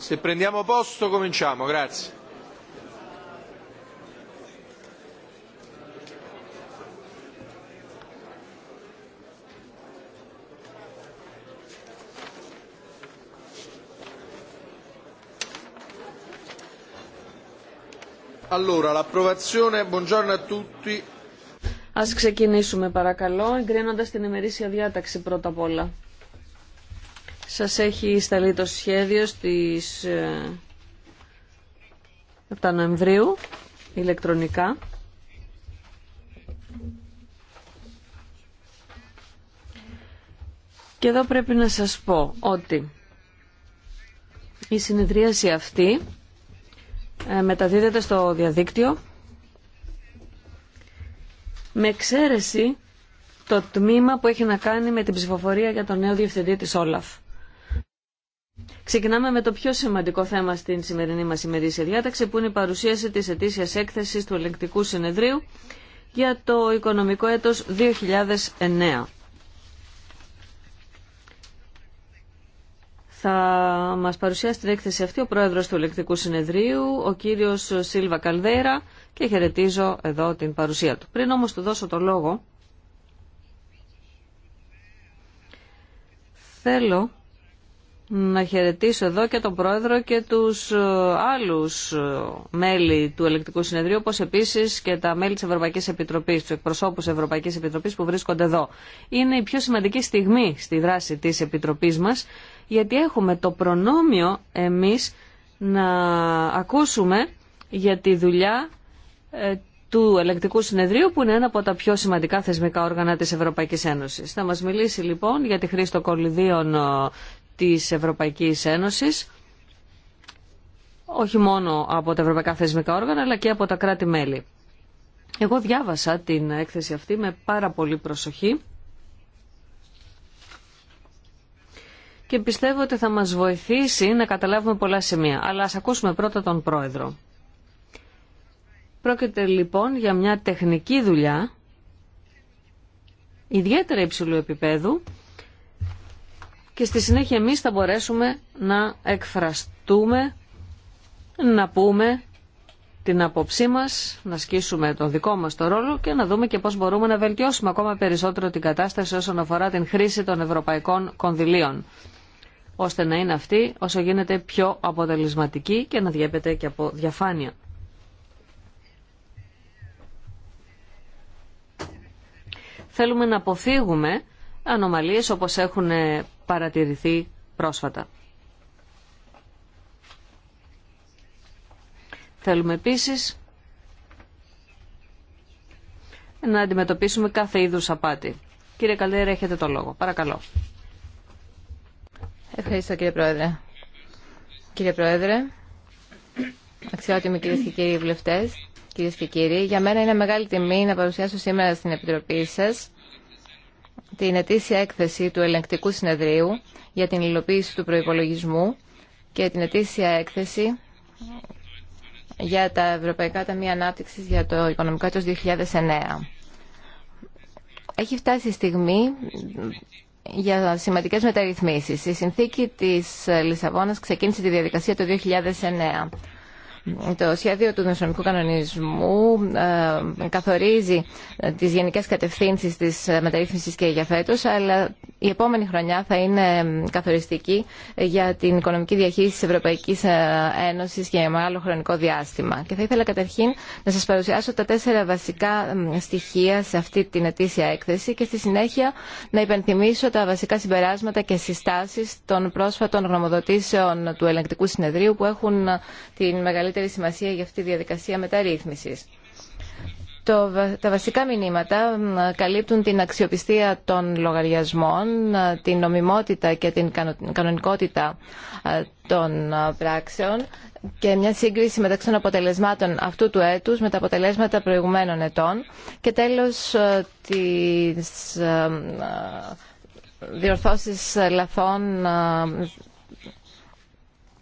Se prendiamo posto cominciamo, grazie. Allora, l'approvazione, buongiorno a tutti. Ας ξεκινήσουμε παρακαλώ, εγκρίνοντας την ημερήσια διάταξη πρώτα απ' όλα. Σας έχει σταλεί το σχέδιο στις 7 ε, Νοεμβρίου ηλεκτρονικά. Και εδώ πρέπει να σας πω ότι η συνεδρίαση αυτή ε, μεταδίδεται στο διαδίκτυο με εξαίρεση το τμήμα που έχει να κάνει με την ψηφοφορία για τον νέο διευθυντή της Όλαφ. Ξεκινάμε με το πιο σημαντικό θέμα στην σημερινή μας ημερήσια διάταξη που είναι η παρουσίαση της ετήσιας έκθεσης του ελεγκτικού συνεδρίου για το οικονομικό έτος 2009. Θα μας παρουσιάσει την έκθεση αυτή ο πρόεδρος του ελεγκτικού συνεδρίου, ο κύριος Σίλβα Καλδέρα και χαιρετίζω εδώ την παρουσία του. Πριν όμως του δώσω το λόγο, θέλω να χαιρετήσω εδώ και τον πρόεδρο και τους ε, άλλους ε, μέλη του Ελεκτικού Συνεδρίου, όπως επίσης και τα μέλη της Ευρωπαϊκής Επιτροπής, του εκπροσώπους της Ευρωπαϊκής Επιτροπής που βρίσκονται εδώ. Είναι η πιο σημαντική στιγμή στη δράση της Επιτροπής μας, γιατί έχουμε το προνόμιο εμείς να ακούσουμε για τη δουλειά ε, του Ελεκτικού Συνεδρίου, που είναι ένα από τα πιο σημαντικά θεσμικά όργανα της Ευρωπαϊκής Ένωσης. Θα μας μιλήσει λοιπόν για τη χρήση των κολυδίων της Ευρωπαϊκής Ένωσης, όχι μόνο από τα ευρωπαϊκά θεσμικά όργανα, αλλά και από τα κράτη-μέλη. Εγώ διάβασα την έκθεση αυτή με πάρα πολύ προσοχή και πιστεύω ότι θα μας βοηθήσει να καταλάβουμε πολλά σημεία. Αλλά ας ακούσουμε πρώτα τον Πρόεδρο. Πρόκειται λοιπόν για μια τεχνική δουλειά, ιδιαίτερα υψηλού επίπεδου, και στη συνέχεια εμείς θα μπορέσουμε να εκφραστούμε, να πούμε την άποψή μας, να σκίσουμε τον δικό μας το ρόλο και να δούμε και πώς μπορούμε να βελτιώσουμε ακόμα περισσότερο την κατάσταση όσον αφορά την χρήση των ευρωπαϊκών κονδυλίων ώστε να είναι αυτή όσο γίνεται πιο αποτελεσματική και να διέπεται και από διαφάνεια. Θέλουμε να αποφύγουμε ανομαλίες όπως έχουν παρατηρηθεί πρόσφατα. Θέλουμε επίσης να αντιμετωπίσουμε κάθε είδους απάτη. Κύριε Καλέρα, έχετε το λόγο. Παρακαλώ. Ευχαριστώ κύριε Πρόεδρε. Κύριε Πρόεδρε, αξιότιμοι κυρίε και κύριοι βουλευτέ, κυρίε και κύριοι, για μένα είναι μεγάλη τιμή να παρουσιάσω σήμερα στην Επιτροπή σας την ετήσια έκθεση του ελεγκτικού συνεδρίου για την υλοποίηση του προϋπολογισμού και την ετήσια έκθεση για τα Ευρωπαϊκά Ταμεία Ανάπτυξης για το οικονομικό έτος 2009. Έχει φτάσει η στιγμή για σημαντικές μεταρρυθμίσεις. Η συνθήκη της Λισαβόνας ξεκίνησε τη διαδικασία το 2009. Το σχέδιο του νοσονομικού κανονισμού ε, καθορίζει ε, τις γενικές κατευθύνσεις της μεταρρύθμισης και για φέτος, αλλά η επόμενη χρονιά θα είναι ε, καθοριστική για την οικονομική διαχείριση της Ευρωπαϊκής Ένωσης και για μεγάλο χρονικό διάστημα. Και θα ήθελα καταρχήν να σας παρουσιάσω τα τέσσερα βασικά στοιχεία σε αυτή την ετήσια έκθεση και στη συνέχεια να υπενθυμίσω τα βασικά συμπεράσματα και συστάσεις των πρόσφατων γνωμοδοτήσεων του Ελεγκτικού Συνεδρίου που έχουν την μεγαλύτερη μεγαλύτερη σημασία για αυτή τη διαδικασία μεταρρύθμισης. Το, τα βασικά μηνύματα καλύπτουν την αξιοπιστία των λογαριασμών, την νομιμότητα και την κανονικότητα ε, των ε, πράξεων και μια σύγκριση μεταξύ των αποτελεσμάτων αυτού του έτους με τα αποτελέσματα προηγουμένων ετών και τέλος ε, τις διορθώσεις λαθών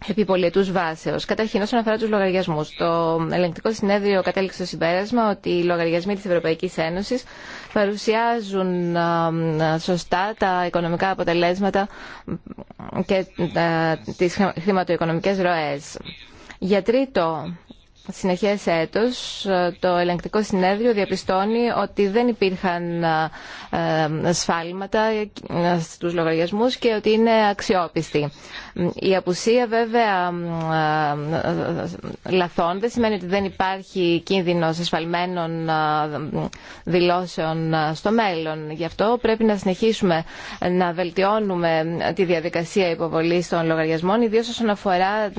επιπολιτού βάσεω. βάσεως. Καταρχήν, όσον αφορά τους λογαριασμούς, το ελεγκτικό συνέδριο κατέληξε στο συμπέρασμα ότι οι λογαριασμοί της Ευρωπαϊκής Ένωσης παρουσιάζουν ε, σωστά τα οικονομικά αποτελέσματα και ε, τι χρηματοοικονομικέ ροε. Για τρίτο συνεχές έτος το ελεγκτικό συνέδριο διαπιστώνει ότι δεν υπήρχαν ε, σφάλματα ε, στους λογαριασμούς και ότι είναι αξιόπιστοι. Η απουσία βέβαια ε, λαθών δεν σημαίνει ότι δεν υπάρχει κίνδυνος ασφαλμένων δηλώσεων στο μέλλον. Γι' αυτό πρέπει να συνεχίσουμε να βελτιώνουμε τη διαδικασία υποβολής των λογαριασμών, ιδίως όσον αφορά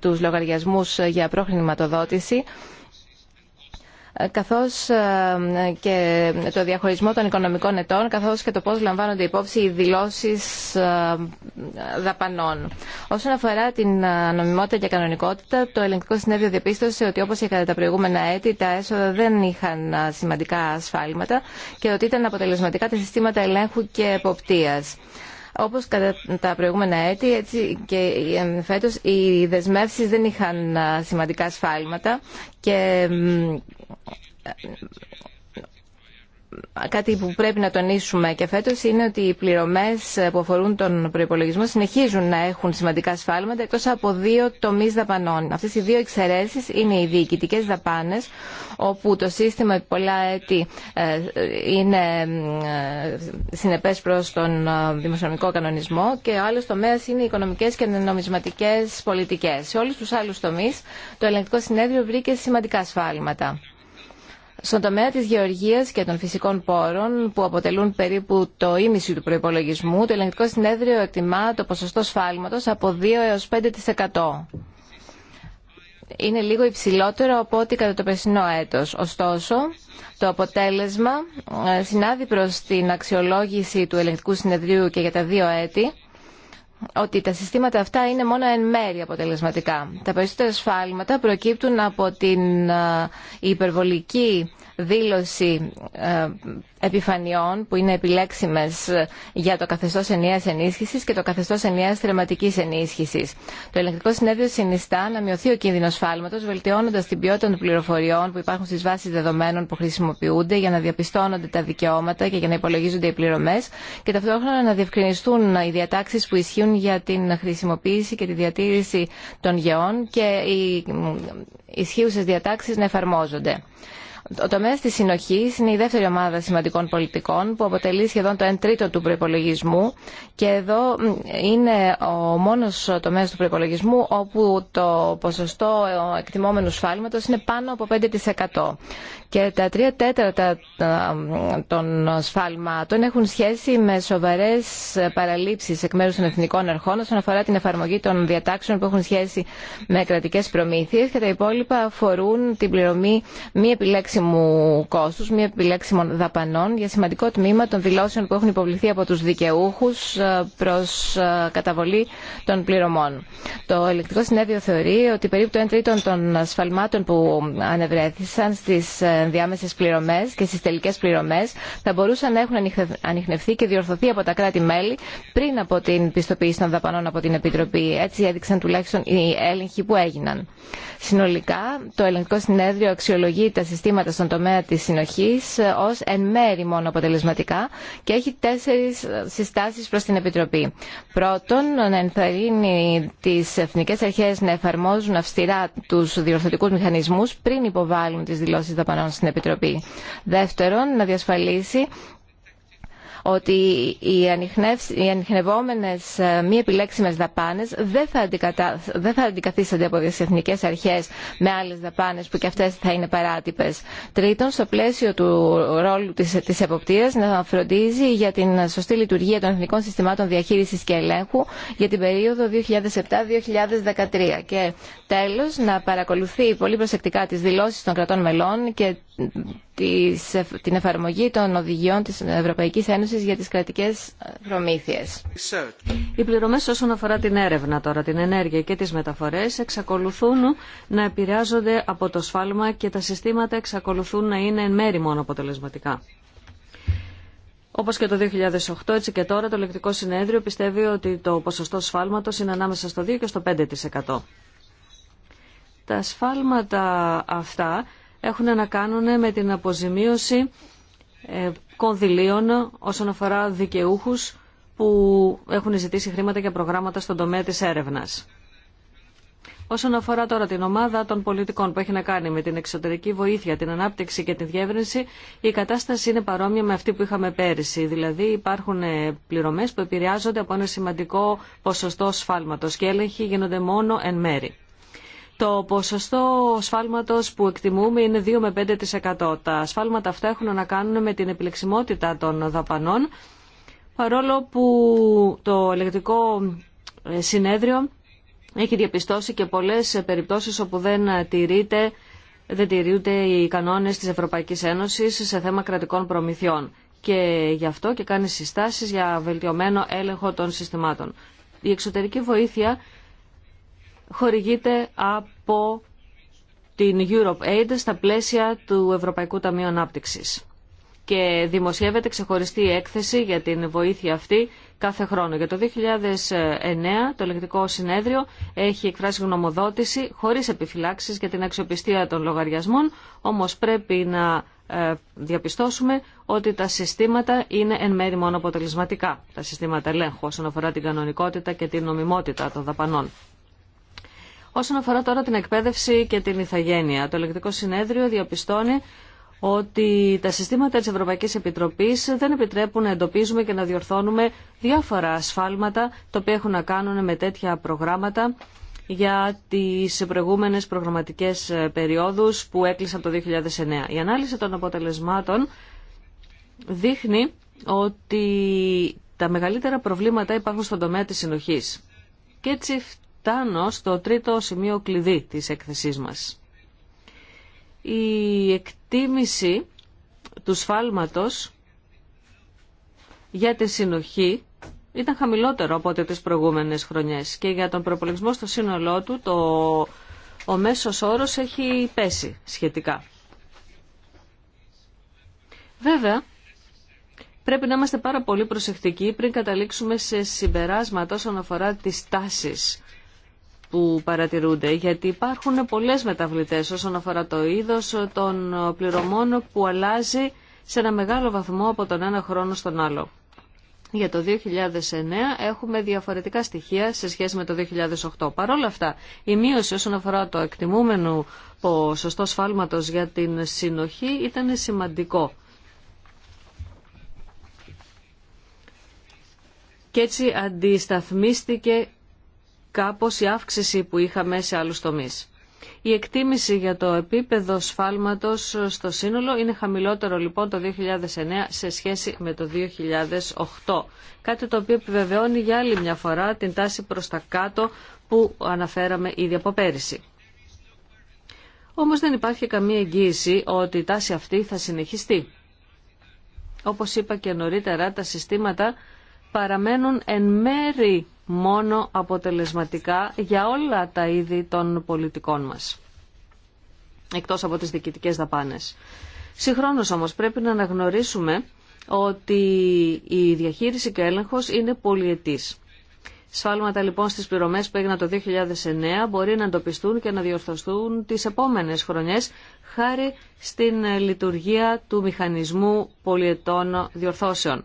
τους λογαριασμούς για προχρηματοδότηση συζήτηση ε, καθώς ε, και το διαχωρισμό των οικονομικών ετών, καθώς και το πώς λαμβάνονται υπόψη οι δηλώσεις ε, δαπανών. Όσον αφορά την νομιμότητα και κανονικότητα, το ελεγκτικό συνέδριο διαπίστωσε ότι όπως και κατά τα προηγούμενα έτη, τα έσοδα δεν είχαν σημαντικά ασφάλματα και ότι ήταν αποτελεσματικά τα συστήματα ελέγχου και εποπτείας. Όπως κατά τα προηγούμενα έτη, έτσι και φέτος οι δεσμεύσεις δεν είχαν σημαντικά σφάλματα και κάτι που πρέπει να τονίσουμε και φέτο είναι ότι οι πληρωμές που αφορούν τον προπολογισμό συνεχίζουν να έχουν σημαντικά σφάλματα εκτό από δύο τομεί δαπανών. Αυτέ οι δύο εξαιρέσει είναι οι διοικητικέ δαπάνε, όπου το σύστημα επί πολλά έτη ε, είναι ε, συνεπέ προ τον ε, δημοσιονομικό κανονισμό και ο άλλο τομέα είναι οι οικονομικέ και νομισματικές πολιτικέ. Σε όλου του άλλου τομεί, το ελεγκτικό συνέδριο βρήκε σημαντικά σφάλματα. Στον τομέα τη γεωργία και των φυσικών πόρων, που αποτελούν περίπου το ίμιση του προπολογισμού, το ελεγκτικό συνέδριο εκτιμά το ποσοστό σφάλματος από 2 έως 5% είναι λίγο υψηλότερο από ό,τι κατά το περσινό έτος. Ωστόσο, το αποτέλεσμα ε, συνάδει προς την αξιολόγηση του ελεγκτικού συνεδρίου και για τα δύο έτη ότι τα συστήματα αυτά είναι μόνο εν μέρη αποτελεσματικά. Τα περισσότερα σφάλματα προκύπτουν από την ε, υπερβολική δήλωση ε, επιφανειών που είναι επιλέξιμες για το καθεστώς ενιαίας ενίσχυσης και το καθεστώς ενιαίας θερματικής ενίσχυσης. Το ελεγκτικό συνέδριο συνιστά να μειωθεί ο κίνδυνος φάλματος, βελτιώνοντας την ποιότητα των πληροφοριών που υπάρχουν στις βάσεις δεδομένων που χρησιμοποιούνται για να διαπιστώνονται τα δικαιώματα και για να υπολογίζονται οι πληρωμές και ταυτόχρονα να διευκρινιστούν οι διατάξεις που ισχύουν για την χρησιμοποίηση και τη διατήρηση των γεών και οι ισχύουσες διατάξεις να εφαρμόζονται. Ο τομέα τη συνοχή είναι η δεύτερη ομάδα σημαντικών πολιτικών που αποτελεί σχεδόν το 1 τρίτο του προπολογισμού και εδώ είναι ο μόνο τομέα του προπολογισμού όπου το ποσοστό ε, εκτιμόμενου σφάλματο είναι πάνω από 5% και τα τρία τέταρτα των σφάλματων έχουν σχέση με σοβαρέ παραλήψεις εκ μέρου των εθνικών αρχών όσον αφορά την εφαρμογή των διατάξεων που έχουν σχέση με κρατικέ προμήθειε και τα υπόλοιπα αφορούν την πληρωμή μη επιλέξιμου κοστου μη επιλέξιμων δαπανών για σημαντικό τμήμα των δηλώσεων που έχουν υποβληθεί από του δικαιούχου προ καταβολή των πληρωμών. Το ελεκτικό συνέδριο θεωρεί ότι περίπου το 1 τρίτο των σφαλμάτων που ανεβρέθησαν στι. Ε, ενδιάμεσε πληρωμέ και στι τελικέ πληρωμές θα μπορούσαν να έχουν ανοιχνευθεί και διορθωθεί από τα κράτη-μέλη πριν από την πιστοποίηση των δαπανών από την Επιτροπή. Έτσι έδειξαν τουλάχιστον οι έλεγχοι που έγιναν. Συνολικά, το Ελληνικό Συνέδριο αξιολογεί τα συστήματα στον τομέα τη συνοχή ε, ω εν μέρη μόνο αποτελεσματικά και έχει τέσσερι ε, συστάσει προ την Επιτροπή. Πρώτον, να ενθαρρύνει τι εθνικέ αρχέ να εφαρμόζουν αυστηρά του διορθωτικού μηχανισμού, πριν υποβάλουν τι δηλώσει δαπανών στην Επιτροπή. Δεύτερον, να διασφαλίσει ότι οι ανιχνευόμενες ε, μη επιλέξιμες δαπάνες δεν θα, αντικατα... θα αντικαθίστανται από τις εθνικές αρχές με άλλες δαπάνες που και αυτές θα είναι παράτυπες. Τρίτον, στο πλαίσιο του ρόλου της, της εποπτείας να φροντίζει για την σωστή λειτουργία των εθνικών συστημάτων διαχείρισης και ελέγχου για την περίοδο 2007-2013. Και τέλος, να παρακολουθεί πολύ προσεκτικά τις δηλώσεις των κρατών μελών και την εφαρμογή των οδηγιών της Ευρωπαϊκής Ένωσης για τις κρατικές προμήθειες. Οι πληρωμές όσον αφορά την έρευνα τώρα, την ενέργεια και τις μεταφορές εξακολουθούν να επηρεάζονται από το σφάλμα και τα συστήματα εξακολουθούν να είναι εν μέρη μόνο αποτελεσματικά. Όπω και το 2008, έτσι και τώρα το Λεκτικό Συνέδριο πιστεύει ότι το ποσοστό σφάλματο είναι ανάμεσα στο 2 και στο 5%. Τα σφάλματα αυτά έχουν να κάνουν με την αποζημίωση ε, κονδυλίων όσον αφορά δικαιούχους που έχουν ζητήσει χρήματα για προγράμματα στον τομέα της έρευνας. Όσον αφορά τώρα την ομάδα των πολιτικών που έχει να κάνει με την εξωτερική βοήθεια, την ανάπτυξη και την διεύρυνση, η κατάσταση είναι παρόμοια με αυτή που είχαμε πέρυσι. Δηλαδή υπάρχουν ε, πληρωμές που επηρεάζονται από ένα σημαντικό ποσοστό σφάλματος και έλεγχοι γίνονται μόνο εν μέρη. Το ποσοστό σφάλματος που εκτιμούμε είναι 2 με 5%. Τα σφάλματα αυτά έχουν να κάνουν με την επιλεξιμότητα των δαπανών, παρόλο που το ελεκτικό ε, συνέδριο έχει διαπιστώσει και πολλές περιπτώσεις όπου δεν τηρείται δεν τηρούνται οι κανόνες της Ευρωπαϊκής Ένωσης σε θέμα κρατικών προμηθειών και γι' αυτό και κάνει συστάσεις για βελτιωμένο έλεγχο των συστημάτων. Η εξωτερική βοήθεια χορηγείται από την Europe Aid στα πλαίσια του Ευρωπαϊκού Ταμείου Ανάπτυξης. Και δημοσιεύεται ξεχωριστή έκθεση για την βοήθεια αυτή κάθε χρόνο. Για το 2009 το Ελεκτικό Συνέδριο έχει εκφράσει γνωμοδότηση χωρίς επιφυλάξεις για την αξιοπιστία των λογαριασμών, όμως πρέπει να ε, διαπιστώσουμε ότι τα συστήματα είναι εν μέρη μόνο αποτελεσματικά. Τα συστήματα ελέγχου όσον αφορά την κανονικότητα και την νομιμότητα των δαπανών. Όσον αφορά τώρα την εκπαίδευση και την ηθαγένεια, το Ελεκτικό Συνέδριο διαπιστώνει ότι τα συστήματα της Ευρωπαϊκής Επιτροπής δεν επιτρέπουν να εντοπίζουμε και να διορθώνουμε διάφορα ασφάλματα τα οποία έχουν να κάνουν με τέτοια προγράμματα για τις προηγούμενες προγραμματικές ε, περιόδους που έκλεισαν το 2009. Η ανάλυση των αποτελεσμάτων δείχνει ότι τα μεγαλύτερα προβλήματα υπάρχουν στον τομέα της συνοχής. Και φτάνω στο τρίτο σημείο κλειδί της έκθεσής μας. Η εκτίμηση του σφάλματος για τη συνοχή ήταν χαμηλότερο από ό,τι τις προηγούμενες χρονιές και για τον προπολογισμό στο σύνολό του το... ο μέσος όρος έχει πέσει σχετικά. Βέβαια, πρέπει να είμαστε πάρα πολύ προσεκτικοί πριν καταλήξουμε σε συμπεράσματα όσον αφορά τις τάσεις που παρατηρούνται, γιατί υπάρχουν πολλές μεταβλητές όσον αφορά το είδος των πληρωμών που αλλάζει σε ένα μεγάλο βαθμό από τον ένα χρόνο στον άλλο. Για το 2009 έχουμε διαφορετικά στοιχεία σε σχέση με το 2008. Παρ' όλα αυτά, η μείωση όσον αφορά το εκτιμούμενο ποσοστό σφάλματος για την συνοχή ήταν σημαντικό. Και έτσι αντισταθμίστηκε κάπως η αύξηση που είχαμε σε άλλους τομείς. Η εκτίμηση για το επίπεδο σφάλματος στο σύνολο είναι χαμηλότερο λοιπόν το 2009 σε σχέση με το 2008. Κάτι το οποίο επιβεβαιώνει για άλλη μια φορά την τάση προς τα κάτω που αναφέραμε ήδη από πέρυσι. Όμως δεν υπάρχει καμία εγγύηση ότι η τάση αυτή θα συνεχιστεί. Όπως είπα και νωρίτερα, τα συστήματα παραμένουν εν μέρη μόνο αποτελεσματικά για όλα τα είδη των πολιτικών μας, εκτός από τις διοικητικές δαπάνες. Συγχρόνως όμως πρέπει να αναγνωρίσουμε ότι η διαχείριση και έλεγχος είναι πολυετής. Σφάλματα λοιπόν στις πληρωμές που έγιναν το 2009 μπορεί να εντοπιστούν και να διορθωστούν τις επόμενες χρονιές χάρη στην λειτουργία του μηχανισμού πολιετών διορθώσεων.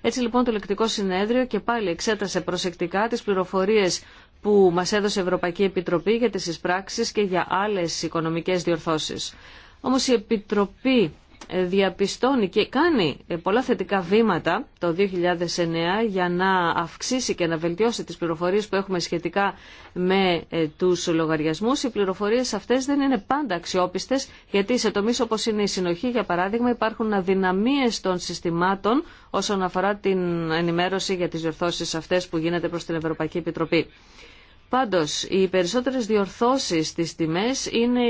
Έτσι λοιπόν το λεκτικό Συνέδριο και πάλι εξέτασε προσεκτικά τις πληροφορίες που μας έδωσε η Ευρωπαϊκή Επιτροπή για τις εισπράξεις και για άλλες οικονομικές διορθώσεις. Όμως η Επιτροπή διαπιστώνει και κάνει ε, πολλά θετικά βήματα το 2009 για να αυξήσει και να βελτιώσει τις πληροφορίες που έχουμε σχετικά με ε, τους λογαριασμούς. Οι πληροφορίες αυτές δεν είναι πάντα αξιόπιστες γιατί σε τομείς όπως είναι η συνοχή για παράδειγμα υπάρχουν αδυναμίες των συστημάτων όσον αφορά την ενημέρωση για τις διορθώσεις αυτές που γίνεται προς την Ευρωπαϊκή Επιτροπή. Πάντως, οι περισσότερες διορθώσεις στις τιμές είναι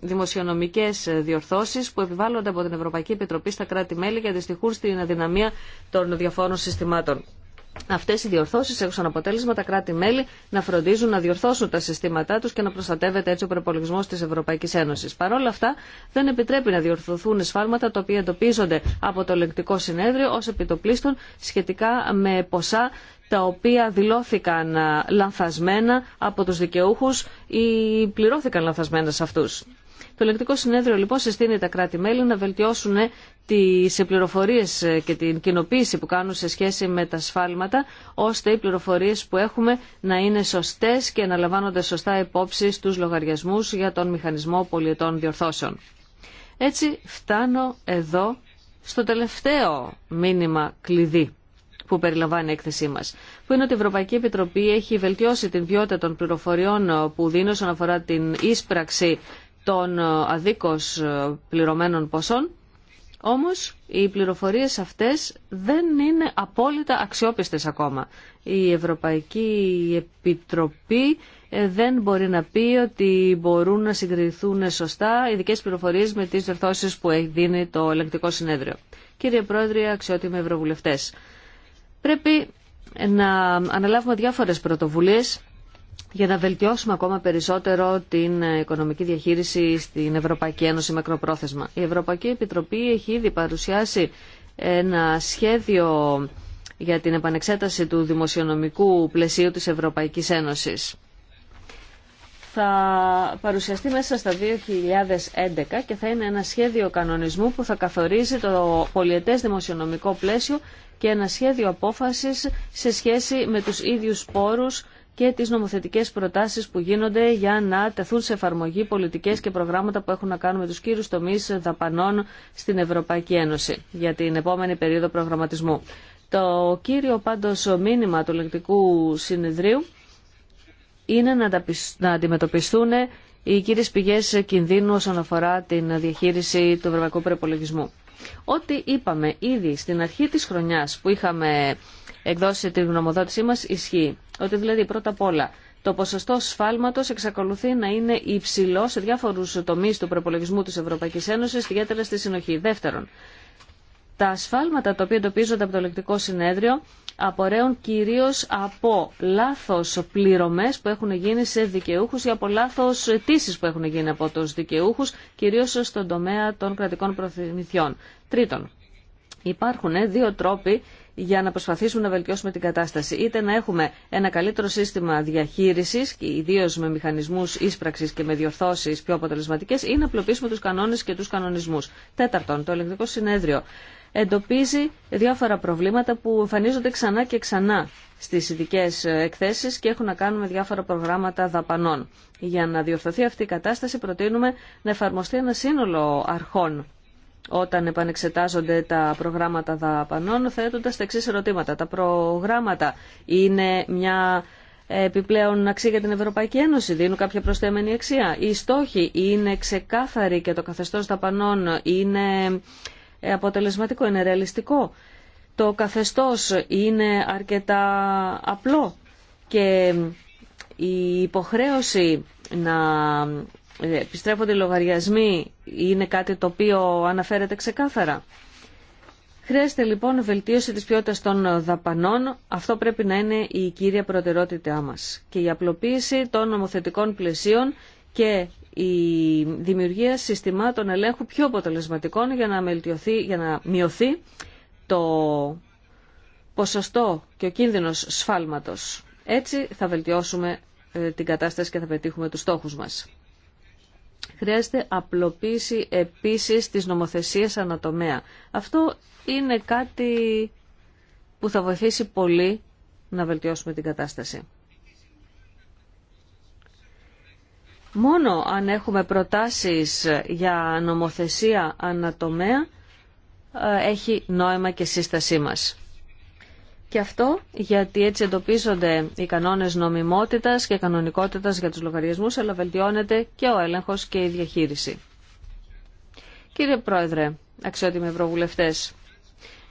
δημοσιονομικές διορθώσεις που επιβάλλονται από την Ευρωπαϊκή Επιτροπή στα κράτη-μέλη και αντιστοιχούν στην αδυναμία των διαφόρων συστημάτων. Αυτέ οι διορθώσει έχουν αποτέλεσμα τα κράτη-μέλη να φροντίζουν να διορθώσουν τα συστήματά του και να προστατεύεται έτσι ο προπολογισμό τη Ευρωπαϊκή Ένωση. Παρ' όλα αυτά, δεν επιτρέπει να διορθωθούν σφάλματα τα οποία εντοπίζονται από το ελεγκτικό συνέδριο ω επιτοπλίστων σχετικά με ποσά τα οποία δηλώθηκαν ε, λανθασμένα από τους δικαιούχους ή πληρώθηκαν λανθασμένα σε αυτούς. Το ελεκτικό συνέδριο λοιπόν συστήνει τα κράτη-μέλη να βελτιώσουν ε, τις πληροφορίες ε, και την κοινοποίηση που κάνουν σε σχέση με τα σφάλματα, ώστε οι πληροφορίες που έχουμε να είναι σωστές και να λαμβάνονται σωστά υπόψη στους λογαριασμούς για τον μηχανισμό πολιετών διορθώσεων. Έτσι φτάνω εδώ στο τελευταίο μήνυμα κλειδί που περιλαμβάνει η έκθεσή μα, που είναι ότι η Ευρωπαϊκή Επιτροπή έχει βελτιώσει την ποιότητα των πληροφοριών ε, που δίνει όσον αφορά την ίσπραξη των ε, αδίκως ε, πληρωμένων ποσών. Όμως οι πληροφορίες αυτές δεν είναι απόλυτα αξιόπιστες ακόμα. Η Ευρωπαϊκή Επιτροπή δεν μπορεί να πει ότι μπορούν να συγκριθούν σωστά ειδικέ πληροφορίε με τι διορθώσει που δίνει το ελεγκτικό συνέδριο. Κύριε Πρόεδρε, αξιότιμοι Ευρωβουλευτέ. Πρέπει να αναλάβουμε διάφορες πρωτοβουλίες για να βελτιώσουμε ακόμα περισσότερο την οικονομική διαχείριση στην Ευρωπαϊκή Ένωση μακροπρόθεσμα. Η Ευρωπαϊκή Επιτροπή έχει ήδη παρουσιάσει ένα σχέδιο για την επανεξέταση του δημοσιονομικού πλαισίου της Ευρωπαϊκής Ένωσης θα παρουσιαστεί μέσα στα 2011 και θα είναι ένα σχέδιο κανονισμού που θα καθορίζει το πολιετές δημοσιονομικό πλαίσιο και ένα σχέδιο απόφασης σε σχέση με τους ίδιους πόρους και τις νομοθετικές προτάσεις που γίνονται για να τεθούν σε εφαρμογή πολιτικές και προγράμματα που έχουν να κάνουν με τους κύριους τομείς δαπανών στην Ευρωπαϊκή Ένωση για την επόμενη περίοδο προγραμματισμού. Το κύριο πάντως μήνυμα του Λεκτικού Συνεδρίου είναι να αντιμετωπιστούν οι κύριε πηγές κινδύνου όσον αφορά την διαχείριση του ευρωπαϊκού προπολογισμού. Ό,τι είπαμε ήδη στην αρχή της χρονιάς που είχαμε εκδώσει την γνωμοδότησή μας ισχύει. Ότι δηλαδή πρώτα απ' όλα το ποσοστό σφάλματος εξακολουθεί να είναι υψηλό σε διάφορους τομείς του προπολογισμού της Ευρωπαϊκής Ένωσης, ιδιαίτερα στη συνοχή. Δεύτερον, τα ασφάλματα τα οποία εντοπίζονται από το ελεκτικό συνέδριο απορρέουν κυρίως από λάθος πληρωμές που έχουν γίνει σε δικαιούχους ή από λάθος αιτήσει που έχουν γίνει από τους δικαιούχους, κυρίως στον τομέα των κρατικών προθυμηθειών. Τρίτον, υπάρχουν δύο τρόποι για να προσπαθήσουμε να βελτιώσουμε την κατάσταση. Είτε να έχουμε ένα καλύτερο σύστημα διαχείριση, ιδίω με μηχανισμού ίσπραξη και με διορθώσει πιο αποτελεσματικέ, ή να απλοποιήσουμε του κανόνε και του κανονισμού. Τέταρτον, το ελεγκτικό συνέδριο εντοπίζει διάφορα προβλήματα που εμφανίζονται ξανά και ξανά στις ειδικέ εκθέσεις και έχουν να κάνουν με διάφορα προγράμματα δαπανών. Για να διορθωθεί αυτή η κατάσταση προτείνουμε να εφαρμοστεί ένα σύνολο αρχών όταν επανεξετάζονται τα προγράμματα δαπανών θέτοντας τα εξή ερωτήματα. Τα προγράμματα είναι μια επιπλέον αξία για την Ευρωπαϊκή Ένωση, δίνουν κάποια προσθέμενη αξία. Οι στόχοι είναι ξεκάθαροι και το καθεστώς δαπανών είναι ε, αποτελεσματικό, είναι ρεαλιστικό. Το καθεστώς είναι αρκετά απλό και η υποχρέωση να ε, επιστρέφονται οι λογαριασμοί είναι κάτι το οποίο αναφέρεται ξεκάθαρα. Χρειάζεται λοιπόν βελτίωση της ποιότητας των δαπανών. Αυτό πρέπει να είναι η κύρια προτεραιότητά μας. Και η απλοποίηση των νομοθετικών πλαισίων και η δημιουργία συστημάτων ελέγχου πιο αποτελεσματικών για να, για να μειωθεί το ποσοστό και ο κίνδυνος σφάλματος. Έτσι θα βελτιώσουμε ε, την κατάσταση και θα πετύχουμε τους στόχους μας. Χρειάζεται απλοποίηση επίσης της νομοθεσίας ανατομέα. Αυτό είναι κάτι που θα βοηθήσει πολύ να βελτιώσουμε την κατάσταση. Μόνο αν έχουμε προτάσεις για νομοθεσία ανατομέα ε, έχει νόημα και σύστασή μας. Και αυτό γιατί έτσι εντοπίζονται οι κανόνες νομιμότητας και κανονικότητας για τους λογαριασμούς, αλλά βελτιώνεται και ο έλεγχος και η διαχείριση. Κύριε Πρόεδρε, αξιότιμοι Ευρωβουλευτές,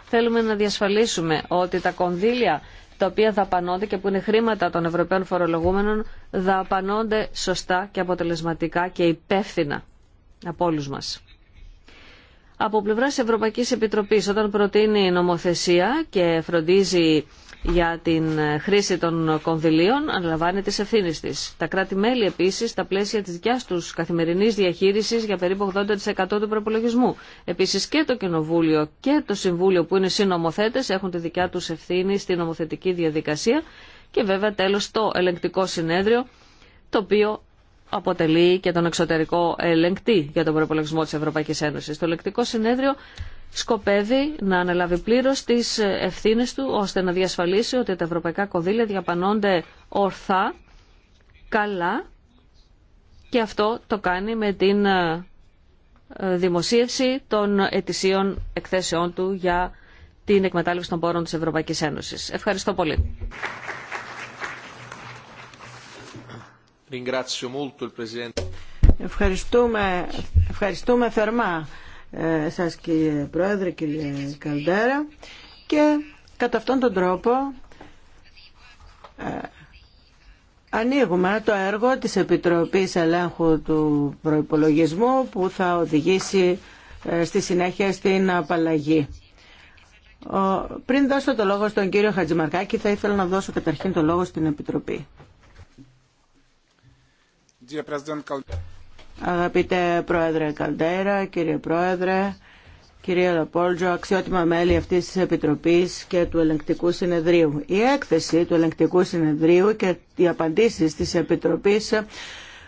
θέλουμε να διασφαλίσουμε ότι τα κονδύλια τα οποία δαπανώνται και που είναι χρήματα των Ευρωπαίων φορολογούμενων δαπανώνται σωστά και αποτελεσματικά και υπεύθυνα από όλου μα. Από πλευρά Ευρωπαϊκή Επιτροπή, όταν προτείνει νομοθεσία και φροντίζει για την χρήση των κονδυλίων αναλαμβάνει τις ευθύνες της. Τα κράτη-μέλη επίσης στα πλαίσια της δικιάς τους καθημερινής διαχείρισης για περίπου 80% του προπολογισμού. Επίσης και το Κοινοβούλιο και το Συμβούλιο που είναι συνομοθέτες έχουν τη δικιά τους ευθύνη στην νομοθετική διαδικασία και βέβαια τέλος το ελεγκτικό συνέδριο το οποίο αποτελεί και τον εξωτερικό ελεγκτή για τον προπολογισμό της Ευρωπαϊκής Ένωσης. Το ελεγκτικό συνέδριο σκοπεύει να αναλάβει πλήρω τις ευθύνες του ώστε να διασφαλίσει ότι τα ευρωπαϊκά κονδύλια διαπανώνται ορθά, καλά και αυτό το κάνει με την ε, δημοσίευση των ετησίων εκθέσεών του για την εκμετάλλευση των πόρων της Ευρωπαϊκής Ένωσης. Ευχαριστώ πολύ. Ευχαριστούμε, ευχαριστούμε θερμά εσάς κύριε Πρόεδρε, κύριε Καλντέρα και κατά αυτόν τον τρόπο ε, ανοίγουμε το έργο της Επιτροπής Ελέγχου του Προϋπολογισμού που θα οδηγήσει ε, στη συνέχεια στην απαλλαγή. Πριν δώσω το λόγο στον κύριο Χατζημαρκάκη, θα ήθελα να δώσω καταρχήν το λόγο στην Επιτροπή. Αγαπητέ Πρόεδρε Καλτέρα, κύριε Πρόεδρε, κύριε Λαπόλτζο, αξιότιμα μέλη αυτής της Επιτροπής και του Ελεγκτικού Συνεδρίου. Η έκθεση του Ελεγκτικού Συνεδρίου και οι απαντήσεις της Επιτροπής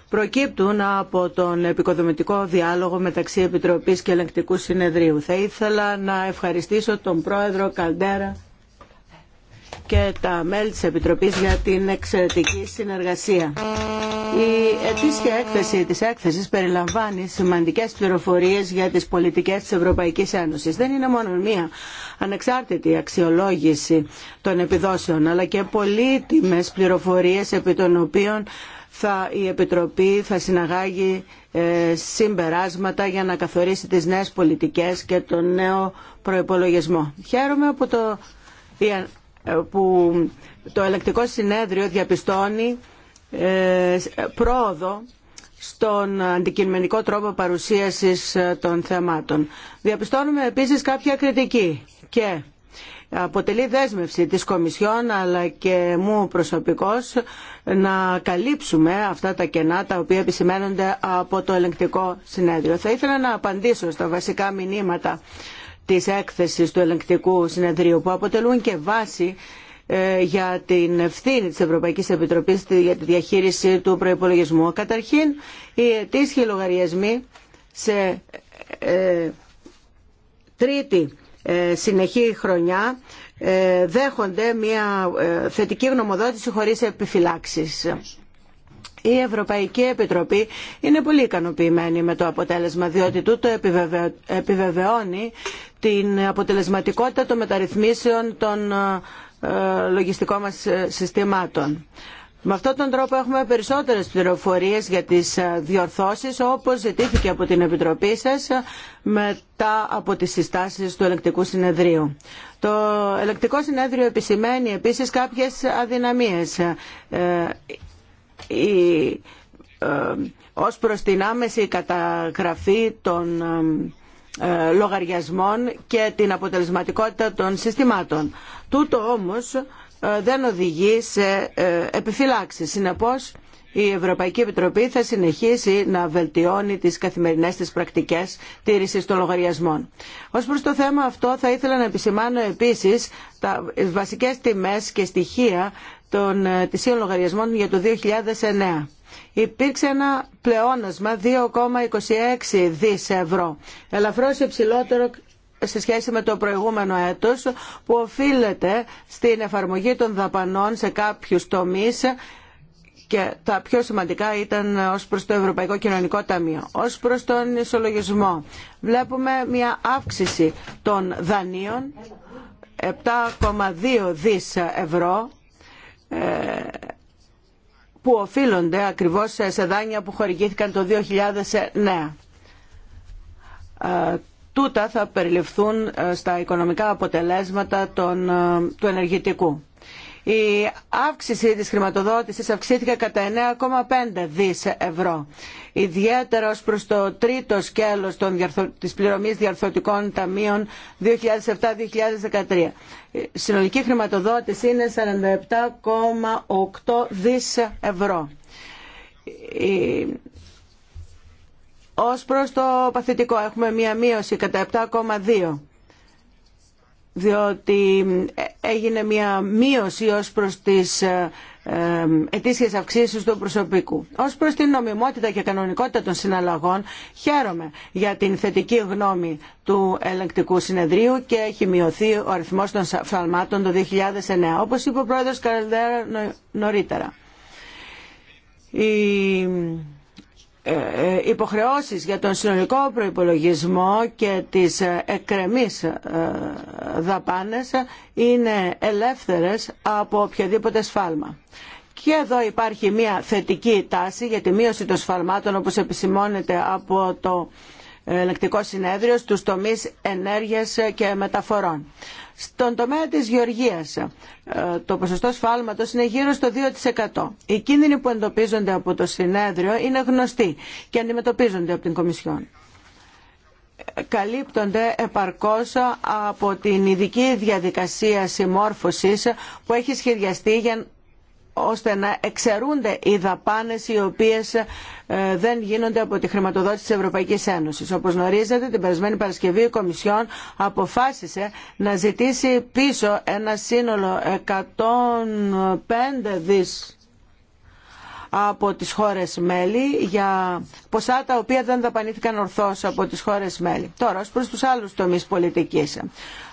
προκύπτουν από τον επικοδομητικό διάλογο μεταξύ Επιτροπής και Ελεγκτικού Συνεδρίου. Θα ήθελα να ευχαριστήσω τον Πρόεδρο Καλτέρα και τα μέλη της Επιτροπής για την εξαιρετική συνεργασία. Η ετήσια έκθεση της έκθεσης περιλαμβάνει σημαντικές πληροφορίες για τις πολιτικές της Ευρωπαϊκής Ένωσης. Δεν είναι μόνο μία ανεξάρτητη αξιολόγηση των επιδόσεων, αλλά και πολύτιμες πληροφορίες επί των οποίων θα, η Επιτροπή θα συναγάγει ε, συμπεράσματα για να καθορίσει τις νέες πολιτικές και τον νέο προϋπολογισμό. Χαίρομαι το, ε, που το ελεκτικό συνέδριο διαπιστώνει ε, πρόοδο στον αντικειμενικό τρόπο παρουσίασης ε, των θεμάτων. Διαπιστώνουμε επίσης κάποια κριτική και αποτελεί δέσμευση της Κομισιόν αλλά και μου προσωπικός να καλύψουμε αυτά τα κενά τα οποία επισημαίνονται από το ελεγκτικό συνέδριο. Θα ήθελα να απαντήσω στα βασικά μηνύματα της έκθεσης του ελεγκτικού συνεδρίου που αποτελούν και βάση ε, για την ευθύνη της Ευρωπαϊκής Επιτροπής για τη διαχείριση του προϋπολογισμού. Καταρχήν, οι ετήσιοι λογαριασμοί σε ε, τρίτη ε, συνεχή χρονιά δέχονται μια θετική γνωμοδότηση χωρίς επιφυλάξεις. Η Ευρωπαϊκή Επιτροπή είναι πολύ ικανοποιημένη με το αποτέλεσμα διότι τούτο επιβεβαιώνει την αποτελεσματικότητα των μεταρρυθμίσεων των ε, λογιστικό μας ε, συστημάτων. Με αυτόν τον τρόπο έχουμε περισσότερες πληροφορίες για τις ε, διορθώσεις όπως ζητήθηκε από την Επιτροπή σας μετά από τις συστάσεις του Ελεκτικού Συνεδρίου. Το Ελεκτικό Συνέδριο επισημαίνει επίσης κάποιες αδυναμίες. Η, ως προς την άμεση καταγραφή των λογαριασμών και την αποτελεσματικότητα των συστημάτων. Τούτο όμως ε, δεν οδηγεί σε ε, επιφυλάξεις. Συνεπώς η Ευρωπαϊκή Επιτροπή θα συνεχίσει να βελτιώνει τις καθημερινές της πρακτικές τήρησης των λογαριασμών. Ως προς το θέμα αυτό θα ήθελα να επισημάνω επίσης τα βασικές τιμές και στοιχεία των τυσίων ε, λογαριασμών για το 2009. Υπήρξε ένα πλεόνασμα 2,26 δις ευρώ, ελαφρώς υψηλότερο σε σχέση με το προηγούμενο έτος που οφείλεται στην εφαρμογή των δαπανών σε κάποιους τομείς και τα πιο σημαντικά ήταν ως προς το Ευρωπαϊκό Κοινωνικό Ταμείο. Ως προς τον ισολογισμό βλέπουμε μια αύξηση των δανείων 7,2 δις ευρώ ε, που οφείλονται ακριβώς σε δάνεια που χορηγήθηκαν το 2009 τούτα θα περιληφθούν ε, στα οικονομικά αποτελέσματα των, ε, του ενεργητικού. Η αύξηση της χρηματοδότησης αυξήθηκε κατά 9,5 δις ευρώ. Ιδιαίτερα ως προς το τρίτο σκέλος των, της πληρωμής διαρθωτικών ταμείων 2007-2013. συνολική χρηματοδότηση είναι 47,8 δις ευρώ. Ως προς το παθητικό έχουμε μία μείωση κατά 7,2 διότι ε, έγινε μία μείωση ως προς τις ε, ε, ετήσιες αυξήσεις του προσωπικού. Ως προς την νομιμότητα και κανονικότητα των συναλλαγών, χαίρομαι για την θετική γνώμη του ελεγκτικού συνεδρίου και έχει μειωθεί ο αριθμός των φαλμάτων το 2009, όπως είπε ο πρόεδρος Καρδέρα νωρίτερα. Ε, ε, υποχρεώσεις για τον συνολικό προϋπολογισμό και τις ε, εκκρεμείς δαπάνες είναι ελεύθερες από οποιοδήποτε σφάλμα. Και εδώ υπάρχει μια θετική τάση για τη μείωση των σφαλμάτων όπως επισημώνεται από το ελεκτικό συνέδριο στους τομείς ενέργειας και μεταφορών. Στον τομέα της γεωργίας ε, το ποσοστό σφάλματος είναι γύρω στο 2%. Οι κίνδυνοι που εντοπίζονται από το συνέδριο είναι γνωστοί και αντιμετωπίζονται από την Κομισιόν καλύπτονται επαρκώς από την ειδική διαδικασία συμμόρφωσης που έχει σχεδιαστεί για ώστε να εξαιρούνται οι δαπάνες οι οποίες ε, δεν γίνονται από τη χρηματοδότηση της Ευρωπαϊκής Ένωσης. Όπως γνωρίζετε, την περασμένη Παρασκευή η Κομισιόν αποφάσισε να ζητήσει πίσω ένα σύνολο 105 δις από τις χώρες μέλη για ποσά τα οποία δεν δαπανήθηκαν ορθώς από τις χώρες μέλη. Τώρα, ως προς τους άλλους τομείς πολιτικής.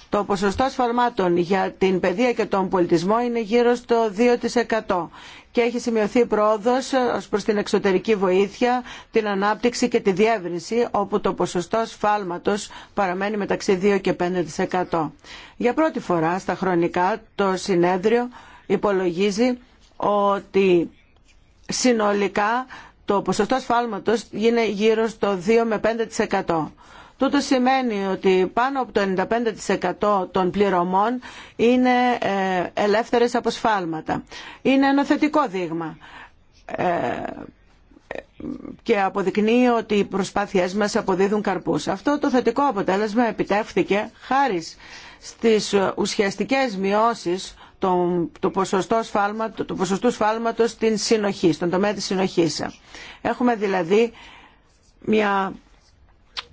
Το ποσοστό σφαλμάτων για την παιδεία και τον πολιτισμό είναι γύρω στο 2% και έχει σημειωθεί πρόοδος ως προς την εξωτερική βοήθεια, την ανάπτυξη και τη διεύρυνση, όπου το ποσοστό σφάλματος παραμένει μεταξύ 2 και 5%. Για πρώτη φορά στα χρονικά το συνέδριο υπολογίζει ότι συνολικά το ποσοστό σφάλματος είναι γύρω στο 2 με 5%. Τούτο σημαίνει ότι πάνω από το 95% των πληρωμών είναι ε, ελεύθερες από σφάλματα. Είναι ένα θετικό δείγμα ε, και αποδεικνύει ότι οι προσπάθειές μας αποδίδουν καρπούς. Αυτό το θετικό αποτέλεσμα επιτεύχθηκε χάρη στις ουσιαστικές μειώσεις του το, σφάλματο, το ποσοστού σφάλματος στην συνοχή, στον τομέα της συνοχής. Έχουμε δηλαδή μια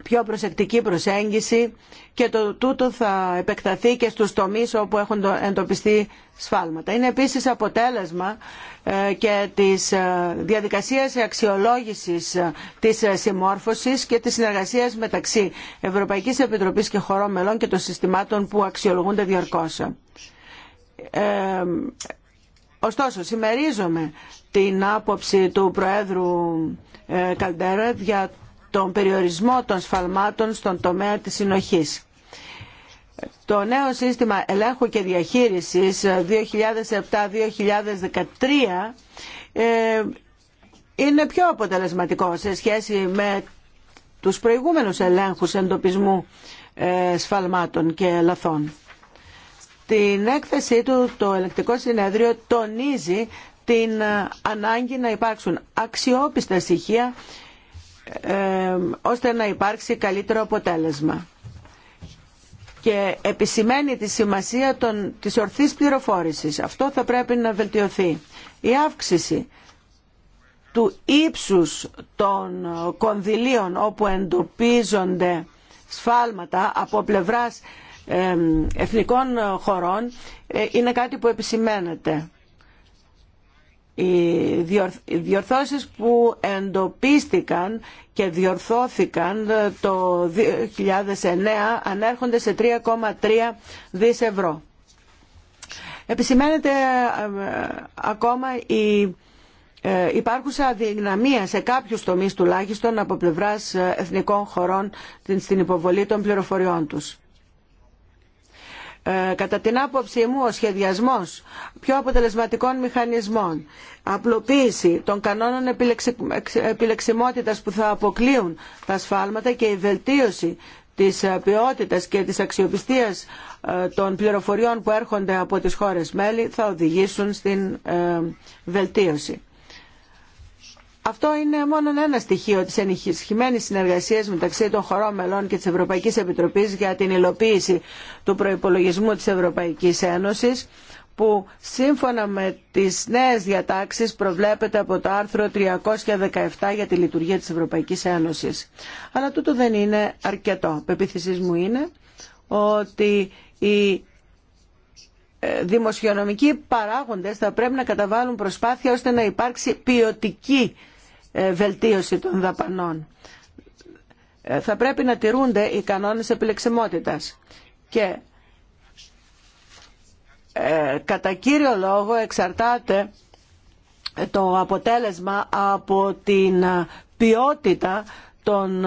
πιο προσεκτική προσέγγιση και το τούτο θα επεκταθεί και στους τομείς όπου έχουν εντοπιστεί σφάλματα. Είναι επίσης αποτέλεσμα ε, και της ε, διαδικασίας αξιολόγησης ε, της συμμόρφωσης και της συνεργασίας μεταξύ Ευρωπαϊκής Επιτροπής και χωρών μελών και των συστημάτων που αξιολογούνται διαρκώς. Ωστόσο, συμμερίζομαι την άποψη του Προέδρου Καλντέρα για τον περιορισμό των σφαλμάτων στον τομέα της συνοχής. Το νέο σύστημα ελέγχου και διαχείρισης 2007-2013 ε, είναι πιο αποτελεσματικό σε σχέση με τους προηγούμενους ελέγχους εντοπισμού ε, σφαλμάτων και λαθών. Την έκθεσή του το Ελεκτικό Συνέδριο τονίζει την ε, ανάγκη να υπάρξουν αξιόπιστα στοιχεία ώστε να υπάρξει καλύτερο αποτέλεσμα και επισημαίνει τη σημασία των, της ορθής πληροφόρησης. Αυτό θα πρέπει να βελτιωθεί. Η αύξηση του ύψους των κονδυλίων όπου εντοπίζονται σφάλματα από πλευράς εθνικών χωρών ε, είναι κάτι που επισημαίνεται οι διορθώσεις που εντοπίστηκαν και διορθώθηκαν το 2009 ανέρχονται σε 3,3 δις ευρώ. Επισημαίνεται ακόμα η ε, υπάρχουσα αδυναμία σε κάποιους τομείς τουλάχιστον από πλευράς εθνικών χωρών στην υποβολή των πληροφοριών τους. Ε, κατά την άποψή μου ο σχεδιασμός πιο αποτελεσματικών μηχανισμών, απλοποίηση των κανόνων επιλεξιμότητας που θα αποκλείουν τα σφάλματα και η βελτίωση της ε, ποιότητας και της αξιοπιστίας ε, των πληροφοριών που έρχονται από τις χώρες μέλη θα οδηγήσουν στην βελτίωση. Αυτό είναι μόνο ένα στοιχείο της ενισχυμένη συνεργασία μεταξύ των χωρών μελών και της Ευρωπαϊκής Επιτροπής για την υλοποίηση του προπολογισμού της Ευρωπαϊκής Ένωσης που σύμφωνα με τις νέες διατάξεις προβλέπεται από το άρθρο 317 για τη λειτουργία της Ευρωπαϊκής Ένωσης. Αλλά τούτο δεν είναι αρκετό. Πεποίθησής μου είναι ότι οι ε, δημοσιονομικοί παράγοντες θα πρέπει να καταβάλουν προσπάθεια ώστε να υπάρξει ποιοτική ε, βελτίωση των δαπανών. Ε, θα πρέπει να τηρούνται οι κανόνες επιλεξιμότητας και ε, κατά κύριο λόγο εξαρτάται το αποτέλεσμα από την ποιότητα των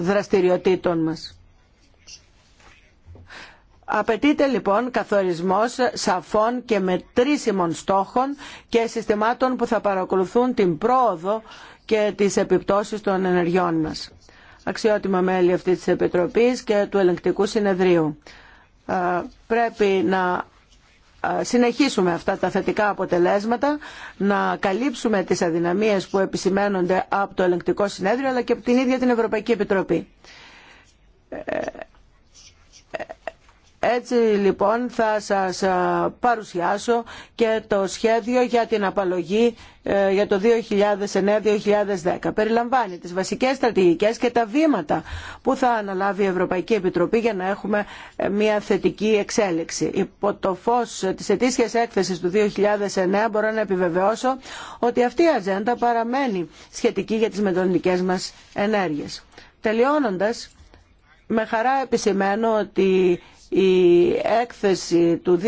δραστηριοτήτων μας. Απαιτείται λοιπόν καθορισμός σαφών και μετρήσιμων στόχων και συστημάτων που θα παρακολουθούν την πρόοδο και τις επιπτώσεις των ενεργειών μας. Αξιότιμα μέλη αυτής της Επιτροπής και του Ελεγκτικού Συνεδρίου. Ε, πρέπει να ε, συνεχίσουμε αυτά τα θετικά αποτελέσματα, να καλύψουμε τις αδυναμίες που επισημαίνονται από το Ελεγκτικό Συνέδριο αλλά και από την ίδια την Ευρωπαϊκή Επιτροπή ε, έτσι λοιπόν θα σας παρουσιάσω και το σχέδιο για την απαλλογή ε, για το 2009-2010. Περιλαμβάνει τις βασικές στρατηγικές και τα βήματα που θα αναλάβει η Ευρωπαϊκή Επιτροπή για να έχουμε ε, μια θετική εξέλιξη. Υπό το φως της ετήσιας έκθεσης του 2009 μπορώ να επιβεβαιώσω ότι αυτή η ατζέντα παραμένει σχετική για τις μετονικές μας ενέργειες. Τελειώνοντας, με χαρά επισημαίνω ότι η έκθεση του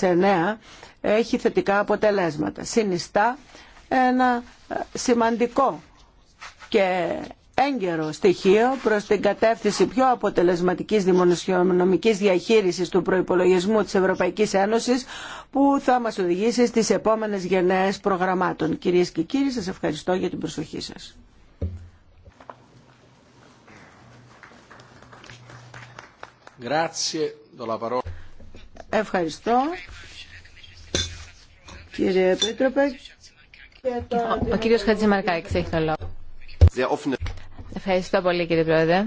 2009 έχει θετικά αποτελέσματα. Συνιστά ένα ε, σημαντικό και έγκαιρο στοιχείο προς την κατεύθυνση πιο αποτελεσματικής δημοσιονομικής διαχείρισης του προϋπολογισμού της Ευρωπαϊκής Ένωσης που θα μας οδηγήσει στις επόμενες γενναίες προγραμμάτων. Κυρίες και κύριοι, σας ευχαριστώ για την προσοχή σας. Ευχαριστώ. Κύριε Επίτροπε. Ο κύριο Χατζημαρκάκης έχει το λόγο. Ευχαριστώ πολύ κύριε Πρόεδρε.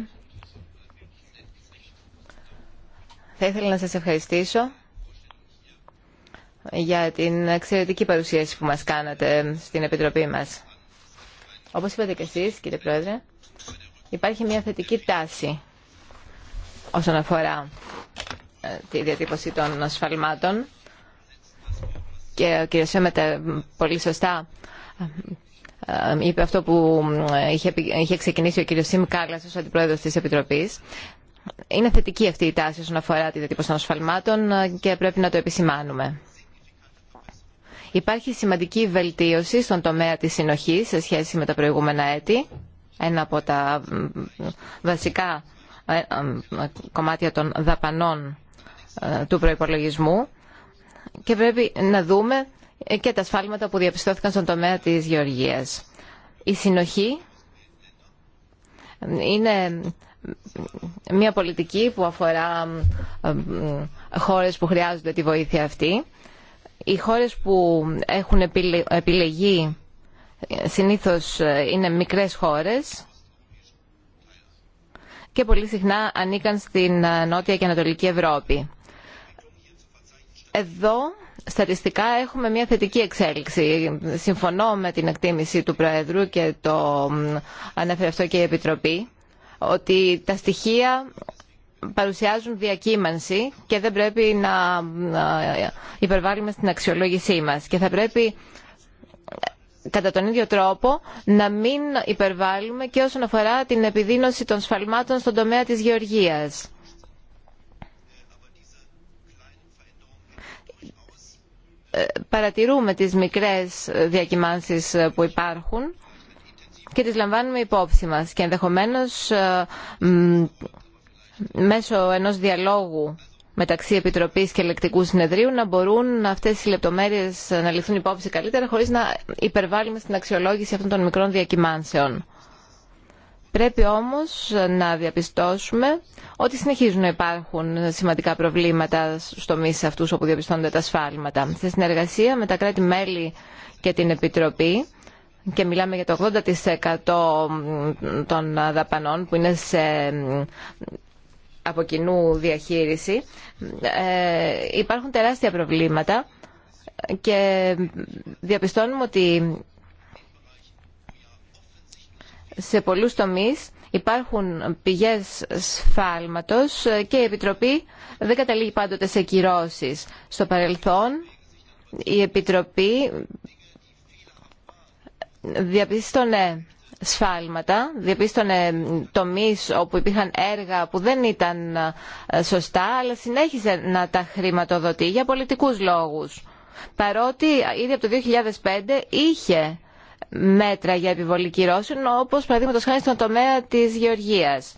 Θα ήθελα να σας ευχαριστήσω για την εξαιρετική παρουσίαση που μας κάνατε στην Επιτροπή μας. Όπως είπατε και εσείς κύριε Πρόεδρε, υπάρχει μια θετική τάση όσον αφορά ε, τη διατύπωση των ασφαλμάτων και ο κ. Σέμετε πολύ σωστά ε, είπε αυτό που ε, είχε, είχε ξεκινήσει ο κ. Σιμ Κάρλας ως αντιπρόεδρος της Επιτροπής. Είναι θετική αυτή η τάση όσον αφορά τη διατύπωση των ασφαλμάτων και πρέπει να το επισημάνουμε. Υπάρχει σημαντική βελτίωση στον τομέα της συνοχής σε σχέση με τα προηγούμενα έτη. Ένα από τα βασικά ε, ε, ε, κομμάτια των δαπανών του προϋπολογισμού και πρέπει να δούμε και τα σφάλματα που διαπιστώθηκαν στον τομέα της γεωργίας. Η συνοχή είναι μια πολιτική που αφορά χώρες που χρειάζονται τη βοήθεια αυτή. Οι χώρες που έχουν επιλεγεί συνήθως είναι μικρές χώρες και πολύ συχνά ανήκαν στην ε, Νότια και Ανατολική Ευρώπη. Εδώ στατιστικά έχουμε μια θετική εξέλιξη. Συμφωνώ με την εκτίμηση του Προέδρου και το ανέφερε αυτό και η Επιτροπή ότι τα στοιχεία παρουσιάζουν διακύμανση και δεν πρέπει να ε, υπερβάλλουμε στην αξιολόγησή μας και θα πρέπει κατά τον ίδιο τρόπο να μην υπερβάλλουμε και όσον αφορά την επιδείνωση των σφαλμάτων στον τομέα της γεωργίας. Ε, παρατηρούμε τις μικρές διακυμάνσεις που υπάρχουν και τις λαμβάνουμε υπόψη μας και ενδεχομένως ε, μέσω ενός διαλόγου μεταξύ Επιτροπής και Ελεκτικού Συνεδρίου να μπορούν αυτές οι λεπτομέρειες να ληφθούν υπόψη καλύτερα χωρίς να υπερβάλλουμε στην αξιολόγηση αυτών των μικρών διακυμάνσεων. Πρέπει όμως να διαπιστώσουμε ότι συνεχίζουν να υπάρχουν σημαντικά προβλήματα στου τομεί αυτούς όπου διαπιστώνονται τα σφάλματα. Σε συνεργασία με τα κράτη-μέλη και την Επιτροπή, και μιλάμε για το 80% των δαπανών που είναι σε από κοινού διαχείριση ε, υπάρχουν τεράστια προβλήματα και διαπιστώνουμε ότι σε πολλούς τομείς υπάρχουν πηγές σφάλματος και η Επιτροπή δεν καταλήγει πάντοτε σε κυρώσεις. Στο παρελθόν η Επιτροπή διαπίστωνε σφάλματα, διαπίστωνε τομείς όπου υπήρχαν έργα που δεν ήταν ε, σωστά, αλλά συνέχισε να τα χρηματοδοτεί για πολιτικούς λόγους. Παρότι ε, ήδη από το 2005 είχε μέτρα για επιβολή κυρώσεων, όπως παραδείγματο χάρη στον τομέα της γεωργίας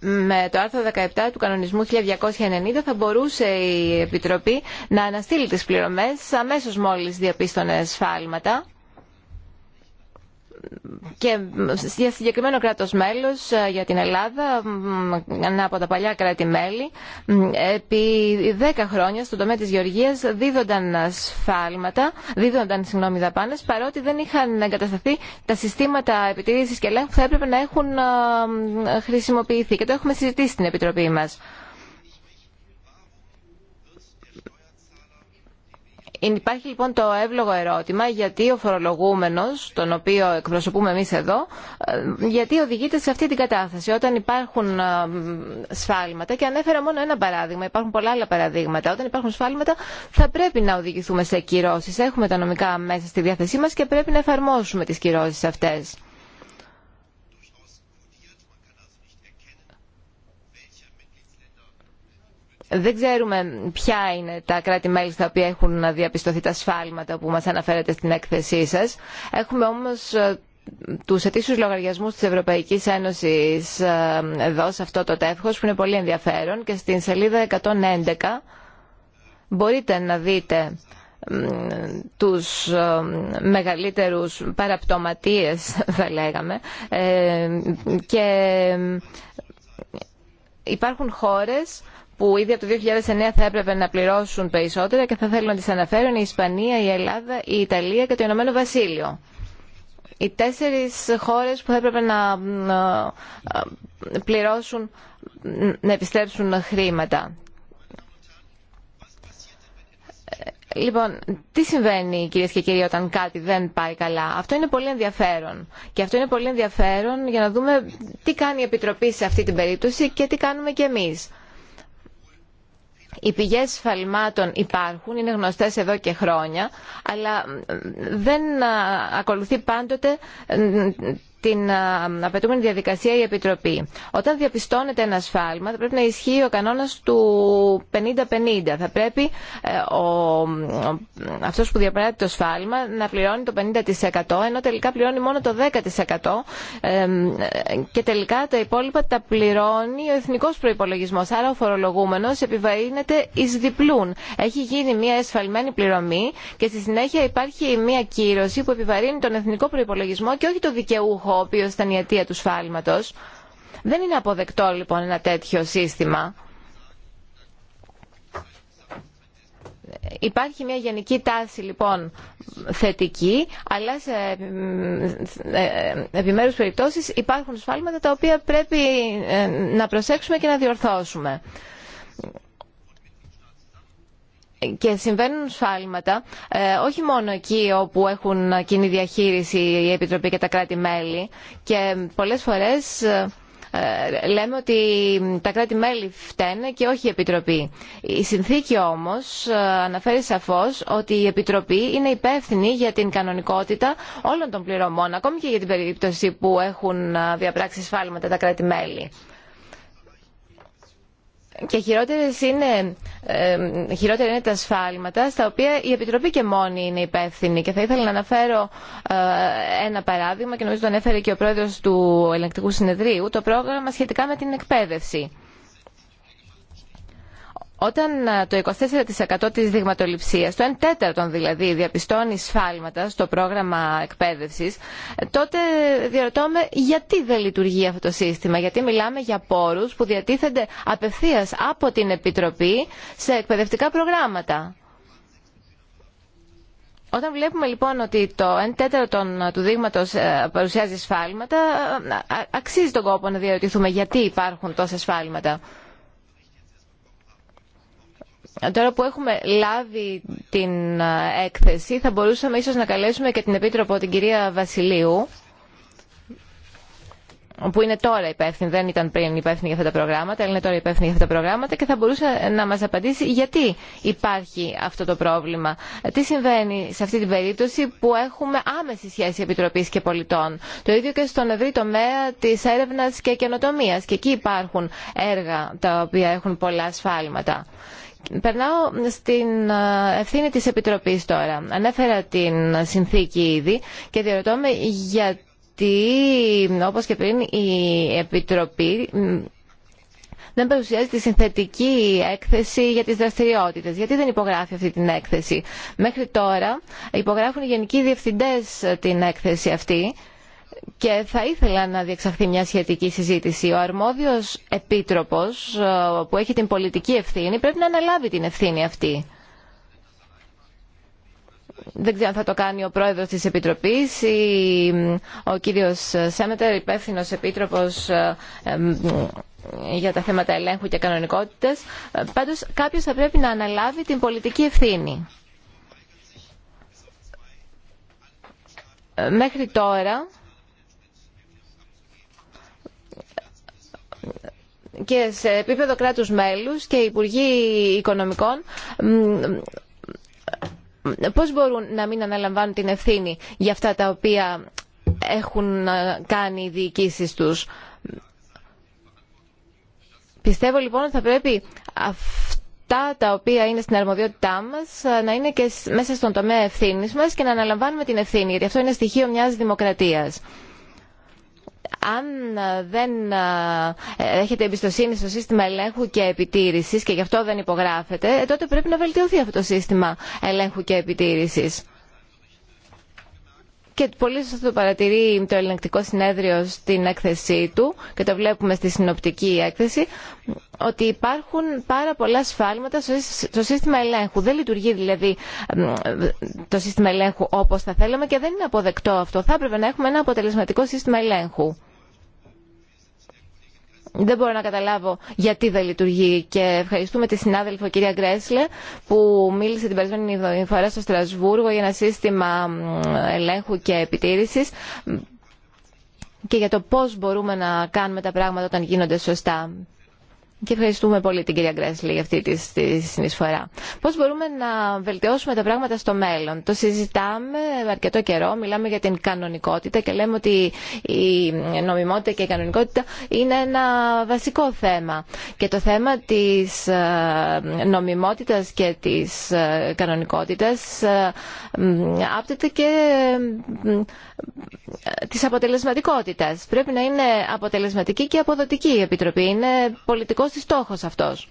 με το άρθρο 17 του κανονισμού 1290 θα μπορούσε η Επιτροπή να αναστείλει τις πληρωμές αμέσως μόλις διαπίστωνε σφάλματα και για συγκεκριμένο κράτος μέλος ε, για την Ελλάδα, ένα από τα παλιά κράτη-μέλη, επί 10 χρόνια στον τομέα της γεωργίας δίδονταν σφάλματα, δίδονταν συγγνώμη δαπάνες, παρότι δεν είχαν εγκατασταθεί τα συστήματα επιτήρησης και ελέγχου που θα έπρεπε να έχουν ε, χρησιμοποιηθεί. Και το έχουμε συζητήσει στην Επιτροπή μας. Υπάρχει λοιπόν το εύλογο ερώτημα γιατί ο φορολογούμενος, τον οποίο εκπροσωπούμε εμείς εδώ, ε, γιατί οδηγείται σε αυτή την κατάσταση όταν υπάρχουν ε, σφάλματα και ανέφερα μόνο ένα παράδειγμα, υπάρχουν πολλά άλλα παραδείγματα. Όταν υπάρχουν σφάλματα θα πρέπει να οδηγηθούμε σε κυρώσεις. Έχουμε τα νομικά μέσα στη διάθεσή μας και πρέπει να εφαρμόσουμε τις κυρώσεις αυτές. Δεν ξέρουμε ποια είναι τα κράτη-μέλη στα οποία έχουν διαπιστωθεί τα σφάλματα που μας αναφέρετε στην έκθεσή σας. Έχουμε όμως ε, τους ετήσιους λογαριασμούς της Ευρωπαϊκής Ένωσης ε, εδώ σε αυτό το τεύχος που είναι πολύ ενδιαφέρον και στην σελίδα 111 μπορείτε να δείτε τους ε, μεγαλύτερους παραπτωματίες θα λέγαμε και υπάρχουν χώρες που ήδη από το 2009 θα έπρεπε να πληρώσουν περισσότερα και θα θέλω να τις αναφέρω είναι η Ισπανία, η Ελλάδα, η Ιταλία και το Ηνωμένο Βασίλειο. Οι τέσσερις χώρες που θα έπρεπε να πληρώσουν, να επιστρέψουν χρήματα. Λοιπόν, τι συμβαίνει κυρίες και κύριοι όταν κάτι δεν πάει καλά. Αυτό είναι πολύ ενδιαφέρον. Και αυτό είναι πολύ ενδιαφέρον για να δούμε τι κάνει η Επιτροπή σε αυτή την περίπτωση και τι κάνουμε κι εμείς. Οι πηγές φαλμάτων υπάρχουν, είναι γνωστέ εδώ και χρόνια, αλλά δεν ακολουθεί πάντοτε την απαιτούμενη διαδικασία η Επιτροπή. Όταν διαπιστώνεται ένα σφάλμα, θα πρέπει να ισχύει ο κανόνα του 50-50. Θα πρέπει ε, ο, αυτός που διαπράττει το σφάλμα να πληρώνει το 50% ενώ τελικά πληρώνει μόνο το 10% και τελικά τα υπόλοιπα τα πληρώνει ο εθνικό προπολογισμό, Άρα ο φορολογούμενο επιβαίνεται ει διπλούν. Έχει γίνει μια εσφαλμένη πληρωμή και στη συνέχεια υπάρχει μια κύρωση που επιβαρύνει τον εθνικό προπολογισμό και όχι το δικαιούχο ο οποίο ήταν η αιτία του σφάλματο, Δεν είναι αποδεκτό λοιπόν ένα τέτοιο σύστημα. Υπάρχει μια γενική τάση λοιπόν θετική, αλλά σε ε, ε, επιμέρους περιπτώσεις υπάρχουν σφάλματα τα οποία πρέπει ε, να προσέξουμε και να διορθώσουμε και συμβαίνουν σφάλματα ε, όχι μόνο εκεί όπου έχουν κοινή διαχείριση η Επιτροπή και τα κράτη-μέλη και πολλές φορές ε, ε, λέμε ότι τα κράτη-μέλη φταίνε και όχι η Επιτροπή. Η συνθήκη όμως αναφέρει σαφώς ότι η Επιτροπή είναι υπεύθυνη για την κανονικότητα όλων των πληρωμών, ακόμη και για την περίπτωση που έχουν διαπράξει σφάλματα τα κράτη-μέλη και χειρότερες είναι, χειρότερα είναι τα σφάλματα στα οποία η Επιτροπή και μόνη είναι υπεύθυνη. Και θα ήθελα να αναφέρω ε, ένα παράδειγμα και νομίζω το ανέφερε και ο πρόεδρος του Ελεγκτικού Συνεδρίου, το πρόγραμμα σχετικά με την εκπαίδευση όταν ε, το 24% της δειγματοληψίας, το 1 τέταρτο δηλαδή, διαπιστώνει σφάλματα στο πρόγραμμα εκπαίδευσης, ε, τότε διαρωτώμε γιατί δεν λειτουργεί αυτό το σύστημα, γιατί μιλάμε για πόρους που διατίθενται απευθείας από την Επιτροπή σε εκπαιδευτικά προγράμματα. Όταν βλέπουμε λοιπόν ότι το 1 τέταρτο του δείγματο ε, παρουσιάζει σφάλματα, αξίζει τον κόπο να διαρωτηθούμε γιατί υπάρχουν τόσα σφάλματα. Τώρα που έχουμε λάβει την ε, έκθεση θα μπορούσαμε ίσως να καλέσουμε και την Επίτροπο την κυρία Βασιλείου που είναι τώρα υπεύθυνη, δεν ήταν πριν υπεύθυνη για αυτά τα προγράμματα, αλλά είναι τώρα υπεύθυνη για αυτά τα προγράμματα και θα μπορούσε να μας απαντήσει γιατί υπάρχει αυτό το πρόβλημα. Ε, τι συμβαίνει σε αυτή την περίπτωση που έχουμε άμεση σχέση Επιτροπής και πολιτών. Το ίδιο και στον ευρύ τομέα της έρευνας και καινοτομίας και εκεί υπάρχουν έργα τα οποία έχουν πολλά ασφάλματα. Περνάω στην ε, ευθύνη της Επιτροπής τώρα. Ανέφερα την συνθήκη ήδη και διαρωτώ με γιατί, όπως και πριν, η Επιτροπή δεν παρουσιάζει τη συνθετική έκθεση για τις δραστηριότητες. Γιατί δεν υπογράφει αυτή την έκθεση. Μέχρι τώρα υπογράφουν οι γενικοί διευθυντές την έκθεση αυτή και θα ήθελα να διεξαχθεί μια σχετική συζήτηση. Ο αρμόδιος επίτροπος ε, που έχει την πολιτική ευθύνη πρέπει να αναλάβει την ευθύνη αυτή. Δεν ξέρω αν θα το κάνει ο πρόεδρος της Επιτροπής ή ο κύριος Σέμετερ, υπεύθυνο επίτροπος ε, για τα θέματα ελέγχου και κανονικότητες. Ε, πάντως κάποιος θα πρέπει να αναλάβει την πολιτική ευθύνη. Μέχρι τώρα και σε επίπεδο κράτους μέλους και Υπουργοί Οικονομικών πώς μπορούν να μην αναλαμβάνουν την ευθύνη για αυτά τα οποία έχουν ε, κάνει οι διοικήσεις τους. Πιστεύω λοιπόν ότι θα πρέπει αυτά τα οποία είναι στην αρμοδιότητά μας ε, να είναι και μέσα στον τομέα ευθύνης μας και να αναλαμβάνουμε την ευθύνη, γιατί αυτό είναι στοιχείο μιας δημοκρατίας αν ε, δεν ε, έχετε εμπιστοσύνη στο σύστημα ελέγχου και επιτήρησης και γι' αυτό δεν υπογράφετε, ε, τότε πρέπει να βελτιωθεί αυτό το σύστημα ελέγχου και επιτήρησης και πολύ σωστά το παρατηρεί το ελεγκτικό συνέδριο στην έκθεσή του και το βλέπουμε στη συνοπτική έκθεση ότι υπάρχουν πάρα πολλά σφάλματα στο σύστημα ελέγχου. Δεν λειτουργεί δηλαδή το σύστημα ελέγχου όπως θα θέλαμε και δεν είναι αποδεκτό αυτό. Θα έπρεπε να έχουμε ένα αποτελεσματικό σύστημα ελέγχου δεν μπορώ να καταλάβω γιατί δεν λειτουργεί και ευχαριστούμε τη συνάδελφο κυρία Γκρέσλε που μίλησε την περασμένη φορά στο Στρασβούργο για ένα σύστημα ελέγχου και επιτήρησης και για το πώς μπορούμε να κάνουμε τα πράγματα όταν γίνονται σωστά. Και ευχαριστούμε πολύ την κυρία Γκρέσλι για αυτή τη, τη συνεισφορά. Πώς μπορούμε να βελτιώσουμε τα πράγματα στο μέλλον. Το συζητάμε αρκετό καιρό, μιλάμε για την κανονικότητα και λέμε ότι η νομιμότητα και η κανονικότητα είναι ένα βασικό θέμα. Και το θέμα της ε, νομιμότητας και της ε, κανονικότητας ε, άπτεται και της αποτελεσματικότητας. Πρέπει να είναι αποτελεσματική και αποδοτική η Επιτροπή. Είναι πολιτικό τη στόχος αυτός.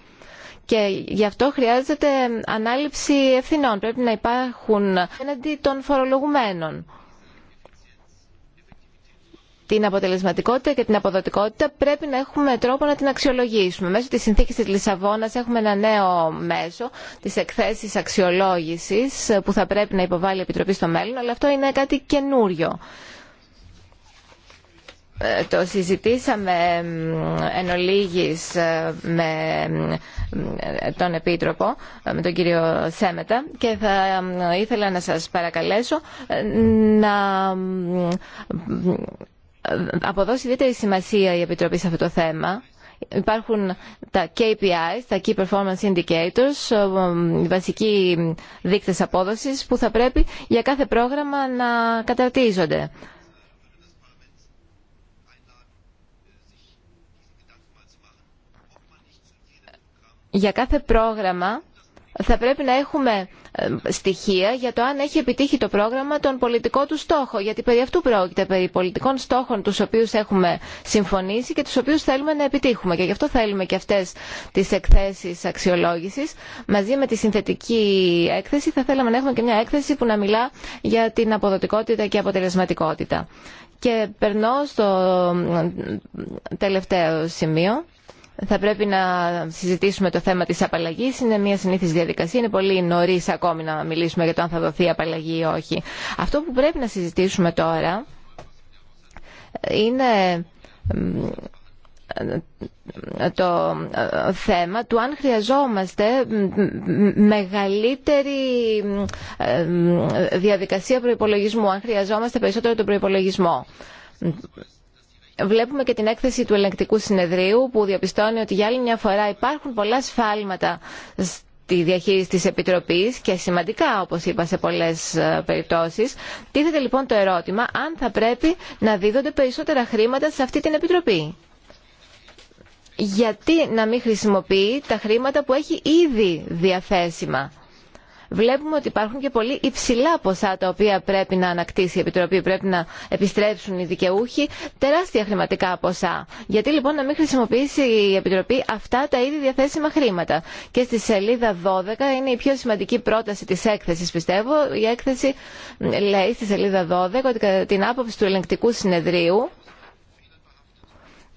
Και γι' αυτό χρειάζεται ανάληψη ευθυνών. Πρέπει να υπάρχουν έναντι των φορολογουμένων. Την αποτελεσματικότητα και την αποδοτικότητα πρέπει να έχουμε τρόπο να την αξιολογήσουμε. Μέσω της συνθήκης της Λισαβόνας έχουμε ένα νέο μέσο, της εκθέσεις αξιολόγησης που θα πρέπει να υποβάλει η Επιτροπή στο μέλλον, αλλά αυτό είναι κάτι καινούριο. Ε, το συζητήσαμε εν ολίγης ε, με ε, τον Επίτροπο, με τον κύριο Σέμετα και θα ήθελα να σας παρακαλέσω να αποδώσει ιδιαίτερη σημασία η Επιτροπή σε αυτό το θέμα. Υπάρχουν τα KPIs, τα Key Performance Indicators, βασικοί δείκτες απόδοσης που θα πρέπει για κάθε πρόγραμμα να καταρτίζονται. για κάθε πρόγραμμα θα πρέπει να έχουμε ε, στοιχεία για το αν έχει επιτύχει το πρόγραμμα τον πολιτικό του στόχο. Γιατί περί αυτού πρόκειται, περί πολιτικών στόχων τους οποίους έχουμε συμφωνήσει και τους οποίους θέλουμε να επιτύχουμε. Και γι' αυτό θέλουμε και αυτές τις εκθέσεις αξιολόγησης. Μαζί με τη συνθετική έκθεση θα θέλαμε να έχουμε και μια έκθεση που να μιλά για την αποδοτικότητα και αποτελεσματικότητα. Και περνώ στο τελευταίο σημείο θα πρέπει να συζητήσουμε το θέμα της απαλλαγής. Είναι μια συνήθις διαδικασία. Είναι πολύ νωρί ακόμη να μιλήσουμε για το αν θα δοθεί απαλλαγή ή όχι. Αυτό που πρέπει να συζητήσουμε τώρα είναι το ε, θέμα του αν χρειαζόμαστε μεγαλύτερη ε, διαδικασία προϋπολογισμού, αν χρειαζόμαστε περισσότερο τον προϋπολογισμό. Βλέπουμε και την έκθεση του ελεγκτικού συνεδρίου που διαπιστώνει ότι για άλλη μια φορά υπάρχουν πολλά σφάλματα στη διαχείριση της Επιτροπής και σημαντικά όπως είπα σε πολλές ε, περιπτώσεις. Τίθεται λοιπόν το ερώτημα αν θα πρέπει να δίδονται περισσότερα χρήματα σε αυτή την Επιτροπή. Γιατί να μην χρησιμοποιεί τα χρήματα που έχει ήδη διαθέσιμα βλέπουμε ότι υπάρχουν και πολύ υψηλά ποσά τα οποία πρέπει να ανακτήσει η Επιτροπή, πρέπει να επιστρέψουν οι δικαιούχοι, τεράστια χρηματικά ποσά. Γιατί λοιπόν να μην χρησιμοποιήσει η Επιτροπή αυτά τα ήδη διαθέσιμα χρήματα. Και στη σελίδα 12 είναι η πιο σημαντική πρόταση της έκθεσης πιστεύω. Η έκθεση λέει στη σελίδα 12 ότι κατά την άποψη του ελεγκτικού συνεδρίου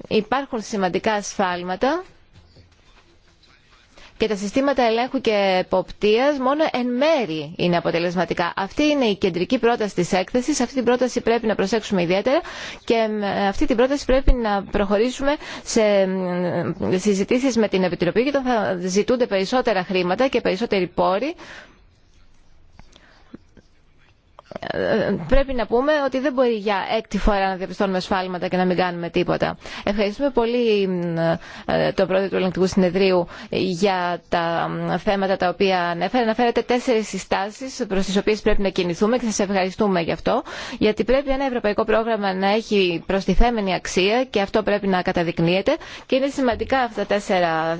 υπάρχουν σημαντικά ασφάλματα και τα συστήματα ελέγχου και εποπτείας μόνο εν μέρη είναι αποτελεσματικά. Αυτή είναι η κεντρική πρόταση της έκθεσης, αυτή την πρόταση πρέπει να προσέξουμε ιδιαίτερα και αυτή την πρόταση πρέπει να προχωρήσουμε σε συζητήσεις με την Επιτροπή γιατί θα ζητούνται περισσότερα χρήματα και περισσότεροι πόροι πρέπει να πούμε ότι δεν μπορεί για έκτη φορά να διαπιστώνουμε σφάλματα και να μην κάνουμε τίποτα. Ευχαριστούμε πολύ ε, τον πρόεδρο του Ελληνικού Συνεδρίου για τα θέματα τα οποία ανέφερε. Αναφέρατε τέσσερι συστάσει προ τι οποίε πρέπει να κινηθούμε και σα ευχαριστούμε γι' αυτό. Γιατί πρέπει ένα ευρωπαϊκό πρόγραμμα να έχει προστιθέμενη αξία και αυτό πρέπει να καταδεικνύεται. Και είναι σημαντικά αυτά τα τέσσερα ε,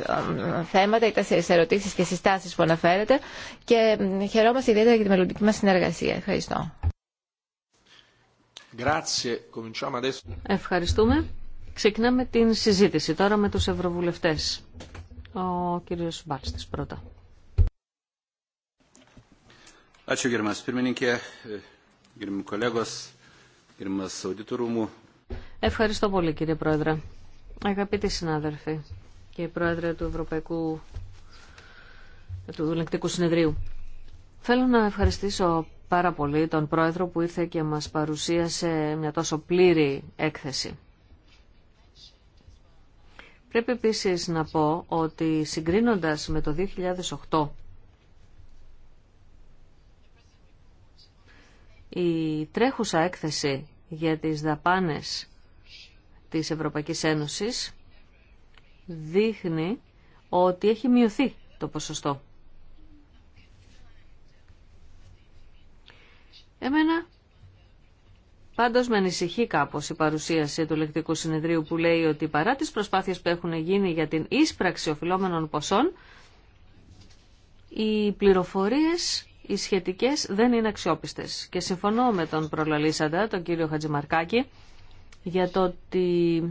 θέματα, οι τέσσερι ερωτήσει και συστάσει που αναφέρετε. Και χαιρόμαστε ιδιαίτερα για τη μελλοντική μα συνεργασία. Ευχαριστώ. Ευχαριστούμε. Ξεκινάμε την συζήτηση τώρα με τους ευρωβουλευτές. Ο κύριος Μπάλστης πρώτα. Ευχαριστώ πολύ κύριε Πρόεδρε. Αγαπητοί συνάδελφοι και Πρόεδρε του Ευρωπαϊκού του Δουλεκτικού Συνεδρίου. Θέλω να ευχαριστήσω πάρα πολύ τον Πρόεδρο που ήρθε και μας παρουσίασε μια τόσο πλήρη έκθεση. Πρέπει επίσης να πω ότι συγκρίνοντας με το 2008 η τρέχουσα έκθεση για τις δαπάνες της Ευρωπαϊκής Ένωσης δείχνει ότι έχει μειωθεί το ποσοστό. Εμένα πάντως με ανησυχεί κάπως η παρουσίαση του λεκτικού συνεδρίου που λέει ότι παρά τις προσπάθειες που έχουν γίνει για την ίσπραξη οφειλόμενων ποσών, οι πληροφορίες οι σχετικές δεν είναι αξιόπιστες. Και συμφωνώ με τον προλαλήσαντα, τον κύριο Χατζημαρκάκη, για το ότι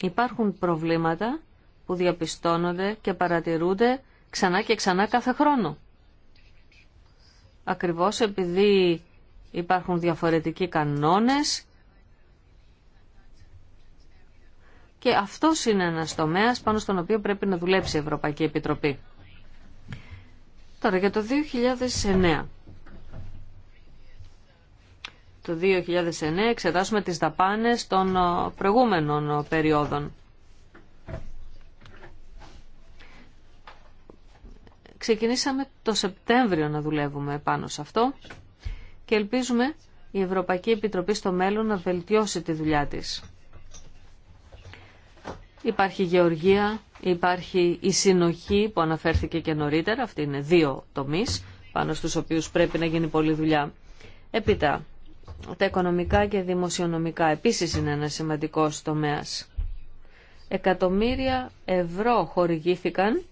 υπάρχουν προβλήματα που διαπιστώνονται και παρατηρούνται ξανά και ξανά κάθε χρόνο ακριβώς επειδή υπάρχουν διαφορετικοί κανόνες και αυτό είναι ένας τομέας πάνω στον οποίο πρέπει να δουλέψει η Ευρωπαϊκή Επιτροπή. Τώρα για το 2009. Το 2009 εξετάσουμε τις δαπάνες των ε, προηγούμενων ε, περιόδων. Ξεκινήσαμε το Σεπτέμβριο να δουλεύουμε πάνω σε αυτό και ελπίζουμε η Ευρωπαϊκή Επιτροπή στο μέλλον να βελτιώσει τη δουλειά της. Υπάρχει γεωργία, υπάρχει η συνοχή που αναφέρθηκε και νωρίτερα, Αυτοί είναι δύο τομείς πάνω στους οποίους πρέπει να γίνει πολλή δουλειά. Επίτα, τα οικονομικά και δημοσιονομικά επίσης είναι ένα σημαντικό τομέας. Εκατομμύρια ευρώ χορηγήθηκαν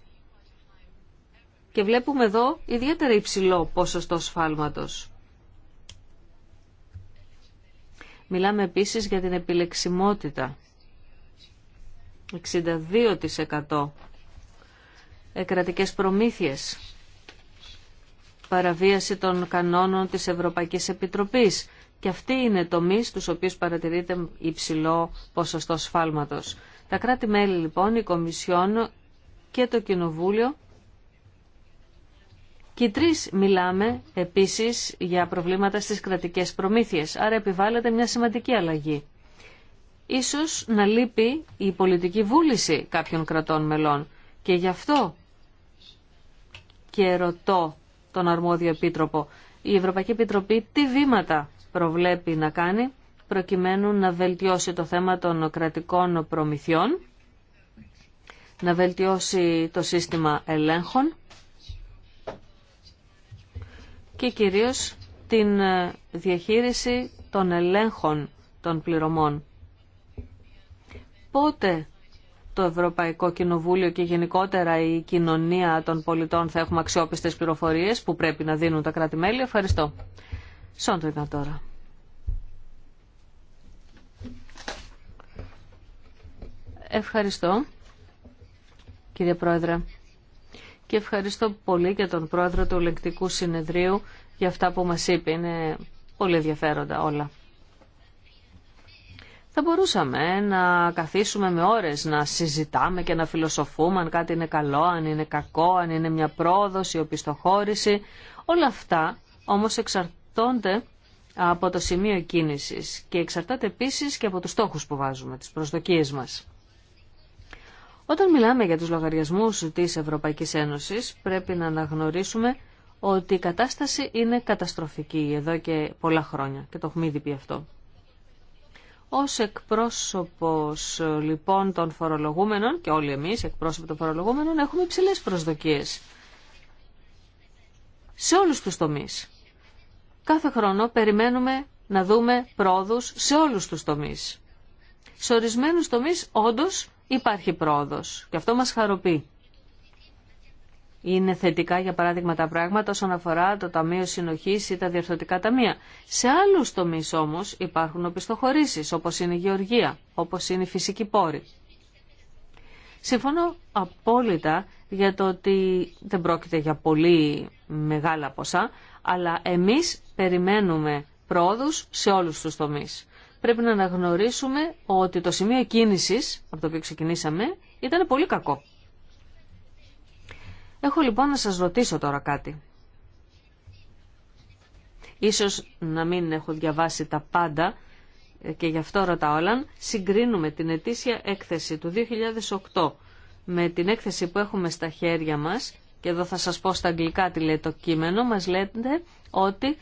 και βλέπουμε εδώ ιδιαίτερα υψηλό ποσοστό σφάλματος. Μιλάμε επίσης για την επιλεξιμότητα. 62% εκρατικές προμήθειες, παραβίαση των κανόνων της Ευρωπαϊκής Επιτροπής. Και αυτοί είναι τομεί στους οποίους παρατηρείται υψηλό ποσοστό σφάλματος. Τα κράτη-μέλη λοιπόν, η Κομισιόν και το Κοινοβούλιο και τρεις μιλάμε επίσης για προβλήματα στις κρατικές προμήθειες, άρα επιβάλλεται μια σημαντική αλλαγή. Ίσως να λείπει η πολιτική βούληση κάποιων κρατών μελών και γι' αυτό και ρωτώ τον αρμόδιο επίτροπο. Η Ευρωπαϊκή Επιτροπή τι βήματα προβλέπει να κάνει προκειμένου να βελτιώσει το θέμα των κρατικών προμηθειών, να βελτιώσει το σύστημα ελέγχων και κυρίως την ε, διαχείριση των ελέγχων των πληρωμών. Πότε το Ευρωπαϊκό Κοινοβούλιο και γενικότερα η κοινωνία των πολιτών θα έχουμε αξιόπιστες πληροφορίες που πρέπει να δίνουν τα κράτη-μέλη. Ευχαριστώ. το τώρα. Ευχαριστώ, κύριε Πρόεδρε και ευχαριστώ πολύ και τον πρόεδρο του Λεκτικού Συνεδρίου για αυτά που μας είπε. Είναι πολύ ενδιαφέροντα όλα. Θα μπορούσαμε να καθίσουμε με ώρες να συζητάμε και να φιλοσοφούμε αν κάτι είναι καλό, αν είναι κακό, αν είναι μια πρόοδος, η οπισθοχώρηση. Όλα αυτά όμως εξαρτώνται από το σημείο κίνησης και εξαρτάται επίσης και από τους στόχους που βάζουμε, τις προσδοκίες μας. Όταν μιλάμε για τους λογαριασμούς της Ευρωπαϊκής Ένωσης πρέπει να αναγνωρίσουμε ότι η κατάσταση είναι καταστροφική εδώ και πολλά χρόνια και το έχουμε ήδη πει αυτό. Ως εκπρόσωπος λοιπόν των φορολογούμενων και όλοι εμείς εκπρόσωποι των φορολογούμενων έχουμε υψηλές προσδοκίες σε όλους τους τομείς. Κάθε χρόνο περιμένουμε να δούμε πρόοδους σε όλους τους τομείς. Σε ορισμένους τομείς όντως υπάρχει πρόοδος και αυτό μας χαροποιεί. Είναι θετικά, για παράδειγμα, τα πράγματα όσον αφορά το Ταμείο Συνοχής ή τα Διορθωτικά Ταμεία. Σε άλλους τομείς όμως υπάρχουν οπισθοχωρήσεις, όπως είναι η γεωργία, όπως είναι η φυσική πόρη. Συμφωνώ απόλυτα για το ότι δεν πρόκειται για πολύ μεγάλα ποσά, αλλά εμείς περιμένουμε πρόοδους σε όλους τους τομείς πρέπει να αναγνωρίσουμε ότι το σημείο κίνησης από το οποίο ξεκινήσαμε ήταν πολύ κακό. Έχω λοιπόν να σας ρωτήσω τώρα κάτι. Ίσως να μην έχω διαβάσει τα πάντα ε, και γι' αυτό ρωτάω όλα. συγκρίνουμε την ετήσια έκθεση του 2008 με την έκθεση που έχουμε στα χέρια μας και εδώ θα σας πω στα αγγλικά τι λέει το κείμενο, μας λέτε ότι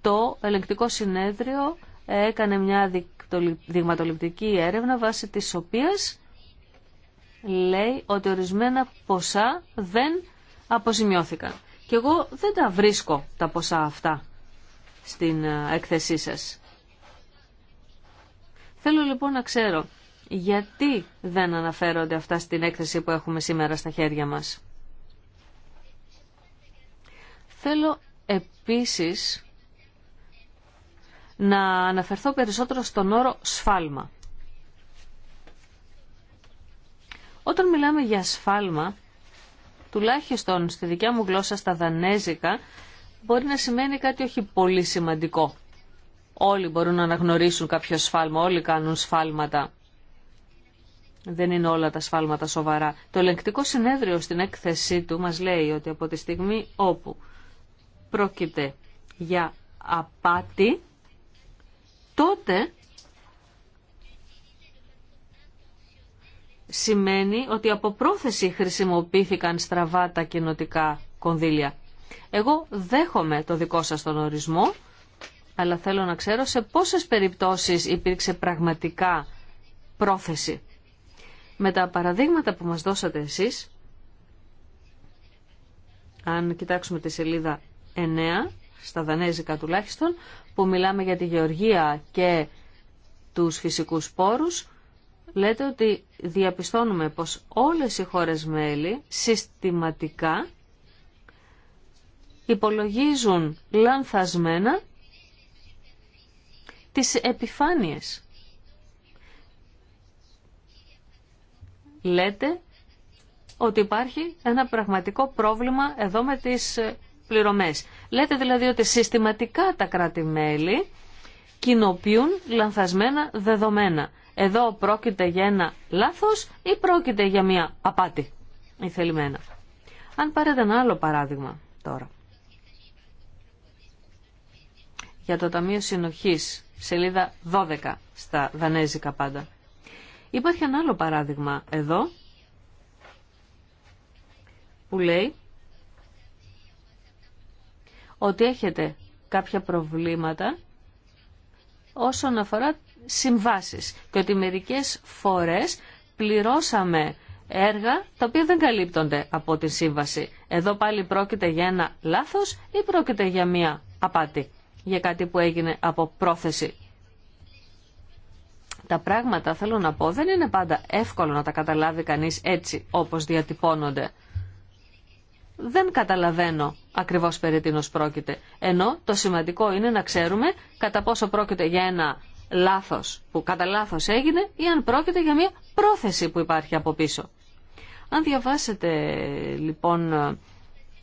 το ελεγκτικό συνέδριο έκανε μια δειγματοληπτική έρευνα βάσει της οποίας λέει ότι ορισμένα ποσά δεν αποζημιώθηκαν. Και εγώ δεν τα βρίσκω τα ποσά αυτά στην ε, έκθεσή σας. Θέλω λοιπόν να ξέρω γιατί δεν αναφέρονται αυτά στην έκθεση που έχουμε σήμερα στα χέρια μας. Θέλω επίσης να αναφερθώ περισσότερο στον όρο σφάλμα. Όταν μιλάμε για σφάλμα, τουλάχιστον στη δικιά μου γλώσσα στα δανέζικα, μπορεί να σημαίνει κάτι όχι πολύ σημαντικό. Όλοι μπορούν να αναγνωρίσουν κάποιο σφάλμα, όλοι κάνουν σφάλματα. Δεν είναι όλα τα σφάλματα σοβαρά. Το ελεγκτικό συνέδριο στην έκθεσή του μας λέει ότι από τη στιγμή όπου πρόκειται για απάτη, τότε σημαίνει ότι από πρόθεση χρησιμοποιήθηκαν στραβά τα κοινοτικά κονδύλια. Εγώ δέχομαι το δικό σας τον ορισμό, αλλά θέλω να ξέρω σε πόσες περιπτώσεις υπήρξε πραγματικά πρόθεση. Με τα παραδείγματα που μας δώσατε εσείς, αν κοιτάξουμε τη σελίδα 9, στα δανέζικα τουλάχιστον, που μιλάμε για τη γεωργία και τους φυσικούς πόρους, λέτε ότι διαπιστώνουμε πως όλες οι χώρες μέλη συστηματικά υπολογίζουν λανθασμένα τις επιφάνειες. Λέτε ότι υπάρχει ένα πραγματικό πρόβλημα εδώ με τις πληρωμές. Λέτε δηλαδή ότι συστηματικά τα κράτη-μέλη κοινοποιούν λανθασμένα δεδομένα. Εδώ πρόκειται για ένα λάθος ή πρόκειται για μια απάτη ηθελημένα. Αν πάρετε ένα άλλο παράδειγμα τώρα. Για το Ταμείο Συνοχής, σελίδα 12 στα δανέζικα πάντα. Υπάρχει ένα άλλο παράδειγμα εδώ που λέει ότι έχετε κάποια προβλήματα όσον αφορά συμβάσεις και ότι μερικές φορές πληρώσαμε έργα τα οποία δεν καλύπτονται από τη σύμβαση. Εδώ πάλι πρόκειται για ένα λάθος ή πρόκειται για μία απάτη, για κάτι που έγινε από πρόθεση. Τα πράγματα, θέλω να πω, δεν είναι πάντα εύκολο να τα καταλάβει κανείς έτσι όπως διατυπώνονται δεν καταλαβαίνω ακριβώς περί τίνος πρόκειται. Ενώ το σημαντικό είναι να ξέρουμε κατά πόσο πρόκειται για ένα λάθος που κατά λάθος έγινε ή αν πρόκειται για μια πρόθεση που υπάρχει από πίσω. Αν διαβάσετε λοιπόν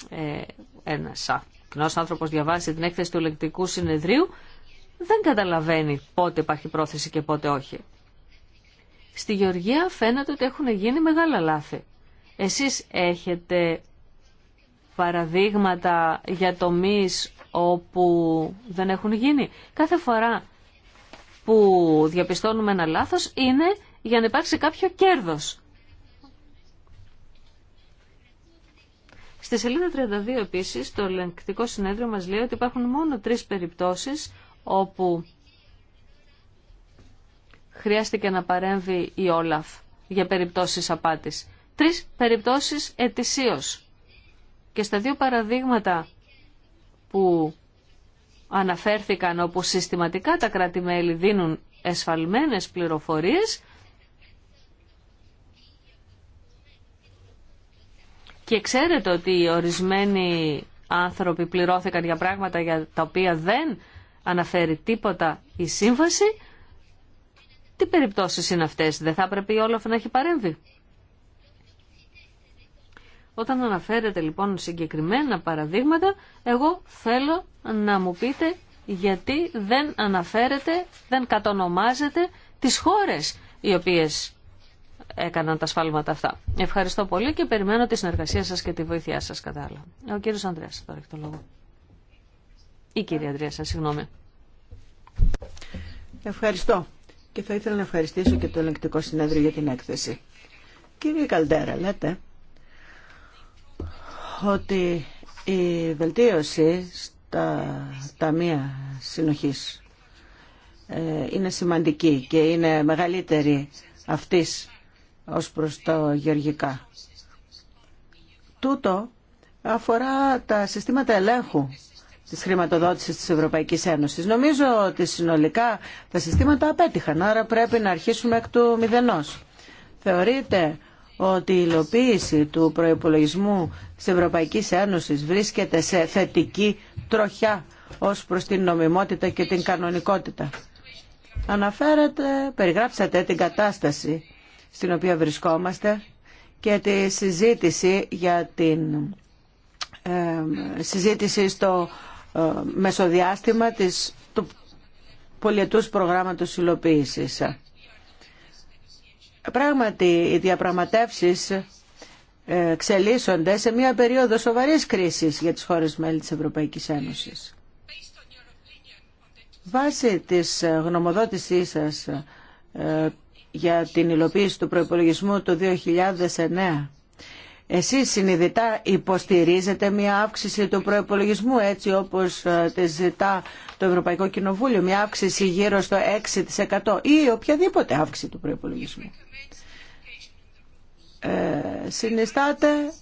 ε, ένας άνθρωπος διαβάσει την έκθεση του λεκτικού συνεδρίου δεν καταλαβαίνει πότε υπάρχει πρόθεση και πότε όχι. Στη Γεωργία φαίνεται ότι έχουν γίνει μεγάλα λάθη. Εσείς έχετε παραδείγματα για τομείς όπου δεν έχουν γίνει. Κάθε φορά που διαπιστώνουμε ένα λάθος είναι για να υπάρξει κάποιο κέρδος. Στη σελίδα 32 επίσης το ελεγκτικό συνέδριο μας λέει ότι υπάρχουν μόνο τρεις περιπτώσεις όπου χρειάστηκε να παρέμβει η Όλαφ για περιπτώσεις απάτης. Τρεις περιπτώσεις ετησίως. Και στα δύο παραδείγματα που αναφέρθηκαν όπου συστηματικά τα κράτη-μέλη δίνουν εσφαλμένες πληροφορίες και ξέρετε ότι ορισμένοι άνθρωποι πληρώθηκαν για πράγματα για τα οποία δεν αναφέρει τίποτα η σύμβαση, τι περιπτώσεις είναι αυτές, δεν θα πρέπει η Όλαφ να έχει παρέμβει. Όταν αναφέρετε λοιπόν συγκεκριμένα παραδείγματα, εγώ θέλω να μου πείτε γιατί δεν αναφέρετε, δεν κατονομάζετε τις χώρες οι οποίες έκαναν τα σφάλματα αυτά. Ευχαριστώ πολύ και περιμένω τη συνεργασία σας και τη βοήθειά σας κατά άλλα. Ο κύριος Ανδρέας τώρα έχει το λόγο. Η κυρία Ανδρέα, συγγνώμη. Ευχαριστώ. Και θα ήθελα να ευχαριστήσω και το ελεγκτικό συνέδριο για την έκθεση. Κύριε Καλτέρα, λέτε ότι η βελτίωση στα ταμεία συνοχής ε, είναι σημαντική και είναι μεγαλύτερη αυτής ως προς τα γεωργικά. Τούτο αφορά τα συστήματα ελέγχου της χρηματοδότησης της Ευρωπαϊκής Ένωσης. Νομίζω ότι συνολικά τα συστήματα απέτυχαν, άρα πρέπει να αρχίσουμε εκ του μηδενός. Θεωρείται ότι η υλοποίηση του προϋπολογισμού της Ευρωπαϊκής Ένωσης βρίσκεται σε θετική τροχιά ως προς την νομιμότητα και την κανονικότητα. Αναφέρατε, περιγράψατε την κατάσταση στην οποία βρισκόμαστε και τη συζήτηση για την ε, συζήτηση στο ε, μεσοδιάστημα της, του πολιετούς προγράμματος υλοποίησης. Πράγματι, οι διαπραγματεύσεις ε, εξελίσσονται σε μια περίοδο σοβαρής κρίσης για τις χώρες μέλη της Ευρωπαϊκής Ένωσης. Βάσει της ε, γνωμοδότησής σας ε, για την υλοποίηση του προϋπολογισμού του 2009 Εσεί, συνειδητά υποστηρίζετε μια αύξηση του προϋπολογισμού έτσι όπως ε, τη ζητά το Ευρωπαϊκό Κοινοβούλιο, μια αύξηση γύρω στο 6% ή οποιαδήποτε αύξηση του προϋπολογισμού. Ε,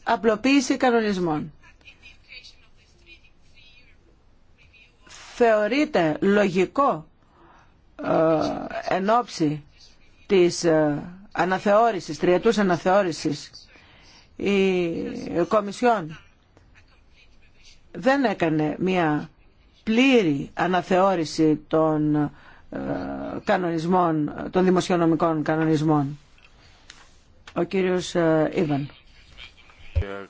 απλοποίηση κανονισμών. Θεωρείται λογικό ε, εν ώψη της ε, αναθεώρησης, τριετούς αναθεώρησης η Κομισιόν δεν έκανε μια πλήρη αναθεώρηση των κανονισμών, των δημοσιονομικών κανονισμών. Ο κύριος Ιβαν.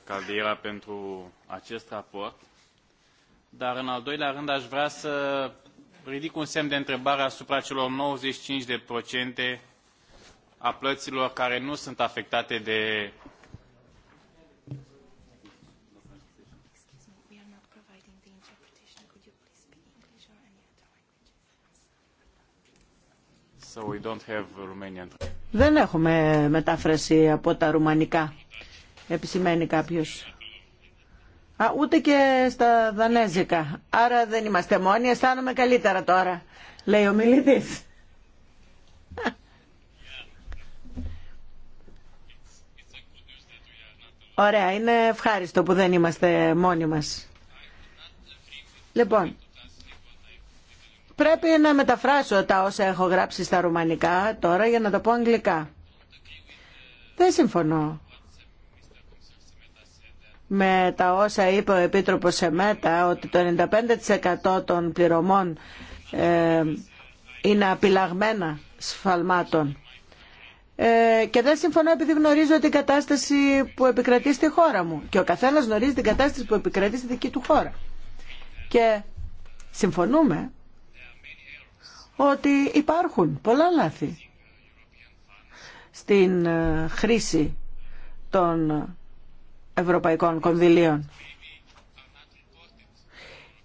Καλδίρα pentru acest raport, dar în al doilea rând aș vrea să ridic un semn de întrebare asupra celor 95% de procente a plăților care nu sunt afectate de Δεν έχουμε μετάφραση από τα ρουμανικά, επισημαίνει κάποιος. Α, ούτε και στα δανέζικα. Άρα δεν είμαστε μόνοι, αισθάνομαι καλύτερα τώρα, λέει ο μιλητής. Ωραία, είναι ευχάριστο που δεν είμαστε μόνοι μας. Λοιπόν, Πρέπει να μεταφράσω τα όσα έχω γράψει στα ρουμανικά τώρα για να τα πω αγγλικά. Δεν συμφωνώ με τα όσα είπε ο Επίτροπος Σεμέτα ότι το 95% των πληρωμών ε, είναι απειλαγμένα σφαλμάτων. Ε, και δεν συμφωνώ επειδή γνωρίζω την κατάσταση που επικρατεί στη χώρα μου. Και ο καθένας γνωρίζει την κατάσταση που επικρατεί στη δική του χώρα. Και συμφωνούμε ότι υπάρχουν πολλά λάθη στην ε, χρήση των ευρωπαϊκών κονδυλίων.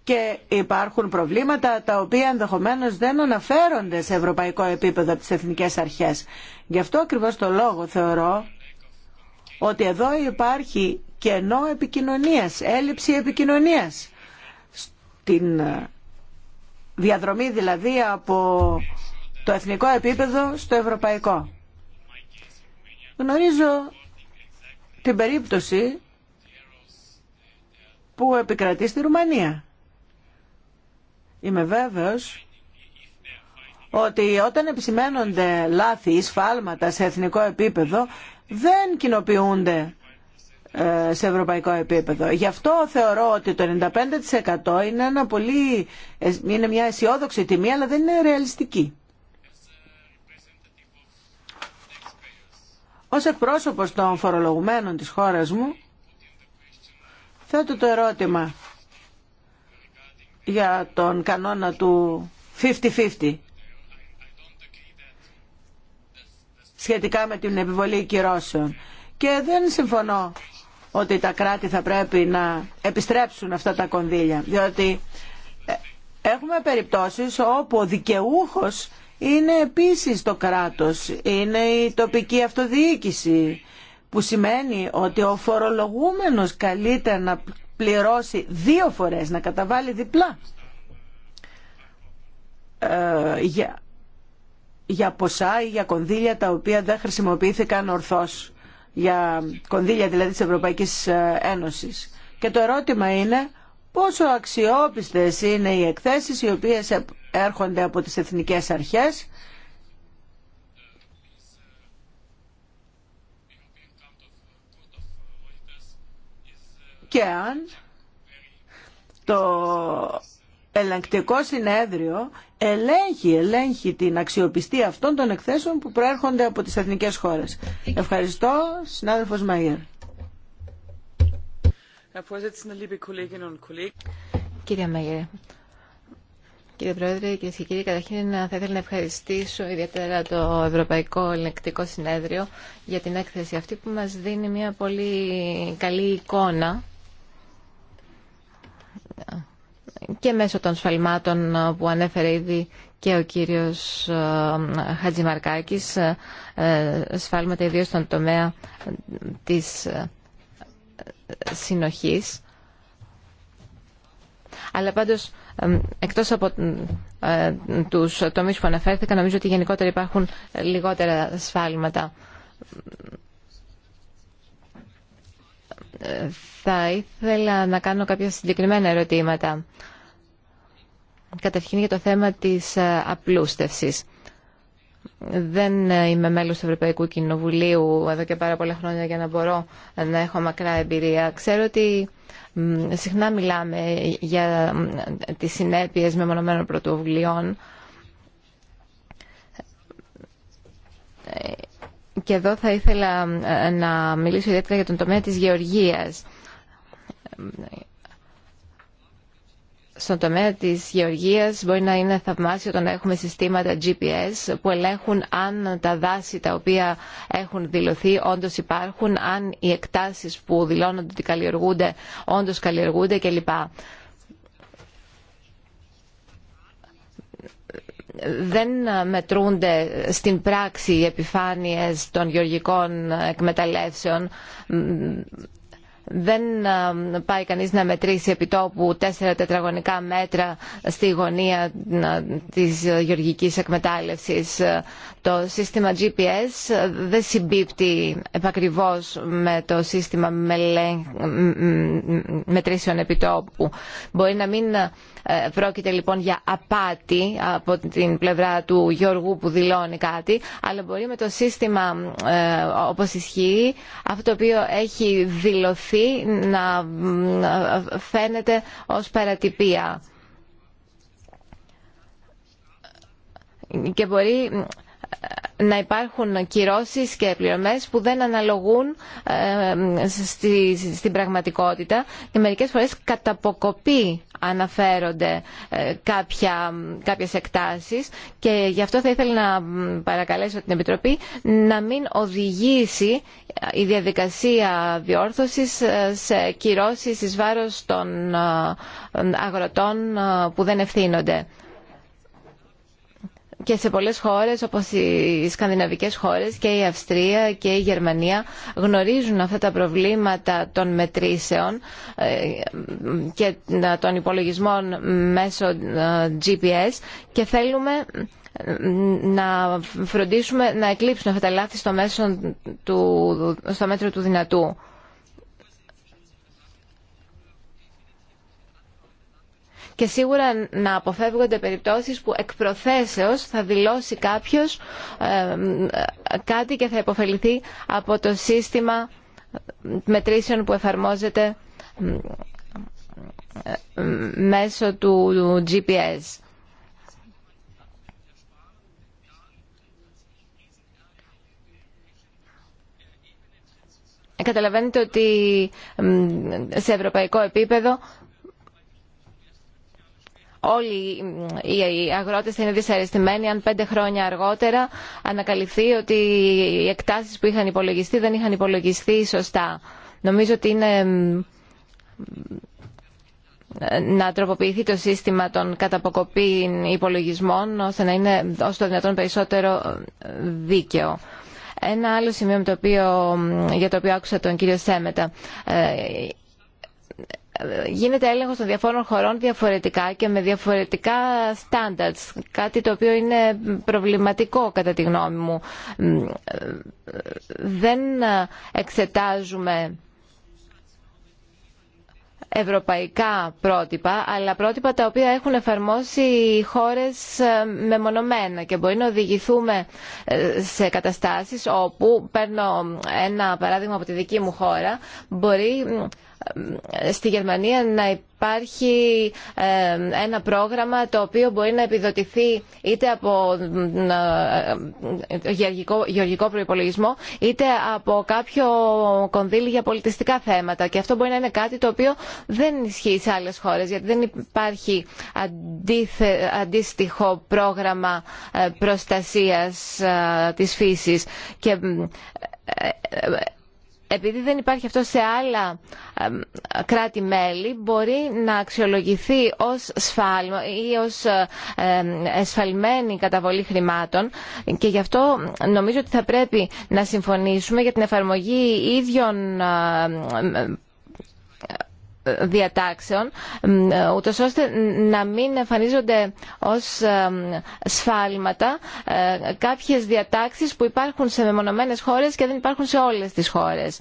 Και υπάρχουν προβλήματα τα οποία ενδεχομένως δεν αναφέρονται σε ευρωπαϊκό επίπεδο από τις εθνικές αρχές. Γι' αυτό ακριβώς το λόγο θεωρώ ότι εδώ υπάρχει κενό επικοινωνίας, έλλειψη επικοινωνίας στην ε, διαδρομή δηλαδή από το εθνικό επίπεδο στο ευρωπαϊκό. Γνωρίζω την περίπτωση που επικρατεί στη Ρουμανία. Είμαι βέβαιος ότι όταν επισημένονται λάθη ή σφάλματα σε εθνικό επίπεδο δεν κοινοποιούνται ε, σε ευρωπαϊκό επίπεδο. Γι' αυτό θεωρώ ότι το 95% είναι, πολύ, ε, είναι μια αισιόδοξη τιμή, αλλά δεν είναι ρεαλιστική. Ως εκπρόσωπος των φορολογουμένων της χώρας μου, θέτω το ερώτημα για τον κανόνα του 50-50 σχετικά με την επιβολή κυρώσεων. Και δεν συμφωνώ ότι τα κράτη θα πρέπει να επιστρέψουν αυτά τα κονδύλια. Διότι ε, έχουμε περιπτώσεις όπου ο δικαιούχος είναι επίσης το κράτος, είναι η τοπική αυτοδιοίκηση που σημαίνει ότι ο φορολογούμενος καλείται να πληρώσει δύο φορές, να καταβάλει διπλά ε, για, για ποσά ή για κονδύλια τα οποία δεν χρησιμοποιήθηκαν ορθώς για κονδύλια δηλαδή της Ευρωπαϊκής ε, Ένωσης. Και το ερώτημα είναι πόσο αξιόπιστες είναι οι εκθέσεις οι οποίες έρχονται από τις εθνικές αρχές και αν το ελεγκτικό συνέδριο ελέγχει, ελέγχει την αξιοπιστία αυτών των εκθέσεων που προέρχονται από τις εθνικές χώρες. Ευχαριστώ, συνάδελφος Μαγιέρ. Κύριε Μαγιέρ, Κύριε Πρόεδρε, κυρίε και κύριοι, καταρχήν θα ήθελα να ευχαριστήσω ιδιαίτερα το Ευρωπαϊκό ελεγκτικό Συνέδριο για την έκθεση αυτή που μας δίνει μια πολύ καλή εικόνα και μέσω των σφαλμάτων ε, που ανέφερε ήδη και ο κύριος ε, Χατζημαρκάκης ε, σφάλματα ιδίω στον τομέα της συνοχής αλλά πάντως εκτός από τους τομείς που αναφέρθηκα νομίζω ότι γενικότερα υπάρχουν λιγότερα σφάλματα θα ήθελα να κάνω κάποια συγκεκριμένα ερωτήματα. Καταρχήν για το θέμα της ε, απλούστευσης. Δεν ε, είμαι μέλος του Ευρωπαϊκού Κοινοβουλίου εδώ και πάρα πολλά χρόνια για να μπορώ να έχω μακρά εμπειρία. Ξέρω ότι συχνά μιλάμε για τις συνέπειες μεμονωμένων πρωτοβουλειών ε, και εδώ θα ήθελα ε, να μιλήσω ιδιαίτερα για τον τομέα της γεωργίας. Στον τομέα της γεωργίας μπορεί να είναι θαυμάσιο το να έχουμε συστήματα GPS που ελέγχουν αν τα δάση τα οποία έχουν δηλωθεί όντως υπάρχουν, αν οι εκτάσεις που δηλώνονται ότι καλλιεργούνται όντως καλλιεργούνται κλπ. δεν μετρούνται στην πράξη οι επιφάνειες των γεωργικών εκμεταλλεύσεων δεν ε, πάει κανείς να μετρήσει επιτόπου τέσσερα τετραγωνικά μέτρα στη γωνία ε, της γεωργικής εκμετάλλευσης. Το σύστημα GPS δεν συμπίπτει επακριβώς με το σύστημα μετρήσεων επιτόπου. Μπορεί να μην ε, πρόκειται λοιπόν για απάτη από την πλευρά του Γιώργου που δηλώνει κάτι, αλλά μπορεί με το σύστημα ε, όπως ισχύει, αυτό το οποίο έχει δηλωθεί να ε, φαίνεται ως παρατυπία. Και μπορεί να υπάρχουν κυρώσεις και πληρωμές που δεν αναλογούν ε, στην πραγματικότητα και μερικές φορές καταποκοπή αναφέρονται ε, κάποια, κάποιες εκτάσεις και γι' αυτό θα ήθελα να παρακαλέσω την Επιτροπή να μην οδηγήσει η διαδικασία διόρθωσης ε, σε κυρώσεις εις βάρος των αγροτών που δεν ευθύνονται και σε πολλές χώρες όπως οι σκανδιναβικές χώρες και η Αυστρία και η Γερμανία γνωρίζουν αυτά τα προβλήματα των μετρήσεων ε, και ε, των υπολογισμών μέσω ε, GPS και θέλουμε να φροντίσουμε να εκλείψουν αυτά τα λάθη στο, στο μέτρο του δυνατού. και σίγουρα να αποφεύγονται περιπτώσεις που εκ προθέσεως θα δηλώσει κάποιος κάτι και θα υποφεληθεί από το σύστημα μετρήσεων που εφαρμόζεται μέσω του GPS. Ε, καταλαβαίνετε ότι σε ευρωπαϊκό επίπεδο όλοι οι αγρότες θα είναι δυσαρεστημένοι αν πέντε χρόνια αργότερα ανακαλυφθεί ότι οι εκτάσεις που είχαν υπολογιστεί δεν είχαν υπολογιστεί σωστά. Νομίζω ότι είναι να τροποποιηθεί το σύστημα των καταποκοπή υπολογισμών ώστε να είναι όσο το δυνατόν περισσότερο δίκαιο. Ένα άλλο σημείο το οποίο, για το οποίο άκουσα τον κύριο Σέμετα. Ε, γίνεται έλεγχο των διαφόρων χωρών διαφορετικά και με διαφορετικά standards, κάτι το οποίο είναι προβληματικό κατά τη γνώμη μου. Δεν εξετάζουμε ευρωπαϊκά πρότυπα, αλλά πρότυπα τα οποία έχουν εφαρμόσει χώρες μεμονωμένα και μπορεί να οδηγηθούμε ε, σε καταστάσεις όπου, παίρνω ένα παράδειγμα από τη δική μου χώρα, μπορεί ε, στη Γερμανία να υπάρχει ε, ένα πρόγραμμα το οποίο μπορεί να επιδοτηθεί είτε από ε, γεωργικό, γεωργικό προϋπολογισμό είτε από κάποιο κονδύλι για πολιτιστικά θέματα και αυτό μπορεί να είναι κάτι το οποίο δεν ισχύει σε άλλες χώρες γιατί δεν υπάρχει αντίστοιχο πρόγραμμα προστασίας της φύσης και επειδή δεν υπάρχει αυτό σε άλλα κράτη-μέλη, μπορεί να αξιολογηθεί ως σφάλμα ή ως εσφαλμένη καταβολή χρημάτων και γι' αυτό νομίζω ότι θα πρέπει να συμφωνήσουμε για την εφαρμογή ίδιων διατάξεων ε, ούτως ώστε να μην εμφανίζονται ως ε, σφάλματα ε, κάποιες διατάξεις που υπάρχουν σε μεμονωμένες χώρες και δεν υπάρχουν σε όλες τις χώρες.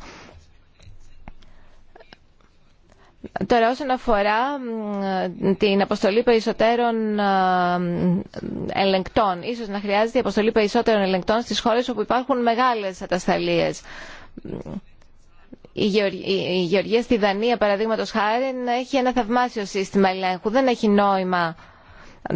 Τώρα όσον αφορά την αποστολή περισσότερων ελεγκτών, ίσως να χρειάζεται η αποστολή περισσότερων ελεγκτών στις χώρες όπου υπάρχουν μεγάλες ατασταλίες η γεωργία στη δανία παραδείγματος χάρη έχει ένα θαυμάσιο σύστημα ελέγχου δεν έχει νόημα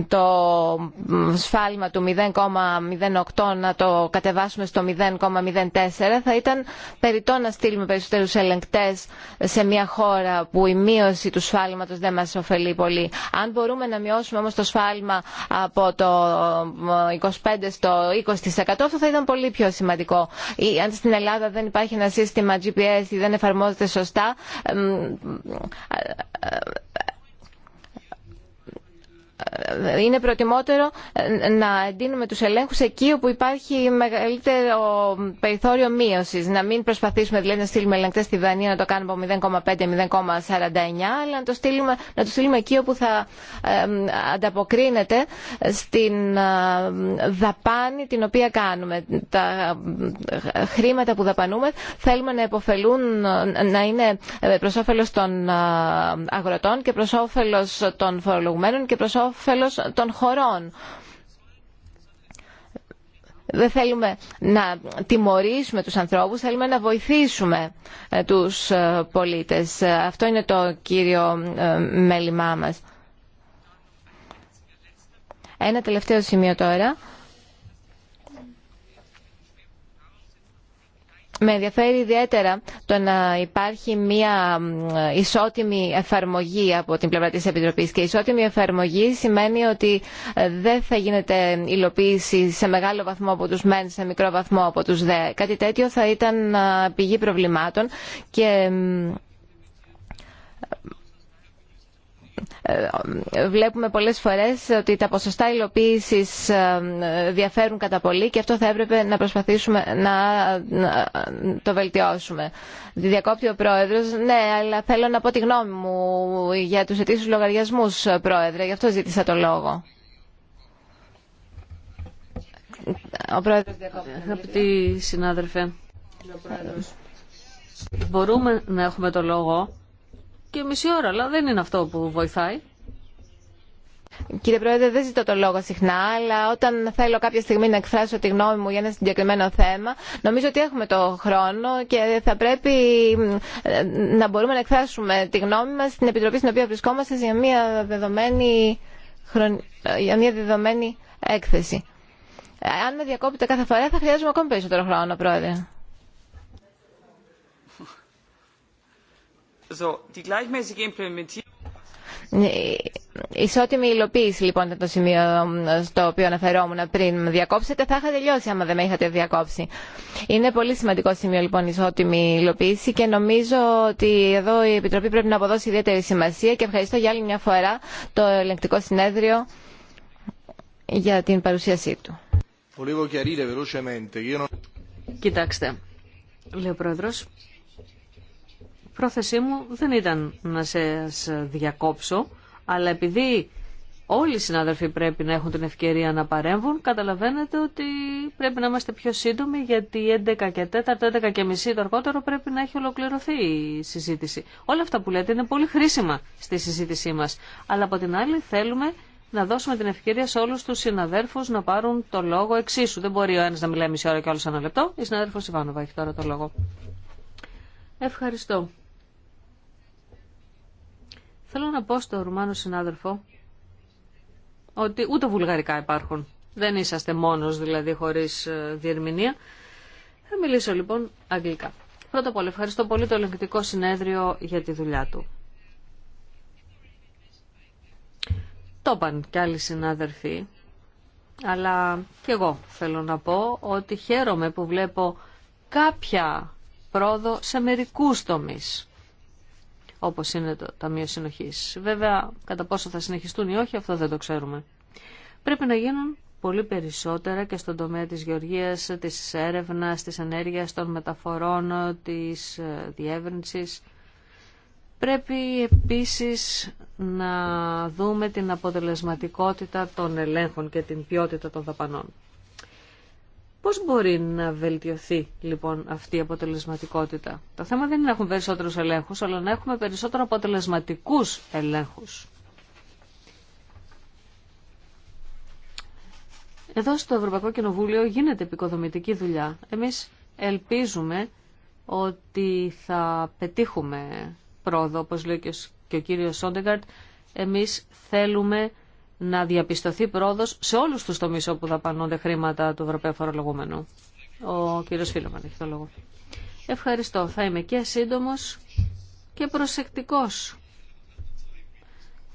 το σφάλμα του 0,08 να το κατεβάσουμε στο 0,04 θα ήταν περιττό να στείλουμε περισσότερους ελεγκτές σε μια χώρα που η μείωση του σφάλματος δεν μας ωφελεί πολύ. Αν μπορούμε να μειώσουμε όμως το σφάλμα από το 25% στο 20% αυτό θα ήταν πολύ πιο σημαντικό. αν στην Ελλάδα δεν υπάρχει ένα σύστημα GPS ή δεν εφαρμόζεται σωστά είναι προτιμότερο ε, να εντείνουμε τους ελέγχους εκεί όπου υπάρχει μεγαλύτερο περιθώριο μείωσης. Να μην προσπαθήσουμε δηλαδή να στείλουμε ελεγκτές στη Δανία να το κάνουμε από 0,5-0,49 αλλά να, το στείλουμε, να το στείλουμε εκεί όπου θα ανταποκρίνεται στην ε, δαπάνη την οποία κάνουμε. Τα ε, χρήματα που δαπανούμε θέλουμε να να είναι προς όφελος των αγροτών και προς όφελος των φορολογουμένων και προς όφελος όφελος των χωρών. Δεν θέλουμε να τιμωρήσουμε τους ανθρώπους, θέλουμε να βοηθήσουμε ε, τους ε, πολίτες. Ε, αυτό είναι το κύριο μέλημά μας. Ένα τελευταίο σημείο τώρα. με ενδιαφέρει ιδιαίτερα το να υπάρχει μια ισότιμη εφαρμογή από την πλευρά της Επιτροπής και ισότιμη εφαρμογή σημαίνει ότι ε, δεν θα γίνεται υλοποίηση σε μεγάλο βαθμό από τους μεν, σε μικρό βαθμό από τους δε. Κάτι τέτοιο θα ήταν ε, πηγή προβλημάτων και ε, βλέπουμε πολλές φορές ότι τα ποσοστά υλοποίησης ε, διαφέρουν κατά πολύ και αυτό θα έπρεπε να προσπαθήσουμε να το βελτιώσουμε. Διακόπτει ο Πρόεδρος. Ναι, αλλά θέλω να πω τη γνώμη μου για τους ετήσιους λογαριασμούς, Πρόεδρε. Γι' αυτό ζήτησα το λόγο. Ο Πρόεδρος διακόπτει. Αγαπητοί συνάδελφε, μπορούμε να έχουμε το λόγο και μισή ώρα, αλλά δεν είναι αυτό που βοηθάει. Κύριε Πρόεδρε, δεν ζητώ το λόγο συχνά, αλλά όταν θέλω κάποια στιγμή να εκφράσω τη γνώμη μου για ένα συγκεκριμένο θέμα, νομίζω ότι έχουμε το χρόνο και θα πρέπει να μπορούμε να εκφράσουμε τη γνώμη μας στην Επιτροπή στην οποία βρισκόμαστε για μια δεδομένη, χρον... για μια δεδομένη έκθεση. Αν με διακόπτετε κάθε φορά θα χρειάζομαι ακόμη περισσότερο χρόνο, Πρόεδρε. die Ισότιμη υλοποίηση λοιπόν ήταν το σημείο στο οποίο αναφερόμουν πριν διακόψετε. Θα είχα τελειώσει άμα δεν με είχατε διακόψει. Είναι πολύ σημαντικό σημείο λοιπόν η ισότιμη υλοποίηση και νομίζω ότι εδώ η Επιτροπή πρέπει να αποδώσει ιδιαίτερη σημασία και ευχαριστώ για άλλη μια φορά το ελεγκτικό συνέδριο για την παρουσίασή του. Κοιτάξτε, λέει ο Πρόεδρος, πρόθεσή μου δεν ήταν να σας διακόψω, αλλά επειδή όλοι οι συνάδελφοι πρέπει να έχουν την ευκαιρία να παρέμβουν, καταλαβαίνετε ότι πρέπει να είμαστε πιο σύντομοι, γιατί 11 και 4, 11 και μισή το αργότερο πρέπει να έχει ολοκληρωθεί η συζήτηση. Όλα αυτά που λέτε είναι πολύ χρήσιμα στη συζήτησή μας, αλλά από την άλλη θέλουμε να δώσουμε την ευκαιρία σε όλου του συναδέρφου να πάρουν το λόγο εξίσου. Δεν μπορεί ο ένα να μιλάει μισή ώρα και άλλο ένα λεπτό. Η συναδέρφο Ιβάνοβα έχει τώρα το λόγο. Ευχαριστώ. Θέλω να πω στο Ρουμάνο συνάδελφο ότι ούτε βουλγαρικά υπάρχουν. Δεν είσαστε μόνος δηλαδή χωρίς ε, διερμηνία. Θα μιλήσω λοιπόν αγγλικά. Πρώτα απ' όλα ευχαριστώ πολύ το ελεγκτικό συνέδριο για τη δουλειά του. Το είπαν κι άλλοι συνάδελφοι, αλλά κι εγώ θέλω να πω ότι χαίρομαι που βλέπω κάποια πρόοδο σε μερικούς τομείς όπως είναι το Ταμείο Συνοχής. Βέβαια, κατά πόσο θα συνεχιστούν ή όχι, αυτό δεν το ξέρουμε. Πρέπει να γίνουν πολύ περισσότερα και στον τομέα της γεωργίας, της έρευνας, της ενέργειας, των μεταφορών, της ε, διεύρυνσης. Πρέπει επίσης να δούμε την αποτελεσματικότητα των ελέγχων και την ποιότητα των δαπανών. Πώς μπορεί να βελτιωθεί λοιπόν αυτή η αποτελεσματικότητα. Το θέμα δεν είναι να έχουμε περισσότερους ελέγχους, αλλά να έχουμε περισσότερο αποτελεσματικούς ελέγχους. Εδώ στο Ευρωπαϊκό Κοινοβούλιο γίνεται επικοδομητική δουλειά. Εμείς ελπίζουμε ότι θα πετύχουμε πρόοδο, όπως λέει και ο κύριος Σόντεγκαρτ. Εμείς θέλουμε να διαπιστωθεί πρόοδο σε όλους τους τομεί όπου δαπανώνται χρήματα του Ευρωπαίου Φορολογούμενου. Ο κύριος Φίλωμαν έχει το λόγο. Ευχαριστώ. Θα είμαι και σύντομο και προσεκτικός.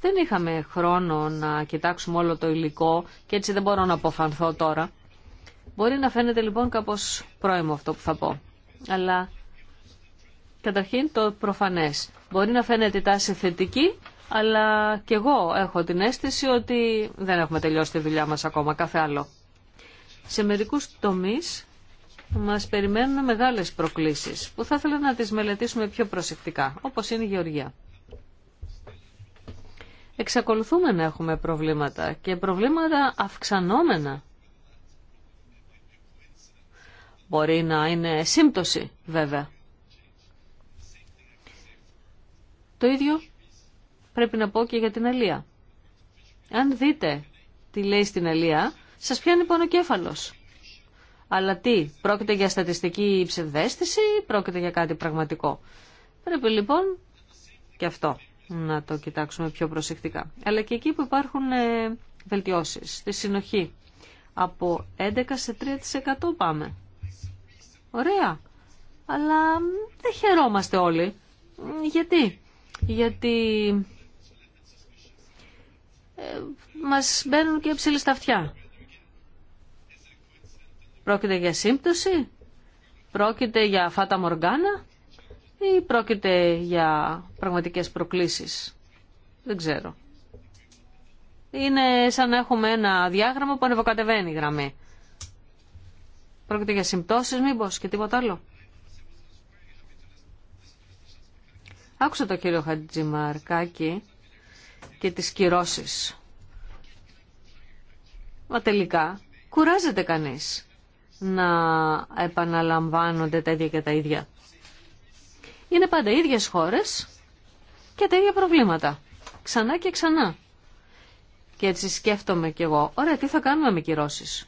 Δεν είχαμε χρόνο να κοιτάξουμε όλο το υλικό και έτσι δεν μπορώ να αποφανθώ τώρα. Μπορεί να φαίνεται λοιπόν κάπως πρόημο αυτό που θα πω. Αλλά καταρχήν το προφανές. Μπορεί να φαίνεται η τάση θετική, αλλά και εγώ έχω την αίσθηση ότι δεν έχουμε τελειώσει τη δουλειά μας ακόμα, κάθε άλλο. Σε μερικούς τομείς μας περιμένουν μεγάλες προκλήσεις που θα ήθελα να τις μελετήσουμε πιο προσεκτικά, όπως είναι η Γεωργία. Εξακολουθούμε να έχουμε προβλήματα και προβλήματα αυξανόμενα. Μπορεί να είναι σύμπτωση βέβαια. Το ίδιο πρέπει να πω και για την Αλία. Αν δείτε τι λέει στην Αλία, σας πιάνει πονοκέφαλος. Αλλά τι, πρόκειται για στατιστική ψευδέστηση ή πρόκειται για κάτι πραγματικό. Πρέπει λοιπόν και αυτό να το κοιτάξουμε πιο προσεκτικά. Αλλά και εκεί που υπάρχουν ε, βελτιώσεις, στη συνοχή. Από 11 σε 3% πάμε. Ωραία. Αλλά δεν χαιρόμαστε όλοι. Γιατί. Γιατί ε, μας μπαίνουν και ψηλή στα αυτιά. Πρόκειται για σύμπτωση, πρόκειται για φάτα μοργάνα ή πρόκειται για πραγματικές προκλήσεις. Δεν ξέρω. Είναι σαν να έχουμε ένα διάγραμμα που ανεβοκατεβαίνει η γραμμή. Πρόκειται για συμπτώσεις μήπως και τίποτα άλλο. Άκουσα το κύριο Χατζημαρκάκη και τις κυρώσεις. Μα τελικά κουράζεται κανείς να επαναλαμβάνονται τα ίδια και τα ίδια. Είναι πάντα ίδιες χώρες και τα ίδια προβλήματα. Ξανά και ξανά. Και έτσι σκέφτομαι κι εγώ, ωραία τι θα κάνουμε με κυρώσεις.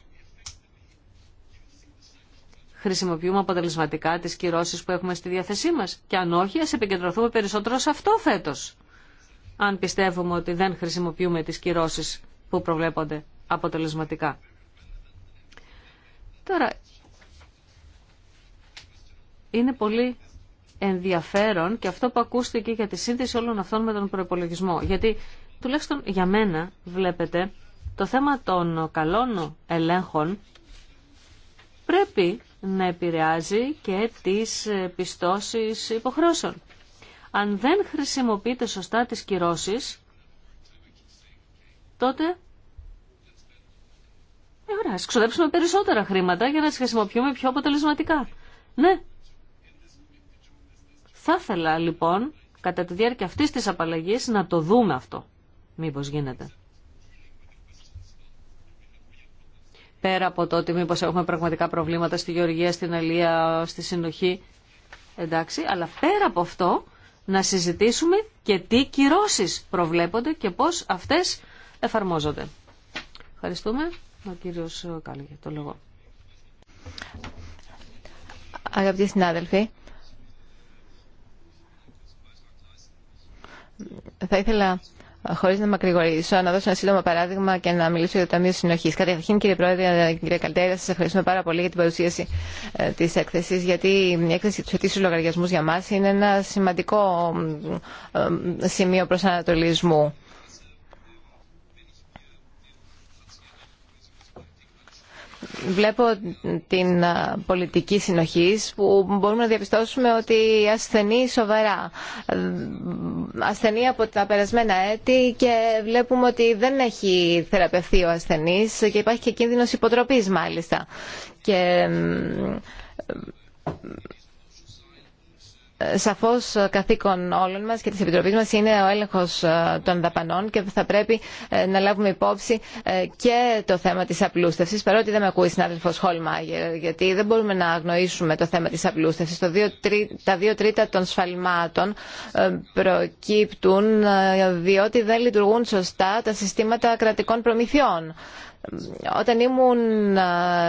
Χρησιμοποιούμε αποτελεσματικά τις κυρώσεις που έχουμε στη διάθεσή μας. Και αν όχι, ας επικεντρωθούμε περισσότερο σε αυτό φέτος αν πιστεύουμε ότι δεν χρησιμοποιούμε τις κυρώσεις που προβλέπονται αποτελεσματικά. Τώρα, είναι πολύ ενδιαφέρον και αυτό που ακούστηκε για τη σύνδεση όλων αυτών με τον προπολογισμό. Γιατί τουλάχιστον για μένα βλέπετε το θέμα των καλών ελέγχων πρέπει να επηρεάζει και τις πιστώσεις υποχρεώσεων. Αν δεν χρησιμοποιείτε σωστά τις κυρώσεις, τότε... Ε, ωραία, ξοδέψουμε περισσότερα χρήματα για να τις χρησιμοποιούμε πιο αποτελεσματικά. Ναι. Θα ήθελα λοιπόν, κατά τη διάρκεια αυτής της απαλλαγής, να το δούμε αυτό. Μήπως γίνεται. πέρα από το ότι μήπως έχουμε πραγματικά προβλήματα στη γεωργία, στην αλία, στη συνοχή. Εντάξει, αλλά πέρα από αυτό να συζητήσουμε και τι κυρώσεις προβλέπονται και πώς αυτές εφαρμόζονται. Ευχαριστούμε. Ο κύριος για το λόγο. Αγαπητοί συνάδελφοι, θα ήθελα Χωρί να μακρηγορήσω, να δώσω ένα σύντομο παράδειγμα και να μιλήσω για το Ταμείο Συνοχή. Καταρχήν, κύριε Πρόεδρε, κύριε Καλτέρα, σα ευχαριστούμε πάρα πολύ για την παρουσίαση ε, τη έκθεση, γιατί η έκθεση του ετήσιου λογαριασμού για μα είναι ένα σημαντικό ε, σημείο προσανατολισμού. βλέπω την πολιτική συνοχής που μπορούμε να διαπιστώσουμε ότι ασθενεί σοβαρά. Ασθενεί από τα περασμένα έτη και βλέπουμε ότι δεν έχει θεραπευθεί ο ασθενή και υπάρχει και κίνδυνο υποτροπής μάλιστα. Και σαφώς ε, καθήκον όλων μας και της Επιτροπής μας είναι ο έλεγχος ε, των δαπανών και θα πρέπει ε, να λάβουμε υπόψη και το θέμα της απλούστευσης παρότι δεν με ακούει η συνάδελφος Χολμάγερ γιατί δεν μπορούμε να αγνοήσουμε το θέμα της απλούστευσης. τα δύο τρίτα των σφαλμάτων προκύπτουν διότι δεν λειτουργούν σωστά τα συστήματα κρατικών προμηθειών. Όταν ήμουν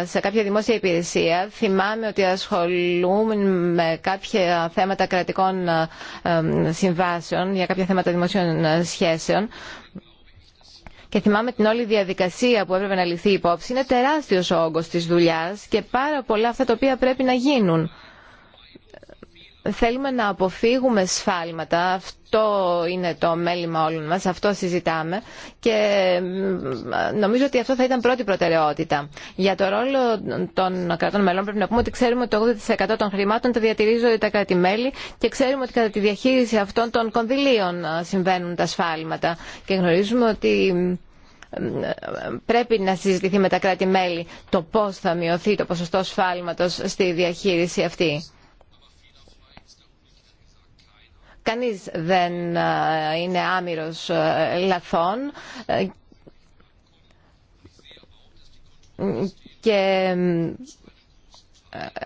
σε κάποια δημόσια υπηρεσία, θυμάμαι ότι ασχολούμαι με κάποια θέματα κρατικών συμβάσεων, για κάποια θέματα δημοσίων σχέσεων. Και θυμάμαι την όλη διαδικασία που έπρεπε να ληφθεί υπόψη. Είναι τεράστιος ο όγκος της δουλειάς και πάρα πολλά αυτά τα οποία πρέπει να γίνουν θέλουμε να αποφύγουμε σφάλματα. Αυτό είναι το μέλημα όλων μας, αυτό συζητάμε και νομίζω ότι αυτό θα ήταν πρώτη προτεραιότητα. Για το ρόλο των κρατών μελών πρέπει να πούμε ότι ξέρουμε ότι το 80% των χρημάτων τα διατηρίζονται τα κράτη-μέλη και ξέρουμε ότι κατά τη διαχείριση αυτών των κονδυλίων συμβαίνουν τα σφάλματα και γνωρίζουμε ότι πρέπει να συζητηθεί με τα κράτη-μέλη το πώς θα μειωθεί το ποσοστό σφάλματος στη διαχείριση αυτή. Κανείς δεν ε, είναι άμυρος ε, λαθών και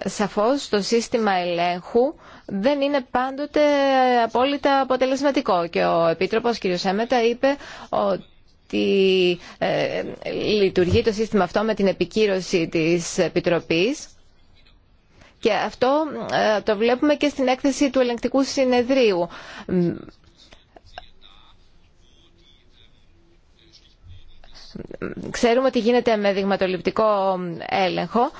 ε, σαφώς το σύστημα ελέγχου δεν είναι πάντοτε απόλυτα αποτελεσματικό και ο Επίτροπος κ. Σέμετα είπε ότι λειτουργεί το σύστημα αυτό με την επικύρωση της Επιτροπής και αυτό ε, το βλέπουμε και στην έκθεση του ελεγκτικού συνεδρίου. Ξέρουμε ότι γίνεται με δειγματοληπτικό έλεγχο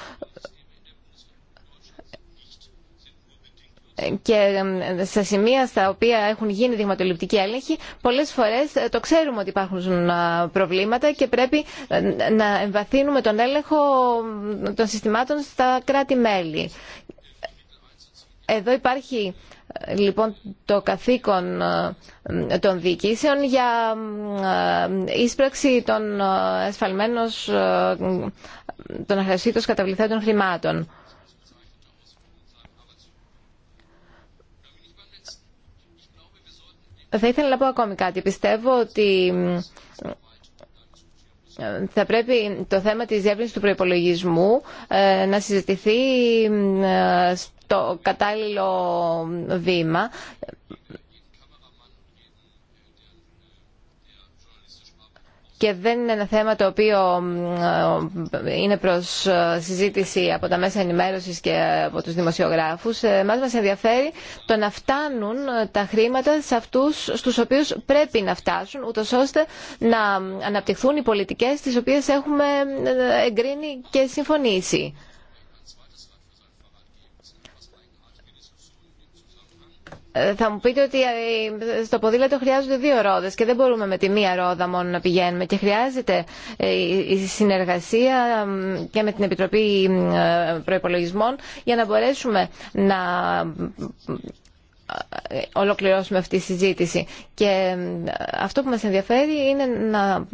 και σε σημεία στα οποία έχουν γίνει δειγματοληπτικοί έλεγχοι πολλέ φορέ ε, το ξέρουμε ότι υπάρχουν προβλήματα και πρέπει ε, να εμβαθύνουμε τον έλεγχο των συστημάτων στα κράτη-μέλη. Εδώ υπάρχει ε, λοιπόν το καθήκον των διοικήσεων για ίσπραξη των ασφαλμένων των αχρησίτως καταβληθέντων χρημάτων. Θα ήθελα να πω ακόμη κάτι. Πιστεύω ότι θα πρέπει το θέμα της διεύρυνσης του προϋπολογισμού ε, να συζητηθεί στο κατάλληλο βήμα και δεν είναι ένα θέμα το οποίο ε, είναι προς ε, συζήτηση από τα μέσα ενημέρωσης και από τους δημοσιογράφους. Ε, εμάς μας ενδιαφέρει το να φτάνουν τα χρήματα σε αυτούς στους οποίους πρέπει να φτάσουν, ούτως ώστε να αναπτυχθούν οι πολιτικές τις οποίες έχουμε εγκρίνει και συμφωνήσει. θα μου πείτε ότι ε, στο ποδήλατο χρειάζονται δύο ρόδες και δεν μπορούμε με τη μία ρόδα μόνο να πηγαίνουμε και χρειάζεται ε, η συνεργασία και με την Επιτροπή ε, προπολογισμών για να μπορέσουμε να ολοκληρώσουμε αυτή τη συζήτηση. Και αυτό που μας ενδιαφέρει είναι να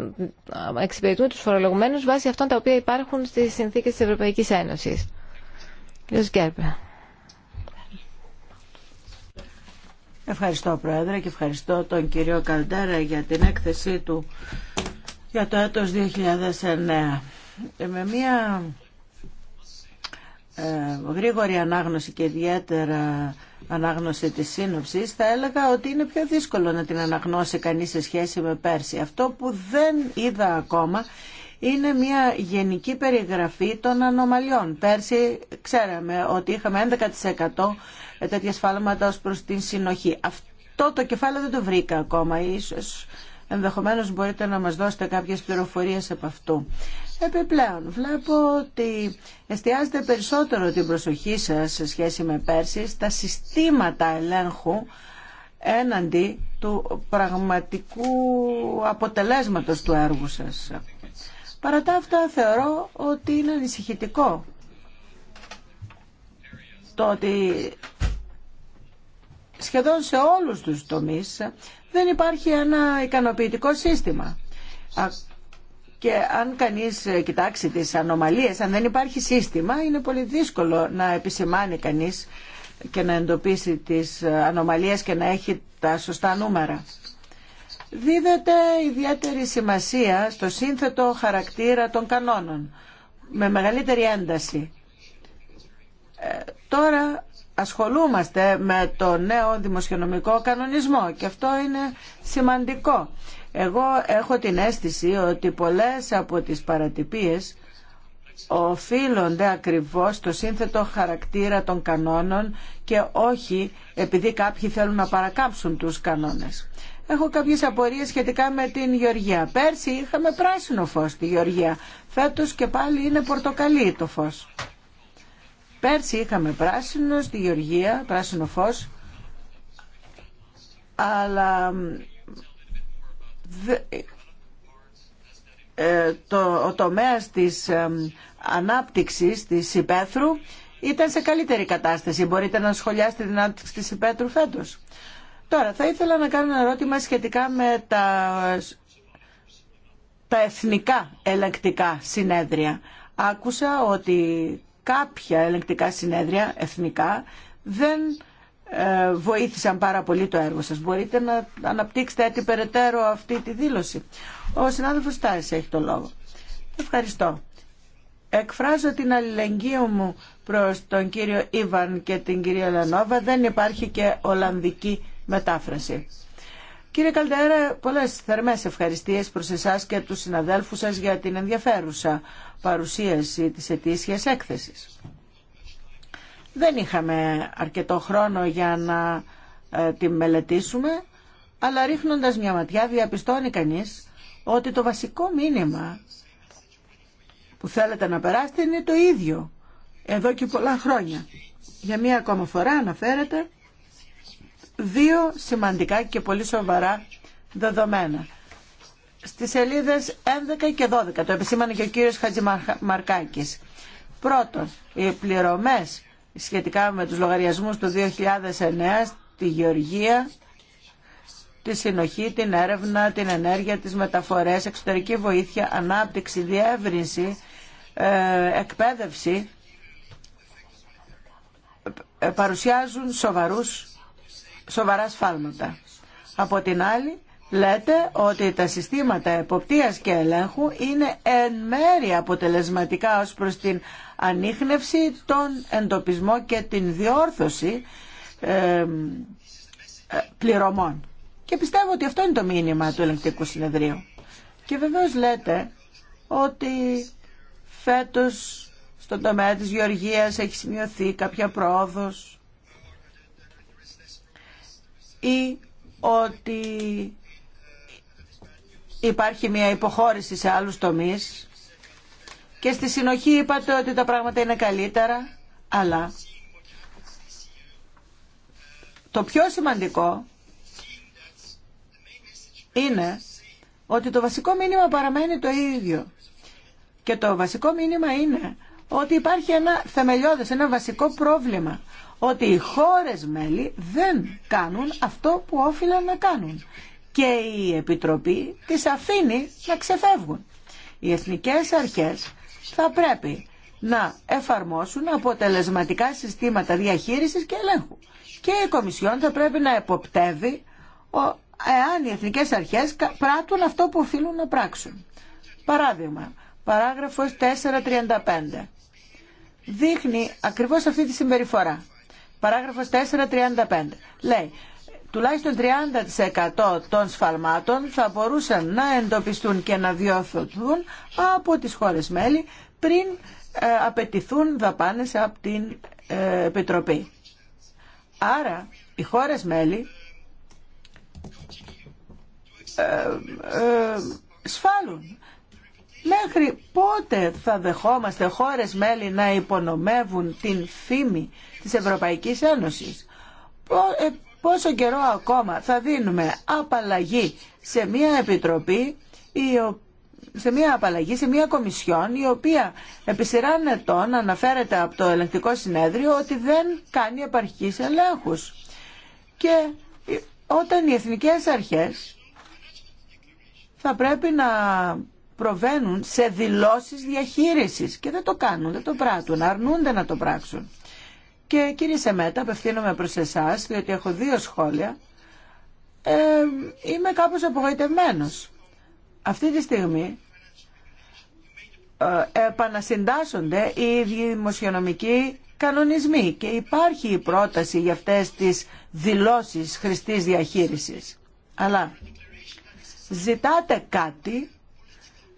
εξυπηρετούμε τους φορολογουμένους βάσει αυτών τα οποία υπάρχουν στις συνθήκες της Ευρωπαϊκής Ένωσης. Κύριος Γκέρπερ. Ευχαριστώ Πρόεδρε και ευχαριστώ τον κύριο Καλντέρα για την έκθεσή του για το έτος 2009. Με μια ε, γρήγορη ανάγνωση και ιδιαίτερα ανάγνωση της σύνοψης θα έλεγα ότι είναι πιο δύσκολο να την αναγνώσει κανείς σε σχέση με πέρσι. Αυτό που δεν είδα ακόμα είναι μια γενική περιγραφή των ανομαλιών. Πέρσι ξέραμε ότι είχαμε 11% τέτοια σφάλματα ως προς την συνοχή. Αυτό το κεφάλαιο δεν το βρήκα ακόμα. Ίσως ενδεχομένως μπορείτε να μας δώσετε κάποιες πληροφορίες από αυτού. Επιπλέον, βλέπω ότι εστιάζεται περισσότερο την προσοχή σας σε σχέση με πέρσι στα συστήματα ελέγχου έναντι του πραγματικού αποτελέσματος του έργου σας. Παρά τα αυτά θεωρώ ότι είναι ανησυχητικό το ότι σχεδόν σε όλους τους τομείς δεν υπάρχει ένα ικανοποιητικό σύστημα. Και αν κανείς κοιτάξει τις ανομαλίες, αν δεν υπάρχει σύστημα, είναι πολύ δύσκολο να επισημάνει κανείς και να εντοπίσει τις ανομαλίες και να έχει τα σωστά νούμερα. Δίδεται ιδιαίτερη σημασία στο σύνθετο χαρακτήρα των κανόνων, με μεγαλύτερη ένταση. Ε, τώρα ασχολούμαστε με το νέο δημοσιονομικό κανονισμό και αυτό είναι σημαντικό. Εγώ έχω την αίσθηση ότι πολλές από τις παρατυπίες οφείλονται ακριβώς στο σύνθετο χαρακτήρα των κανόνων και όχι επειδή κάποιοι θέλουν να παρακάψουν τους κανόνες. Έχω κάποιες απορίες σχετικά με την Γεωργία. Πέρσι είχαμε πράσινο φως στη Γεωργία. Φέτος και πάλι είναι πορτοκαλί το φως. Πέρσι είχαμε πράσινο στη Γεωργία, πράσινο φως, αλλά ε, το, ο τομέας της ανάπτυξης της υπαίθρου ήταν σε καλύτερη κατάσταση. Μπορείτε να σχολιάσετε την ανάπτυξη της υπαίθρου φέτος. Τώρα, θα ήθελα να κάνω ένα ερώτημα σχετικά με τα, τα εθνικά ελεκτικά συνέδρια. Άκουσα ότι κάποια ελεγκτικά συνέδρια εθνικά δεν ε, βοήθησαν πάρα πολύ το έργο σας. Μπορείτε να αναπτύξετε έτσι περαιτέρω αυτή τη δήλωση. Ο συνάδελφος Στάση έχει το λόγο. Ευχαριστώ. Εκφράζω την αλληλεγγύη μου προς τον κύριο Ιβαν και την κυρία Λανόβα. Δεν υπάρχει και Ολλανδική μετάφραση. Κύριε Καλτέρα, πολλές θερμές ευχαριστίες προς εσάς και τους συναδέλφους σας για την ενδιαφέρουσα παρουσίαση της ετήσιας έκθεσης. Δεν είχαμε αρκετό χρόνο για να ε, τη μελετήσουμε, αλλά ρίχνοντας μια ματιά διαπιστώνει κανείς ότι το βασικό μήνυμα που θέλετε να περάσετε είναι το ίδιο εδώ και πολλά χρόνια. Για μία ακόμα φορά αναφέρεται δύο σημαντικά και πολύ σοβαρά δεδομένα. Στις σελίδες 11 και 12, το επισήμανε και ο κύριος Χατζημαρκάκης. Πρώτον, οι πληρωμές σχετικά με τους λογαριασμούς του 2009 στη Γεωργία, τη συνοχή, την έρευνα, την ενέργεια, τις μεταφορές, εξωτερική βοήθεια, ανάπτυξη, διεύρυνση, ε, εκπαίδευση, ε, παρουσιάζουν σοβαρούς σοβαρά σφάλματα. Από την άλλη, λέτε ότι τα συστήματα εποπτείας και ελέγχου είναι εν μέρη αποτελεσματικά ως προς την ανείχνευση, τον εντοπισμό και την διόρθωση ε, πληρωμών. Και πιστεύω ότι αυτό είναι το μήνυμα του ελεγκτικού συνεδρίου. Και βεβαίως λέτε ότι φέτος στον τομέα της γεωργίας έχει σημειωθεί κάποια πρόοδος ή ότι υπάρχει μια υποχώρηση σε άλλους τομείς και στη συνοχή είπατε ότι τα πράγματα είναι καλύτερα, αλλά το πιο σημαντικό είναι ότι το βασικό μήνυμα παραμένει το ίδιο. Και το βασικό μήνυμα είναι ότι υπάρχει ένα θεμελιώδες, ένα βασικό πρόβλημα ότι οι χώρες μέλη δεν κάνουν αυτό που όφυλαν να κάνουν και η Επιτροπή τις αφήνει να ξεφεύγουν. Οι εθνικές αρχές θα πρέπει να εφαρμόσουν αποτελεσματικά συστήματα διαχείρισης και ελέγχου. Και η Κομισιόν θα πρέπει να εποπτεύει εάν οι εθνικές αρχές πράττουν αυτό που οφείλουν να πράξουν. Παράδειγμα, παράγραφος 435 δείχνει ακριβώς αυτή τη συμπεριφορά. Παράγραφος 4.35 λέει τουλάχιστον 30% των σφαλμάτων θα μπορούσαν να εντοπιστούν και να διορθωθούν από τις χώρες μέλη πριν ε, απαιτηθούν δαπάνες από την ε, Επιτροπή. Άρα οι χώρες μέλη ε, σφάλουν Μέχρι πότε θα δεχόμαστε χώρες μέλη να υπονομεύουν την φήμη της Ευρωπαϊκής Ένωσης. Ε, πόσο καιρό ακόμα θα δίνουμε απαλλαγή σε μια επιτροπή, σε μια απαλλαγή, σε μια κομισιόν η οποία επί σειράν ετών αναφέρεται από το ελεγκτικό συνέδριο ότι δεν κάνει επαρχής ελέγχους. Και όταν οι εθνικές αρχές θα πρέπει να προβαίνουν σε δηλώσεις διαχείρισης και δεν το κάνουν, δεν το πράττουν, αρνούνται να το πράξουν. Και κύριε Σεμέτα, απευθύνομαι προς εσάς, διότι έχω δύο σχόλια. Ε, είμαι κάπως απογοητευμένος. Αυτή τη στιγμή ε, επανασυντάσσονται οι δημοσιονομικοί κανονισμοί και υπάρχει η πρόταση για αυτές τις δηλώσεις χρηστής διαχείρισης. Αλλά ζητάτε κάτι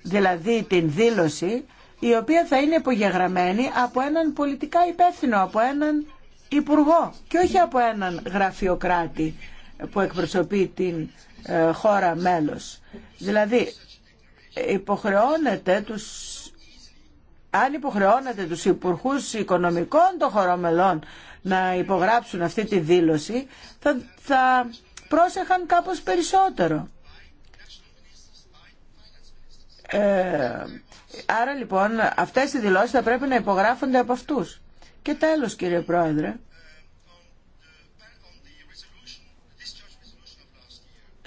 δηλαδή την δήλωση η οποία θα είναι υπογεγραμμένη από έναν πολιτικά υπεύθυνο, από έναν υπουργό και όχι από έναν γραφειοκράτη που εκπροσωπεί την ε, χώρα μέλος. Δηλαδή υποχρεώνεται τους αν υποχρεώνεται τους υπουργούς οικονομικών των χωρών μελών να υπογράψουν αυτή τη δήλωση, θα, θα πρόσεχαν κάπως περισσότερο. Ε, άρα λοιπόν αυτές οι δηλώσεις θα πρέπει να υπογράφονται από αυτούς. Και τέλος κύριε Πρόεδρε,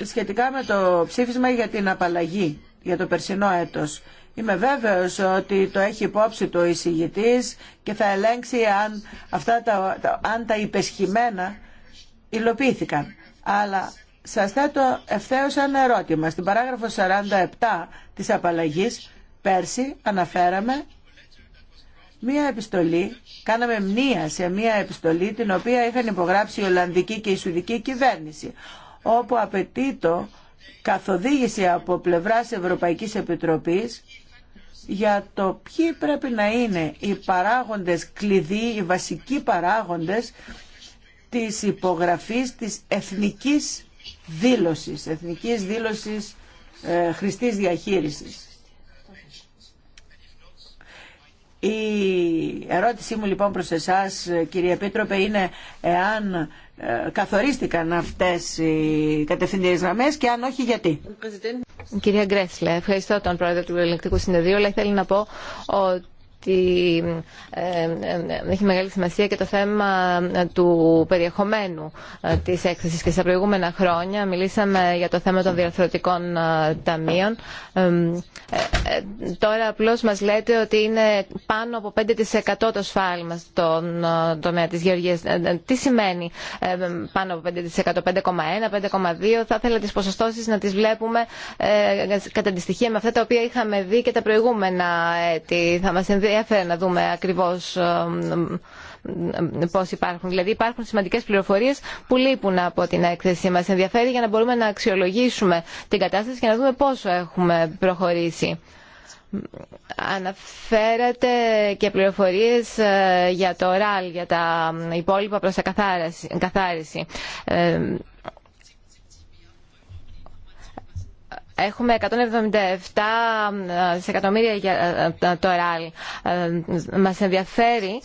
σχετικά με το ψήφισμα για την απαλλαγή για το περσινό έτος. Είμαι βέβαιος ότι το έχει υπόψη το εισηγητής και θα ελέγξει αν, αυτά τα, αν τα υπεσχημένα υλοποιήθηκαν. Αλλά σας θέτω ευθέως ένα ερώτημα. Στην παράγραφο 47 της απαλλαγής πέρσι αναφέραμε μία επιστολή, κάναμε μνήα σε μία επιστολή την οποία είχαν υπογράψει η Ολλανδική και η Σουδική κυβέρνηση όπου απαιτεί το καθοδήγηση από πλευράς Ευρωπαϊκής Επιτροπής για το ποιοι πρέπει να είναι οι παράγοντες κλειδί, οι βασικοί παράγοντες της υπογραφής της εθνικής δήλωσης, εθνικής δήλωσης ε, χρηστής διαχείρισης. Η ερώτησή μου λοιπόν προς εσάς κύριε Επίτροπε είναι εάν ε, καθορίστηκαν αυτές οι κατευθυντήριες γραμμές και αν όχι γιατί. Κυρία Γκρέσλε, ευχαριστώ τον πρόεδρο του Ελεκτικού Συνεδρίου, αλλά ήθελα να πω ότι ότι ε, ε, ε, έχει μεγάλη σημασία και το θέμα του περιεχομένου της έκθεσης και στα προηγούμενα χρόνια μιλήσαμε για το θέμα των διαρθρωτικών ταμείων. Τώρα απλώς μας λέτε ότι είναι πάνω από 5% το σφάλμα στον τομέα της γεωργίας. Τι σημαίνει πάνω από 5%, 5,1, 5,2. Θα ήθελα τις ποσοστώσεις να τις βλέπουμε κατά τη στοιχεία με αυτά τα οποία είχαμε δει και τα προηγούμενα έτη. Θα μας ενδιαφέρον να δούμε ακριβώς ε, ε, ε, πώς υπάρχουν. Δηλαδή υπάρχουν σημαντικές πληροφορίες που λείπουν από την έκθεσή μας. Ενδιαφέρει για να μπορούμε να αξιολογήσουμε την κατάσταση και να δούμε πόσο έχουμε προχωρήσει. Αναφέρατε και πληροφορίες για το ΡΑΛ, για τα υπόλοιπα προς καθάριση. Έχουμε 177 ε, δισεκατομμύρια για ε, το ΕΡΑΛ. Ε, μας ενδιαφέρει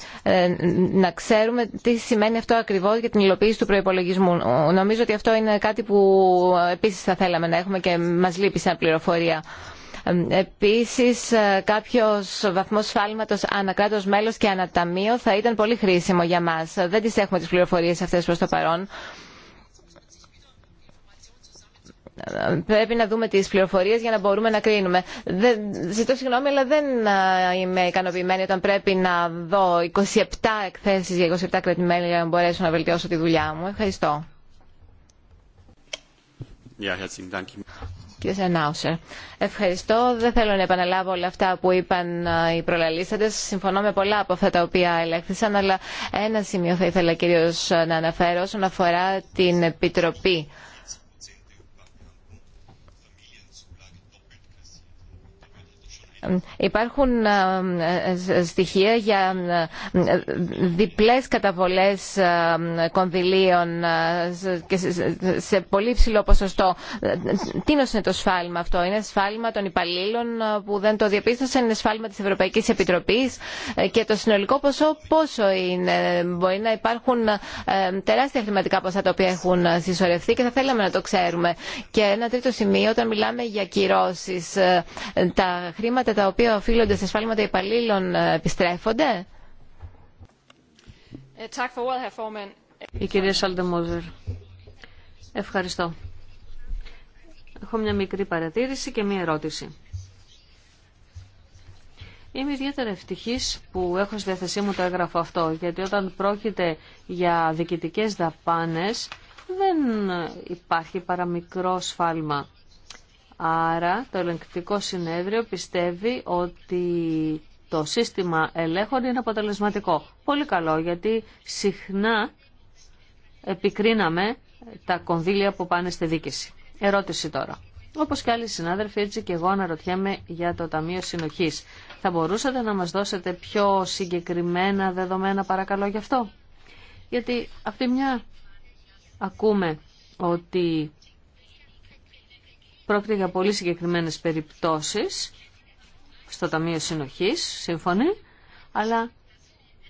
να ξέρουμε τι σημαίνει αυτό ακριβώς για την υλοποίηση του προπολογισμού. Νομίζω ότι αυτό είναι κάτι που επίσης θα θέλαμε να έχουμε και μας λείπει σαν πληροφορία. Επίσης, κάποιο βαθμός σφάλματο ανακράτος μέλος και αναταμείο θα ήταν πολύ χρήσιμο για μα. Δεν τι έχουμε τι πληροφορίε αυτέ προ το παρόν πρέπει να δούμε τις πληροφορίες για να μπορούμε να κρίνουμε. Δεν, ζητώ συγγνώμη, αλλά δεν είμαι ικανοποιημένη όταν πρέπει να δω 27 εκθέσεις για 27 κρατημέλη για να μπορέσω να βελτιώσω τη δουλειά μου. Ευχαριστώ. Κύριε Σενάουσερ, ευχαριστώ. Δεν θέλω να επαναλάβω όλα αυτά που είπαν οι προλαλήσαντες. Συμφωνώ με πολλά από αυτά τα οποία ελέγχθησαν, αλλά ένα σημείο θα ήθελα κυρίως να αναφέρω όσον αφορά την Επιτροπή Υπάρχουν ε, ε, ε, στοιχεία για διπλές καταβολές κονδυλίων σε πολύ ψηλό ποσοστό. Τι είναι το σφάλμα αυτό. Είναι σφάλμα των υπαλλήλων που δεν το διαπίστωσαν. Είναι σφάλμα της Ευρωπαϊκής Επιτροπής. Και το συνολικό ποσό πόσο είναι. Μπορεί να υπάρχουν τεράστια χρηματικά ποσά τα οποία έχουν συσσωρευτεί και θα θέλαμε να το ξέρουμε. Και ένα τρίτο σημείο όταν μιλάμε για κυρώσεις. Τα χρήματα τα οποία οφείλονται σε σφάλματα υπαλλήλων ε, επιστρέφονται. Ε, Η κυρία Ευχαριστώ. Έχω μια μικρή παρατήρηση και μια ερώτηση. Είμαι ιδιαίτερα ευτυχή που έχω στη διάθεσή μου το έγγραφο αυτό, γιατί όταν πρόκειται για διοικητικέ δαπάνε δεν υπάρχει παρά μικρό σφάλμα. Άρα το ελεγκτικό συνέδριο πιστεύει ότι το σύστημα ελέγχων είναι αποτελεσματικό. Πολύ καλό γιατί συχνά επικρίναμε τα κονδύλια που πάνε στη δίκηση. Ερώτηση τώρα. Όπως και άλλοι συνάδελφοι, έτσι και εγώ αναρωτιέμαι για το Ταμείο Συνοχής. Θα μπορούσατε να μας δώσετε πιο συγκεκριμένα δεδομένα παρακαλώ γι' αυτό. Γιατί αυτή μια ακούμε ότι Πρόκειται για πολύ συγκεκριμένες περιπτώσεις στο Ταμείο Συνοχής, σύμφωνοι, αλλά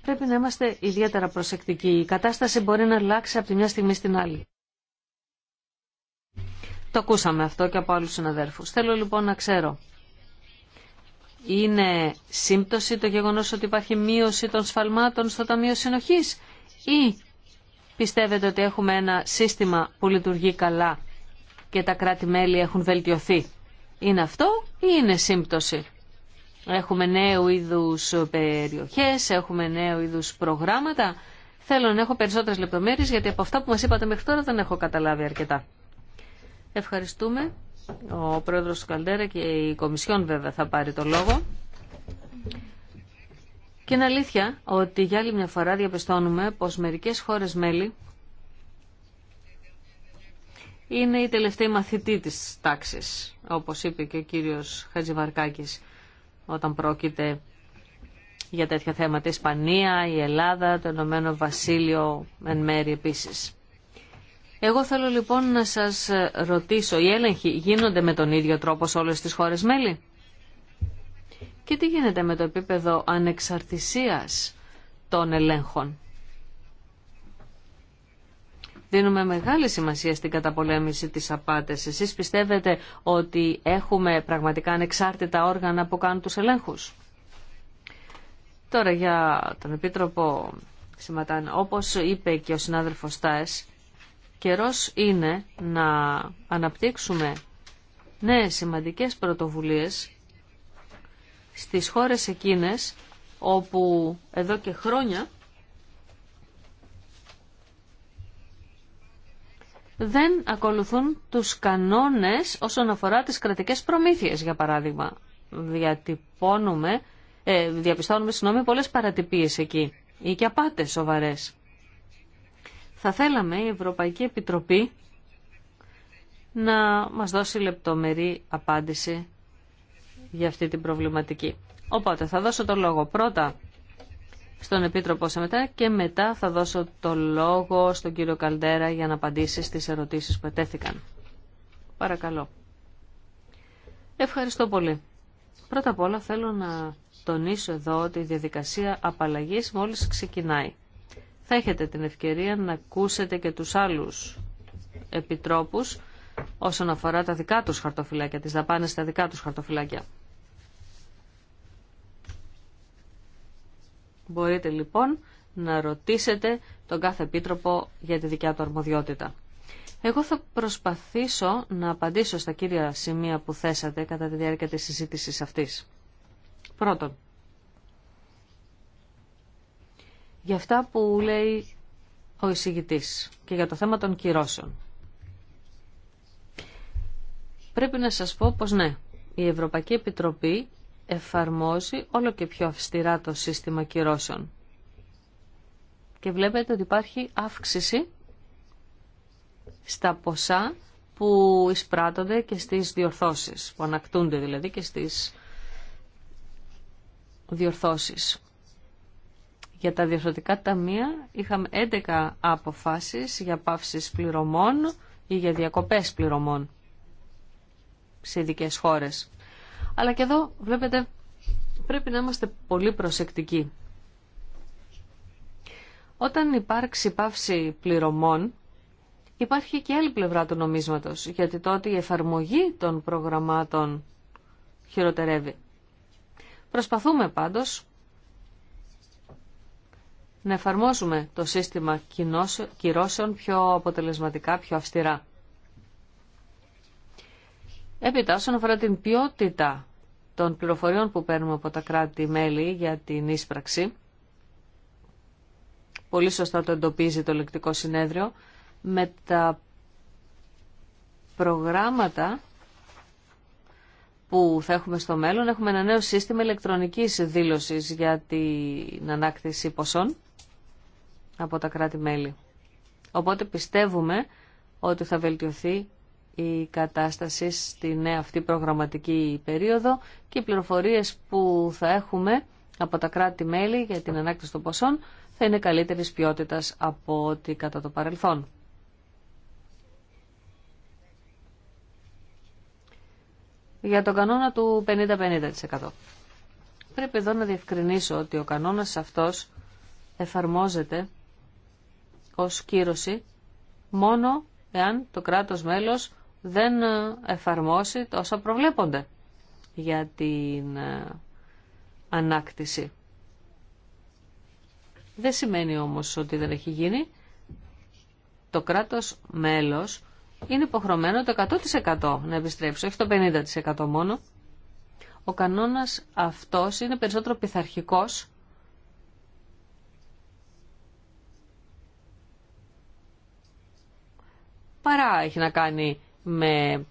πρέπει να είμαστε ιδιαίτερα προσεκτικοί. Η κατάσταση μπορεί να αλλάξει από τη μια στιγμή στην άλλη. Το ακούσαμε αυτό και από άλλους συναδέρφους. Θέλω λοιπόν να ξέρω, είναι σύμπτωση το γεγονός ότι υπάρχει μείωση των σφαλμάτων στο Ταμείο Συνοχής ή πιστεύετε ότι έχουμε ένα σύστημα που λειτουργεί καλά και τα κράτη-μέλη έχουν βελτιωθεί. Είναι αυτό ή είναι σύμπτωση. Έχουμε νέου είδους περιοχές, έχουμε νέου είδους προγράμματα. Θέλω να έχω περισσότερες λεπτομέρειες γιατί από αυτά που μας είπατε μέχρι τώρα δεν έχω καταλάβει αρκετά. Ευχαριστούμε. Ο πρόεδρος του Καλτέρα και η Κομισιόν βέβαια θα πάρει το λόγο. Και είναι αλήθεια ότι για άλλη μια φορά διαπιστώνουμε πως μερικές χώρες μέλη είναι η τελευταία μαθητή της τάξης, όπως είπε και ο κύριος Χατζιβαρκάκης όταν πρόκειται για τέτοια θέματα. Η Ισπανία, η Ελλάδα, το Ενωμένο Βασίλειο, εν μέρη επίσης. Εγώ θέλω λοιπόν να σας ρωτήσω, οι έλεγχοι γίνονται με τον ίδιο τρόπο σε όλες τις χώρες μέλη? Και τι γίνεται με το επίπεδο ανεξαρτησίας των ελέγχων δίνουμε μεγάλη σημασία στην καταπολέμηση της απάτης. Εσείς πιστεύετε ότι έχουμε πραγματικά ανεξάρτητα όργανα που κάνουν τους ελέγχους. Τώρα για τον Επίτροπο Σηματάν, όπως είπε και ο συνάδελφος Στάες, καιρός είναι να αναπτύξουμε νέες σημαντικές πρωτοβουλίες στις χώρες εκείνες όπου εδώ και χρόνια δεν ακολουθούν τους κανόνες όσον αφορά τις κρατικές προμήθειες, για παράδειγμα. Διατυπώνουμε, ε, διαπιστώνουμε συγγνώμη, πολλές παρατυπίες εκεί ή και απάτες σοβαρές. Θα θέλαμε η Ευρωπαϊκή Επιτροπή να μας δώσει λεπτομερή απάντηση για αυτή την προβληματική. Οπότε θα δώσω το λόγο πρώτα στον Επίτροπο μετά και μετά θα δώσω το λόγο στον κύριο Καλντέρα για να απαντήσει στις ερωτήσεις που ετέθηκαν. Παρακαλώ. Ευχαριστώ πολύ. Πρώτα απ' όλα θέλω να τονίσω εδώ ότι η διαδικασία απαλλαγής μόλις ξεκινάει. Θα έχετε την ευκαιρία να ακούσετε και τους άλλους επιτρόπους όσον αφορά τα δικά τους χαρτοφυλάκια, τις δαπάνες στα δικά τους χαρτοφυλάκια. Μπορείτε λοιπόν να ρωτήσετε τον κάθε επίτροπο για τη δικιά του αρμοδιότητα. Εγώ θα προσπαθήσω να απαντήσω στα κύρια σημεία που θέσατε κατά τη διάρκεια της συζήτησης αυτής. Πρώτον, για αυτά που λέει ο εισηγητής και για το θέμα των κυρώσεων. Πρέπει να σας πω πως ναι, η Ευρωπαϊκή Επιτροπή εφαρμόζει όλο και πιο αυστηρά το σύστημα κυρώσεων. Και βλέπετε ότι υπάρχει αύξηση στα ποσά που εισπράττονται και στις διορθώσεις, που ανακτούνται δηλαδή και στις διορθώσεις. Για τα διορθωτικά ταμεία είχαμε 11 αποφάσεις για πάυσεις πληρωμών ή για διακοπές πληρωμών σε ειδικέ χώρες. Αλλά και εδώ βλέπετε πρέπει να είμαστε πολύ προσεκτικοί. Όταν υπάρξει πάυση πληρωμών, υπάρχει και άλλη πλευρά του νομίσματος, γιατί τότε η εφαρμογή των προγραμμάτων χειροτερεύει. Προσπαθούμε πάντως να εφαρμόσουμε το σύστημα κυρώσεων πιο αποτελεσματικά, πιο αυστηρά. Έπειτα, όσον αφορά την ποιότητα των πληροφοριών που παίρνουμε από τα κράτη-μέλη για την ίσπραξη, πολύ σωστά το εντοπίζει το λεκτικό συνέδριο, με τα προγράμματα που θα έχουμε στο μέλλον, έχουμε ένα νέο σύστημα ηλεκτρονικής δήλωσης για την ανάκτηση ποσών από τα κράτη-μέλη. Οπότε πιστεύουμε ότι θα βελτιωθεί η κατάσταση στη αυτή προγραμματική περίοδο και οι πληροφορίες που θα έχουμε από τα κράτη-μέλη για την ανάκτηση των ποσών θα είναι καλύτερης ποιότητας από ό,τι κατά το παρελθόν. Για τον κανόνα του 50-50%. Πρέπει εδώ να διευκρινίσω ότι ο κανόνας αυτός εφαρμόζεται ως κύρωση μόνο εάν το κράτος μέλος δεν εφαρμόσει τόσα προβλέπονται για την ε, ανάκτηση. Δεν σημαίνει όμως ότι δεν έχει γίνει. Το κράτος μέλος είναι υποχρεωμένο το 100% να επιστρέψει, όχι το 50% μόνο. Ο κανόνας αυτός είναι περισσότερο πειθαρχικός παρά έχει να κάνει με ε,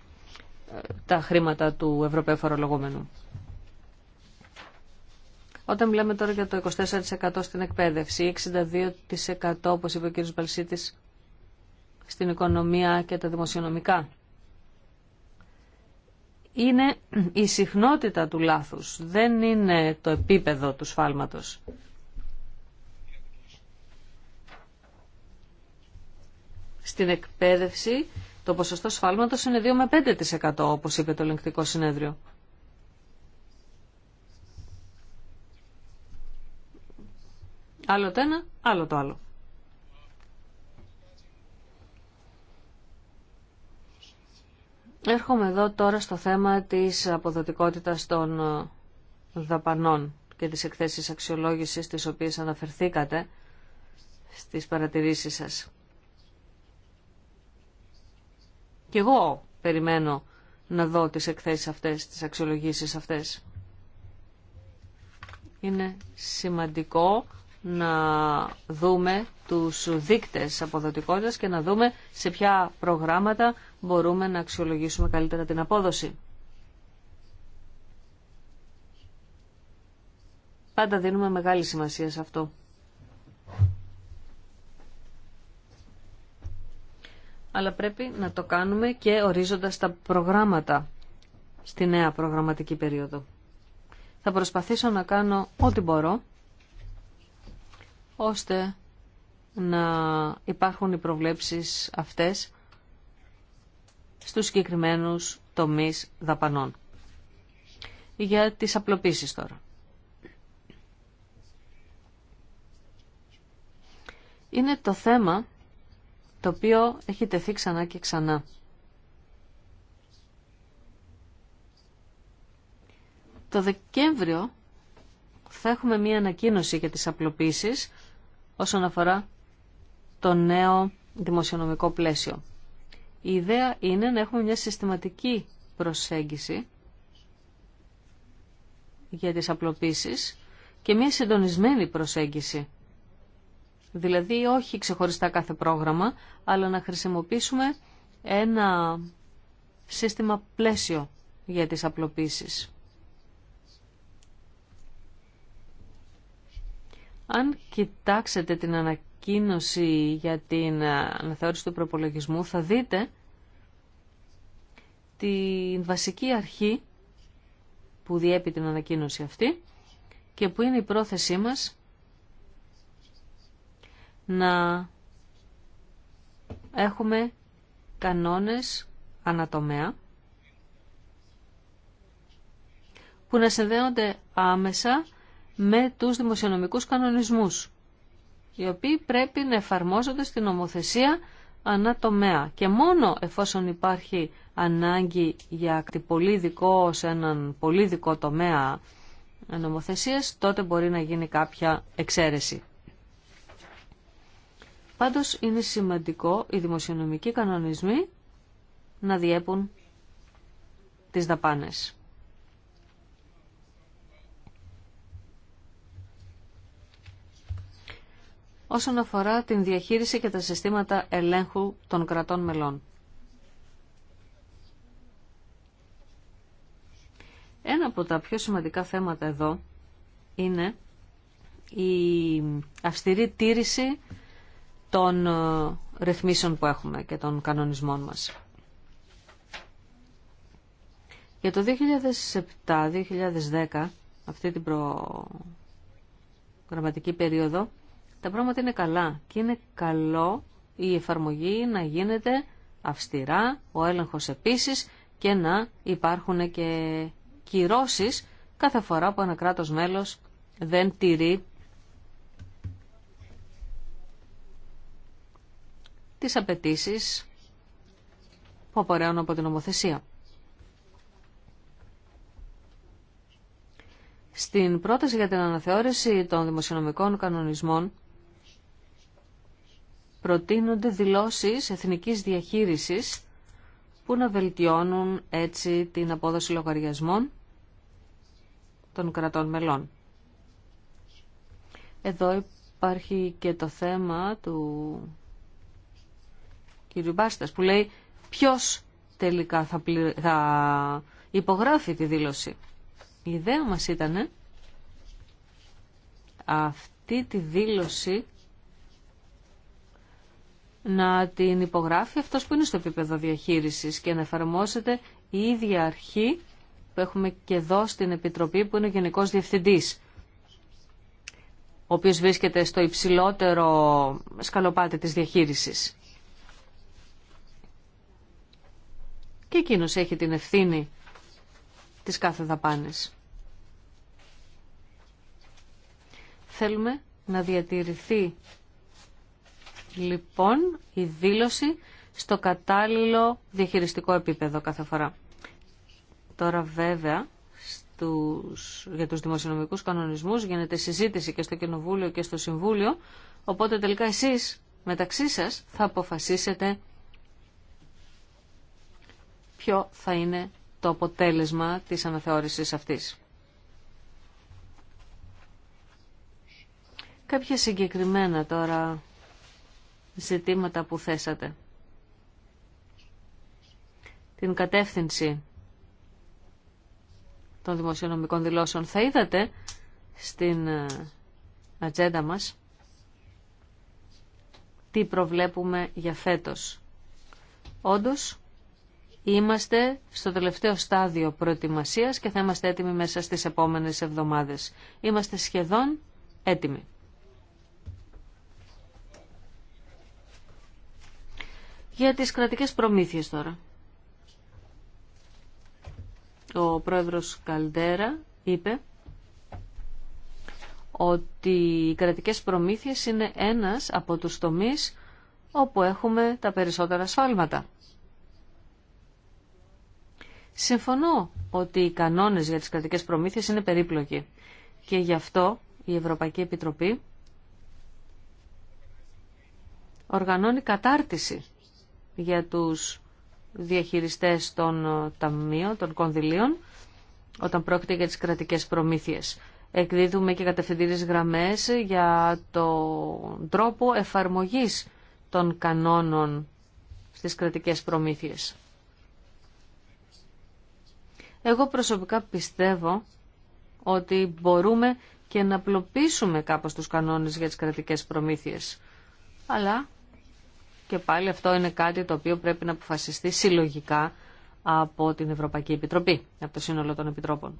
τα χρήματα του Ευρωπαίου Φορολογούμενου. Όταν μιλάμε τώρα για το 24% στην εκπαίδευση, 62% όπως είπε ο κ. Μπαλσίτης στην οικονομία και τα δημοσιονομικά. Είναι η συχνότητα του λάθους, δεν είναι το επίπεδο του σφάλματος. Στην εκπαίδευση το ποσοστό σφάλματος είναι 2 με 5% όπως είπε το ελεγκτικό συνέδριο. Άλλο το ένα, άλλο το άλλο. Έρχομαι εδώ τώρα στο θέμα της αποδοτικότητας των ε, δαπανών και της εκθέσεις αξιολόγησης τις οποίες αναφερθήκατε στις παρατηρήσεις σας. Και εγώ περιμένω να δω τις εκθέσεις αυτές, τις αξιολογήσεις αυτές. Είναι σημαντικό να δούμε τους δείκτες αποδοτικότητας και να δούμε σε ποια προγράμματα μπορούμε να αξιολογήσουμε καλύτερα την απόδοση. Πάντα δίνουμε μεγάλη σημασία σε αυτό. αλλά πρέπει να το κάνουμε και ορίζοντας τα προγράμματα στη νέα προγραμματική περίοδο. Θα προσπαθήσω να κάνω ό,τι μπορώ, ώστε να υπάρχουν οι προβλέψεις αυτές στους συγκεκριμένους τομείς δαπανών. Για τις απλοποίησεις τώρα. Είναι το θέμα το οποίο έχει τεθεί ξανά και ξανά. Το Δεκέμβριο θα έχουμε μία ανακοίνωση για τις απλοποίησεις όσον αφορά το νέο δημοσιονομικό πλαίσιο. Η ιδέα είναι να έχουμε μια συστηματική προσέγγιση για τις απλοποίησεις και μια συντονισμένη προσέγγιση Δηλαδή όχι ξεχωριστά κάθε πρόγραμμα, αλλά να χρησιμοποιήσουμε ένα σύστημα πλαίσιο για τις απλοποίησεις. Αν κοιτάξετε την ανακοίνωση για την αναθεώρηση του προπολογισμού, θα δείτε την βασική αρχή που διέπει την ανακοίνωση αυτή και που είναι η πρόθεσή μας να έχουμε κανόνες ανατομέα που να συνδέονται άμεσα με τους δημοσιονομικούς κανονισμούς, οι οποίοι πρέπει να εφαρμόζονται στην νομοθεσία ανατομέα. Και μόνο εφόσον υπάρχει ανάγκη για δικό σε έναν δικό τομέα νομοθεσίας, τότε μπορεί να γίνει κάποια εξαίρεση. Πάντως είναι σημαντικό οι δημοσιονομικοί κανονισμοί να διέπουν τις δαπάνες. όσον αφορά την διαχείριση και τα συστήματα ελέγχου των κρατών μελών. Ένα από τα πιο σημαντικά θέματα εδώ είναι η αυστηρή τήρηση των ε, ρυθμίσεων που έχουμε και των κανονισμών μας. Για το 2007-2010, αυτή την προγραμματική περίοδο, τα πράγματα είναι καλά και είναι καλό η εφαρμογή να γίνεται αυστηρά, ο έλεγχος επίσης και να υπάρχουν και κυρώσεις κάθε φορά που ένα κράτος μέλος δεν τηρεί τις απαιτήσει που απορρέουν από την νομοθεσία. Στην πρόταση για την αναθεώρηση των δημοσιονομικών κανονισμών προτείνονται δηλώσεις εθνικής διαχείρισης που να βελτιώνουν έτσι την απόδοση λογαριασμών των κρατών μελών. Εδώ υπάρχει και το θέμα του κύριου που λέει ποιος τελικά θα, θα υπογράφει τη δήλωση. Η ιδέα μας ήταν αυτή τη δήλωση να την υπογράφει αυτός που είναι στο επίπεδο διαχείρισης και να εφαρμόσετε η ίδια αρχή που έχουμε και εδώ στην Επιτροπή που είναι ο Γενικός Διευθυντής ο οποίος βρίσκεται στο υψηλότερο σκαλοπάτι της διαχείρισης. και εκείνο έχει την ευθύνη της κάθε δαπάνης. Θέλουμε να διατηρηθεί λοιπόν η δήλωση στο κατάλληλο διαχειριστικό επίπεδο κάθε φορά. Τώρα βέβαια στους, για τους δημοσιονομικούς κανονισμούς γίνεται συζήτηση και στο Κοινοβούλιο και στο Συμβούλιο, οπότε τελικά εσείς μεταξύ σας θα αποφασίσετε ποιο θα είναι το αποτέλεσμα της αναθεώρησης αυτής. Κάποια συγκεκριμένα τώρα ζητήματα που θέσατε. Την κατεύθυνση των δημοσιονομικών δηλώσεων θα είδατε στην ε, ατζέντα μας τι προβλέπουμε για φέτος. Όντως, Είμαστε στο τελευταίο στάδιο προετοιμασίας και θα είμαστε έτοιμοι μέσα στις επόμενες εβδομάδες. Είμαστε σχεδόν έτοιμοι. Για τις κρατικές προμήθειες τώρα. Ο πρόεδρος Καλτέρα είπε ότι οι κρατικές προμήθειες είναι ένας από τους τομείς όπου έχουμε τα περισσότερα σφάλματα. Συμφωνώ ότι οι κανόνες για τις κρατικές προμήθειες είναι περίπλοκοι και γι' αυτό η Ευρωπαϊκή Επιτροπή οργανώνει κατάρτιση για τους διαχειριστές των ε, ταμείων, των κονδυλίων, όταν πρόκειται για τις κρατικές προμήθειες. Εκδίδουμε και κατευθυντήριες γραμμές για τον τρόπο εφαρμογής των κανόνων στις κρατικές προμήθειες. Εγώ προσωπικά πιστεύω ότι μπορούμε και να απλοποιήσουμε κάπως τους κανόνες για τις κρατικές προμήθειες. Αλλά και πάλι αυτό είναι κάτι το οποίο πρέπει να αποφασιστεί συλλογικά από την Ευρωπαϊκή Επιτροπή, από το σύνολο των Επιτρόπων.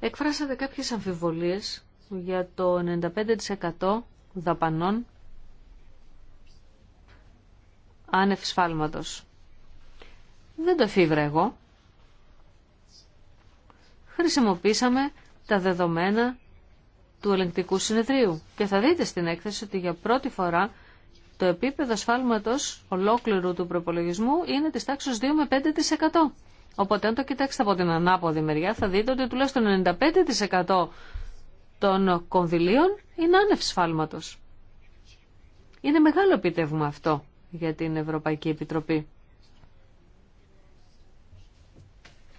Εκφράσατε κάποιες αμφιβολίες για το 95% δαπανών άνευ σφάλματος. Δεν το εφήβρα εγώ. Χρησιμοποίησαμε τα δεδομένα του ελεγκτικού συνεδρίου και θα δείτε στην έκθεση ότι για πρώτη φορά το επίπεδο σφάλματος ολόκληρου του προπολογισμού είναι της τάξης 2 με 5%. Οπότε αν το κοιτάξετε από την ανάποδη μεριά θα δείτε ότι τουλάχιστον 95% των κονδυλίων είναι άνευ σφάλματος. Είναι μεγάλο επιτεύγμα αυτό για την Ευρωπαϊκή Επιτροπή.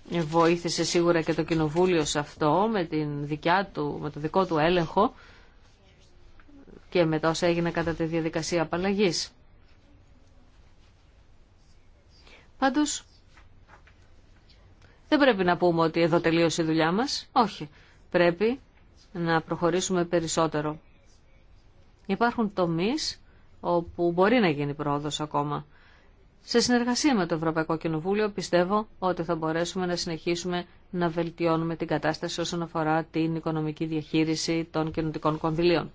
Βοήθησε σίγουρα και το Κοινοβούλιο σε αυτό με, την δικιά του, με το δικό του έλεγχο και με τόσα έγινε κατά τη διαδικασία απαλλαγή. Πάντως, δεν πρέπει να πούμε ότι εδώ τελείωσε η δουλειά μας. Όχι. Πρέπει να προχωρήσουμε περισσότερο. Υπάρχουν τομείς όπου μπορεί να γίνει πρόοδος ακόμα. Σε συνεργασία με το Ευρωπαϊκό Κοινοβούλιο πιστεύω ότι θα μπορέσουμε να συνεχίσουμε να βελτιώνουμε την κατάσταση όσον αφορά την οικονομική διαχείριση των κοινωτικών κονδυλίων.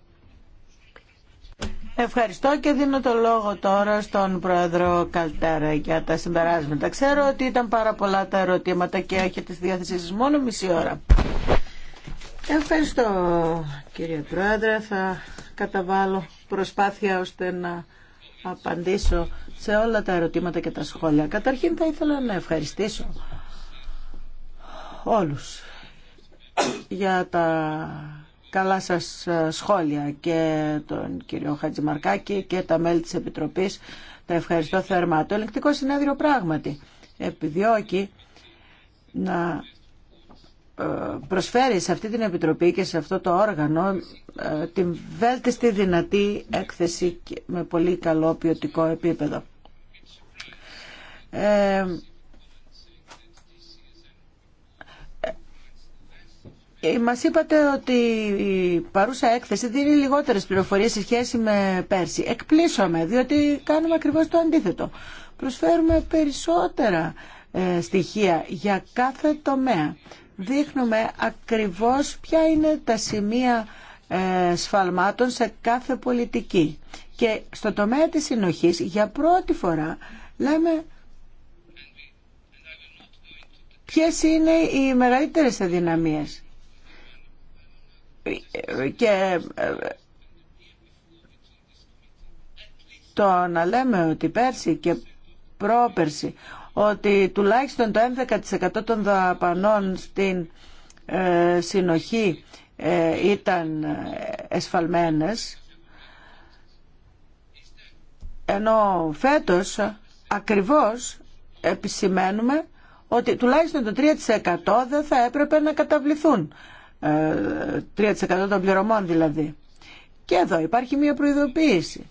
Ευχαριστώ και δίνω το λόγο τώρα στον Πρόεδρο Καλτέρα για τα συμπεράσματα. Ξέρω ότι ήταν πάρα πολλά τα ερωτήματα και έχετε στη διάθεσή σας μόνο μισή ώρα. Ευχαριστώ κύριε Πρόεδρε. Θα καταβάλω προσπάθεια ώστε να απαντήσω σε όλα τα ερωτήματα και τα σχόλια. Καταρχήν θα ήθελα να ευχαριστήσω όλους για τα καλά σας σχόλια και τον κύριο Χατζημαρκάκη και τα μέλη της Επιτροπής. Τα ευχαριστώ θερμά. Το ελεκτικό συνέδριο πράγματι επιδιώκει να προσφέρει σε αυτή την Επιτροπή και σε αυτό το όργανο ε, την βέλτιστη δυνατή έκθεση με πολύ καλό ποιοτικό επίπεδο. Ε, ε, ε, Μας είπατε ότι η παρούσα έκθεση δίνει λιγότερες πληροφορίες σε σχέση με πέρσι. Εκπλήσωμε, διότι κάνουμε ακριβώς το αντίθετο. Προσφέρουμε περισσότερα στοιχεία για κάθε τομέα δείχνουμε ακριβώς ποια είναι τα σημεία ε, σφαλμάτων σε κάθε πολιτική. Και στο τομέα της συνοχής για πρώτη φορά λέμε ποιες είναι οι μεγαλύτερες αδυναμίες. Και ε, το να λέμε ότι πέρσι και πρόπερσι ότι τουλάχιστον το 11% των δαπανών στην ε, συνοχή ε, ήταν ε, εσφαλμένες ενώ φέτος ακριβώς επισημαίνουμε ότι τουλάχιστον το 3% δεν θα έπρεπε να καταβληθούν 3% των πληρωμών δηλαδή και εδώ υπάρχει μια προειδοποίηση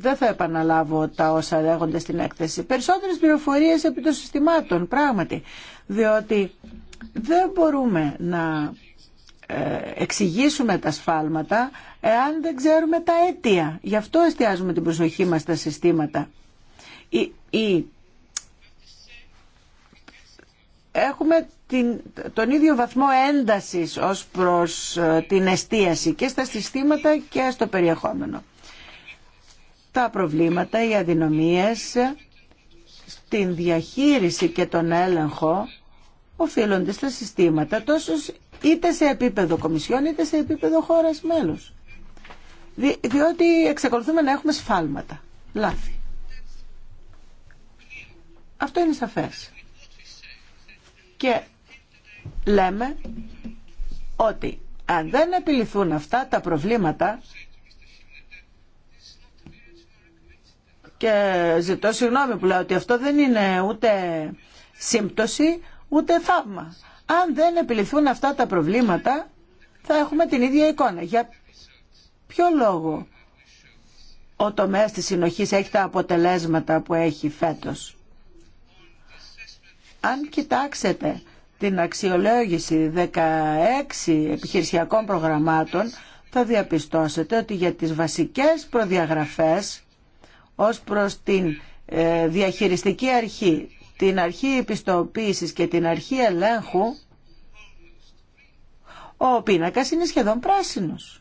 δεν θα επαναλάβω τα όσα λέγονται στην έκθεση. Περισσότερες πληροφορίες επί των συστημάτων, πράγματι. Διότι δεν μπορούμε να ε, εξηγήσουμε τα σφάλματα εάν δεν ξέρουμε τα αίτια. Γι' αυτό εστιάζουμε την προσοχή μας στα συστήματα. Η, Έχουμε την, τον ίδιο βαθμό έντασης ως προς ε, την εστίαση και στα συστήματα και στο περιεχόμενο τα προβλήματα, οι αδυνομίες στην διαχείριση και τον έλεγχο οφείλονται στα συστήματα τόσο είτε σε επίπεδο Κομισιόν είτε σε επίπεδο χώρας μέλους. διότι εξακολουθούμε να έχουμε σφάλματα, λάθη. Αυτό είναι σαφές. Και λέμε ότι αν δεν επιληθούν αυτά τα προβλήματα Και ζητώ συγγνώμη που λέω ότι αυτό δεν είναι ούτε σύμπτωση ούτε θαύμα. Αν δεν επιληθούν αυτά τα προβλήματα θα έχουμε την ίδια εικόνα. Για ποιο λόγο ο τομέας της συνοχής έχει τα αποτελέσματα που έχει φέτος. Αν κοιτάξετε την αξιολόγηση 16 επιχειρησιακών προγραμμάτων θα διαπιστώσετε ότι για τις βασικές προδιαγραφές ως προς την ε, διαχειριστική αρχή, την αρχή επιστοποίησης και την αρχή ελέγχου, ο πίνακας είναι σχεδόν πράσινος.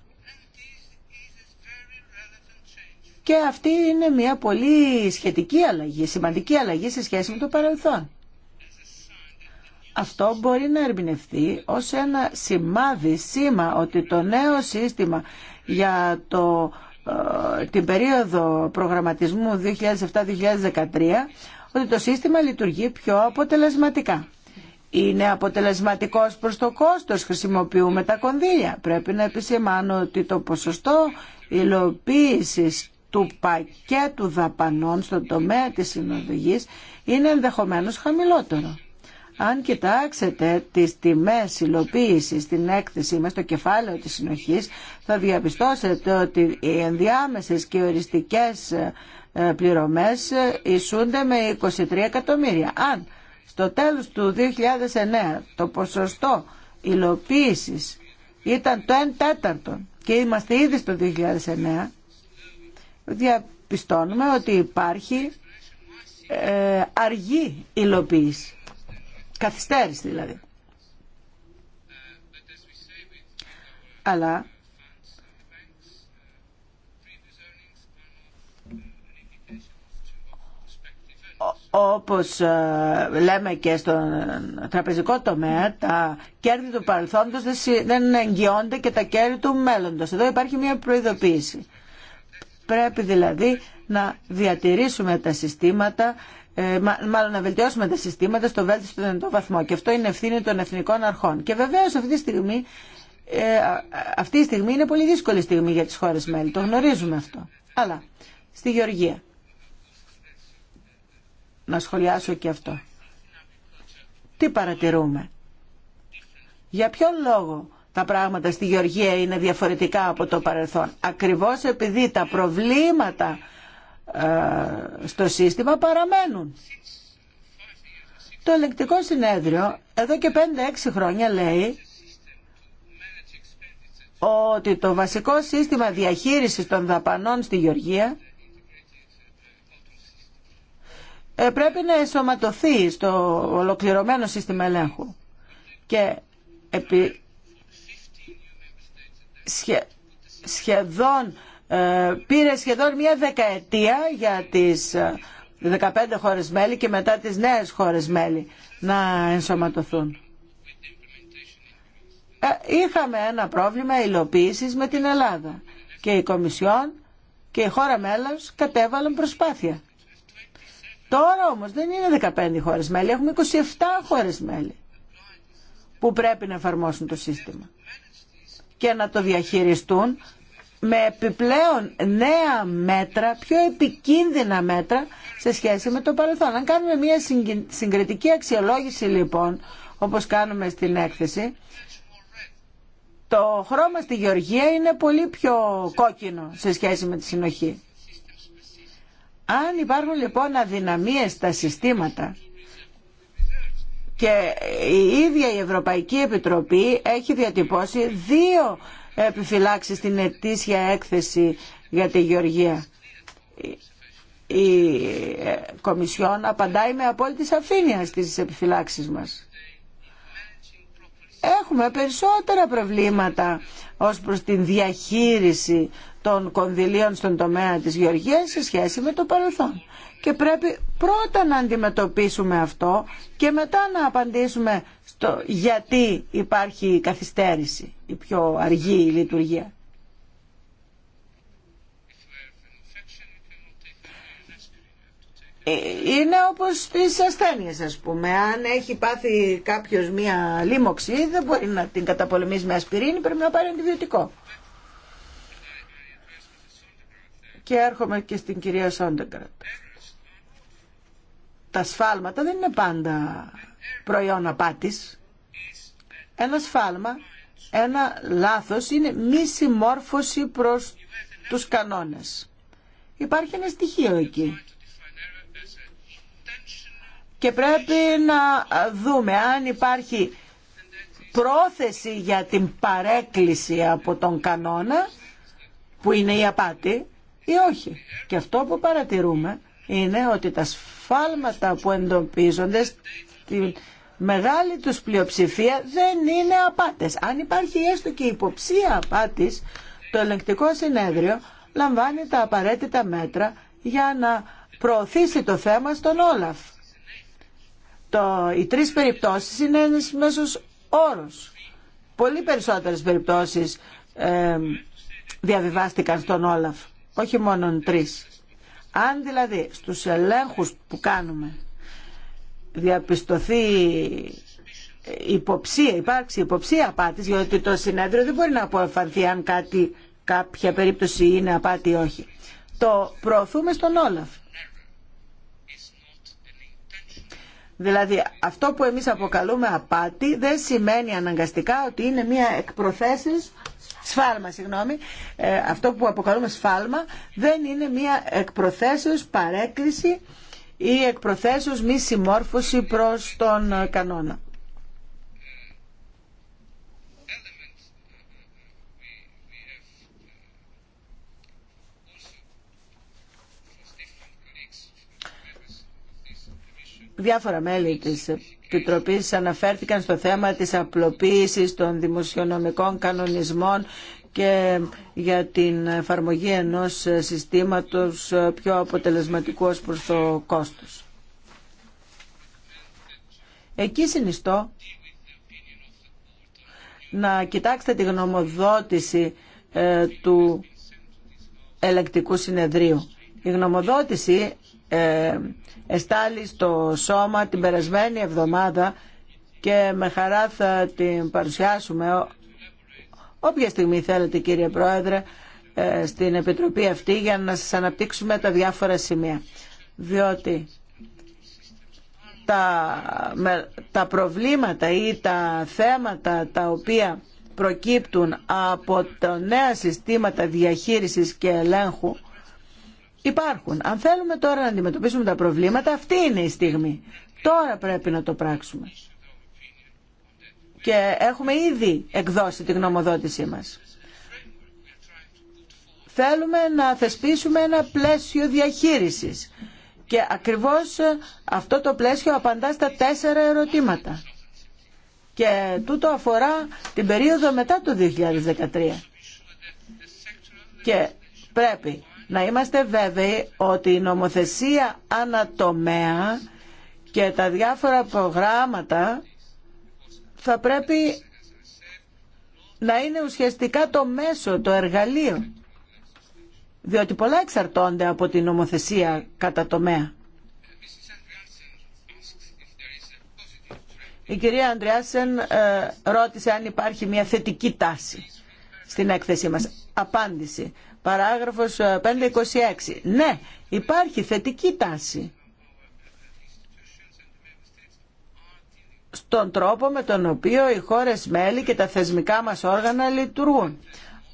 Και αυτή είναι μια πολύ σχετική αλλαγή, σημαντική αλλαγή σε σχέση με το παρελθόν. Αυτό μπορεί να ερμηνευτεί ως ένα σημάδι, σήμα ότι το νέο σύστημα για το ε, την περίοδο προγραμματισμού 2007-2013 ότι το σύστημα λειτουργεί πιο αποτελεσματικά. Είναι αποτελεσματικός προς το κόστος, χρησιμοποιούμε τα κονδύλια. Πρέπει να επισημάνω ότι το ποσοστό υλοποίησης του πακέτου δαπανών στον τομέα της συνοδηγής είναι ενδεχομένως χαμηλότερο. Αν κοιτάξετε τις τιμές υλοποίηση στην έκθεση μας, στο κεφάλαιο της συνοχής, θα διαπιστώσετε ότι οι ενδιάμεσες και οριστικές ε, πληρωμές ε, ισούνται με 23 εκατομμύρια. Αν στο τέλος του 2009 το ποσοστό υλοποίησης ήταν το 1 τέταρτο και είμαστε ήδη στο 2009, διαπιστώνουμε ότι υπάρχει ε, αργή υλοποίηση. Καθυστέρηση δηλαδή. Αλλά όπως ε, λέμε και στον τραπεζικό τομέα, τα κέρδη του παρελθόντος δεν εγγυώνται και τα κέρδη του μέλλοντος. Εδώ υπάρχει μια προειδοποίηση. Πρέπει δηλαδή να διατηρήσουμε τα συστήματα ε, μάλλον να βελτιώσουμε τα συστήματα στο βέλτιστο δυνατό βαθμό. Και αυτό είναι ευθύνη των εθνικών αρχών. Και βεβαίω αυτή τη στιγμή. Ε, αυτή η στιγμή είναι πολύ δύσκολη στιγμή για τι χώρε μέλη, το γνωρίζουμε αυτό. Αλλά στη Γεωργία, να σχολιάσω και αυτό. Τι παρατηρούμε. Για ποιο λόγο τα πράγματα στη Γεωργία είναι διαφορετικά από το παρελθόν. Ακριβώς επειδή τα προβλήματα στο σύστημα παραμένουν. Το Ελεκτικό συνέδριο εδώ και 5-6 χρόνια λέει ότι το βασικό σύστημα διαχείρισης των δαπανών στη Γεωργία ε, πρέπει να εσωματωθεί στο ολοκληρωμένο σύστημα ελέγχου. Και επί σχεδόν ε, πήρε σχεδόν μια δεκαετία για τις 15 ε, χώρες μέλη και μετά τις νέες χώρες μέλη να ενσωματωθούν. Ε, είχαμε ένα πρόβλημα υλοποίησης με την Ελλάδα και η Κομισιόν και η χώρα μέλος κατέβαλαν προσπάθεια. Τώρα όμως δεν είναι 15 χώρες μέλη, έχουμε 27 χώρες μέλη που πρέπει να εφαρμόσουν το σύστημα και να το διαχειριστούν με επιπλέον νέα μέτρα, πιο επικίνδυνα μέτρα σε σχέση με το παρελθόν. Αν κάνουμε μια συγκριτική αξιολόγηση λοιπόν, όπως κάνουμε στην έκθεση, το χρώμα στη Γεωργία είναι πολύ πιο κόκκινο σε σχέση με τη συνοχή. Αν υπάρχουν λοιπόν αδυναμίες στα συστήματα και η ίδια η Ευρωπαϊκή Επιτροπή έχει διατυπώσει δύο επιφυλάξει στην ετήσια έκθεση για τη Γεωργία. Η ε, Κομισιόν απαντάει με απόλυτη σαφήνεια στις επιφυλάξεις μας. Έχουμε περισσότερα προβλήματα ως προς την διαχείριση των κονδυλίων στον τομέα της γεωργίας σε σχέση με το παρελθόν. Και πρέπει πρώτα να αντιμετωπίσουμε αυτό και μετά να απαντήσουμε στο γιατί υπάρχει καθυστέρηση η πιο αργή λειτουργία. Ε, είναι όπως τις ασθένειες ας πούμε. Αν έχει πάθει κάποιος μία λίμωξη δεν μπορεί να την καταπολεμήσει με ασπιρίνη, πρέπει να πάρει αντιβιωτικό. Και έρχομαι και στην κυρία Σόντεγκρατ. Τα σφάλματα δεν είναι πάντα προϊόν απάτης. Ένα σφάλμα ένα λάθος είναι μη συμμόρφωση προς τους κανόνες. Υπάρχει ένα στοιχείο εκεί. Και πρέπει να δούμε αν υπάρχει πρόθεση για την παρέκκληση από τον κανόνα που είναι η απάτη ή όχι. Και αυτό που παρατηρούμε είναι ότι τα σφάλματα που εντοπίζονται μεγάλη τους πλειοψηφία δεν είναι απάτες. Αν υπάρχει έστω και υποψία απάτης, το ελεγκτικό συνέδριο λαμβάνει τα απαραίτητα μέτρα για να προωθήσει το θέμα στον Όλαφ. Το, οι τρεις περιπτώσεις είναι ένας μέσος όρος. Πολύ περισσότερες περιπτώσεις ε, διαβιβάστηκαν στον Όλαφ, όχι μόνο τρεις. Αν δηλαδή στους ελέγχους που κάνουμε διαπιστωθεί υποψία, υπάρξει υποψία απάτης, γιατί το συνέδριο δεν μπορεί να αποφανθεί αν κάτι, κάποια περίπτωση είναι απάτη ή όχι. Το προωθούμε στον Όλαφ. Δηλαδή αυτό που εμείς αποκαλούμε απάτη δεν σημαίνει αναγκαστικά ότι είναι μια εκπροθέσεις σφάλμα, συγγνώμη, ε, αυτό που αποκαλούμε σφάλμα δεν είναι μια εκπροθέσεως παρέκκληση ή εκ μη συμμόρφωση προς τον ε, κανόνα. Διάφορα μέλη της Επιτροπής αναφέρθηκαν στο θέμα της απλοποίησης των δημοσιονομικών κανονισμών και για την εφαρμογή ενός συστήματος πιο αποτελεσματικού ως προς το κόστος. Εκεί συνιστώ να κοιτάξετε τη γνωμοδότηση ε, του ελεκτικού συνεδρίου. Η γνωμοδότηση ε, εστάλει στο σώμα την περασμένη εβδομάδα και με χαρά θα την παρουσιάσουμε όποια στιγμή θέλετε κύριε Πρόεδρε ε, στην Επιτροπή αυτή για να σας αναπτύξουμε τα διάφορα σημεία. Διότι τα, τα προβλήματα ή τα θέματα τα οποία προκύπτουν από τα νέα συστήματα διαχείρισης και ελέγχου υπάρχουν. Αν θέλουμε τώρα να αντιμετωπίσουμε τα προβλήματα, αυτή είναι η στιγμή. Τώρα πρέπει να το πράξουμε και έχουμε ήδη εκδώσει τη γνωμοδότησή μας. Θέλουμε να θεσπίσουμε ένα πλαίσιο διαχείρισης και ακριβώς αυτό το πλαίσιο απαντά στα τέσσερα ερωτήματα. Και τούτο αφορά την περίοδο μετά το 2013. Και πρέπει να είμαστε βέβαιοι ότι η νομοθεσία ανατομέα και τα διάφορα προγράμματα θα πρέπει να είναι ουσιαστικά το μέσο, το εργαλείο. Διότι πολλά εξαρτώνται από την νομοθεσία κατά τομέα. Η κυρία Αντριάσεν ε, ρώτησε αν υπάρχει μια θετική τάση στην έκθεσή μας. Απάντηση. Παράγραφος 526. Ε, ναι, υπάρχει θετική τάση. στον τρόπο με τον οποίο οι χώρες μέλη και τα θεσμικά μας όργανα λειτουργούν.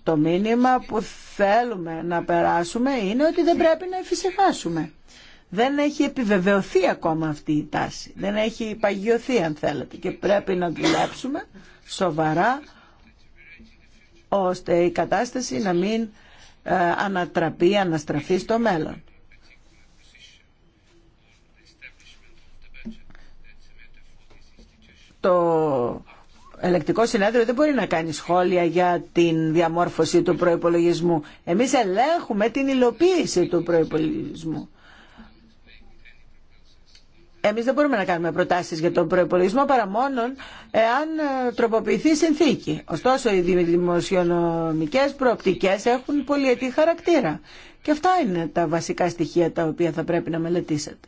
Το μήνυμα που θέλουμε να περάσουμε είναι ότι δεν πρέπει να εφησυχάσουμε. Δεν έχει επιβεβαιωθεί ακόμα αυτή η τάση. Δεν έχει παγιωθεί αν θέλετε και πρέπει να δουλέψουμε σοβαρά ώστε η κατάσταση να μην ε, ανατραπεί, αναστραφεί στο μέλλον. το ελεκτικό συνέδριο δεν μπορεί να κάνει σχόλια για την διαμόρφωση του προϋπολογισμού. Εμείς ελέγχουμε την υλοποίηση του προϋπολογισμού. Εμείς δεν μπορούμε να κάνουμε προτάσεις για τον προϋπολογισμό παρά μόνο εάν ε, τροποποιηθεί η συνθήκη. Ωστόσο οι δημοσιονομικές προοπτικές έχουν πολυετή χαρακτήρα. Και αυτά είναι τα βασικά στοιχεία τα οποία θα πρέπει να μελετήσετε.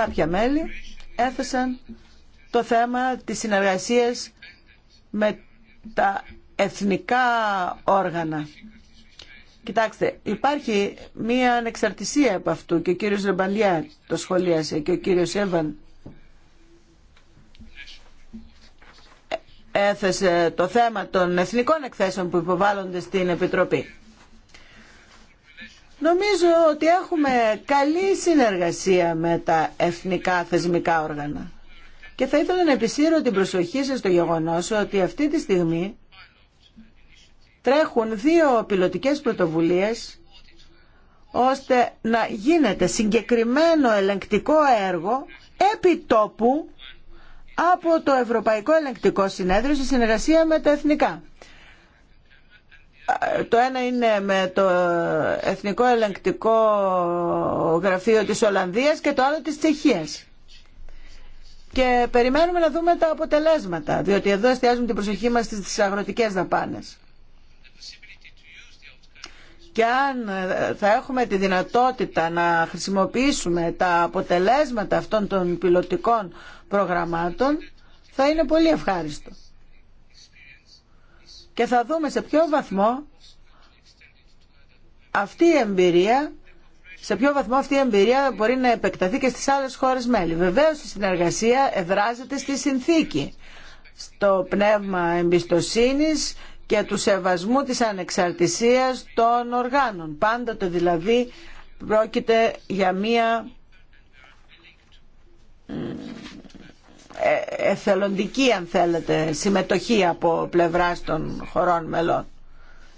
κάποια μέλη έθεσαν το θέμα της συνεργασίας με τα εθνικά όργανα. Κοιτάξτε, υπάρχει μία ανεξαρτησία από αυτού και ο κύριος Ρεμπαλιά το σχολίασε και ο κύριος Εύαν έθεσε το θέμα των εθνικών εκθέσεων που υποβάλλονται στην Επιτροπή. Νομίζω ότι έχουμε καλή συνεργασία με τα εθνικά θεσμικά όργανα. Και θα ήθελα να επισύρω την προσοχή σας στο γεγονός ότι αυτή τη στιγμή τρέχουν δύο πιλωτικές πρωτοβουλίες ώστε να γίνεται συγκεκριμένο ελεγκτικό έργο επί τόπου από το Ευρωπαϊκό Ελεγκτικό Συνέδριο σε συνεργασία με τα εθνικά το ένα είναι με το Εθνικό Ελεγκτικό Γραφείο της Ολλανδίας και το άλλο της Τσεχίας. Και περιμένουμε να δούμε τα αποτελέσματα, διότι εδώ εστιάζουμε την προσοχή μας στις αγροτικές δαπάνες. Και αν ε, θα έχουμε τη δυνατότητα να χρησιμοποιήσουμε τα αποτελέσματα αυτών των πιλωτικών προγραμμάτων, θα είναι πολύ ευχάριστο και θα δούμε σε ποιο βαθμό αυτή η εμπειρία σε ποιο βαθμό αυτή η εμπειρία μπορεί να επεκταθεί και στις άλλες χώρες μέλη. Βεβαίως η συνεργασία εδράζεται στη συνθήκη, στο πνεύμα εμπιστοσύνης και του σεβασμού της ανεξαρτησίας των οργάνων. Πάντα το δηλαδή πρόκειται για μία ε, εθελοντική αν θέλετε συμμετοχή από πλευράς των χωρών μελών.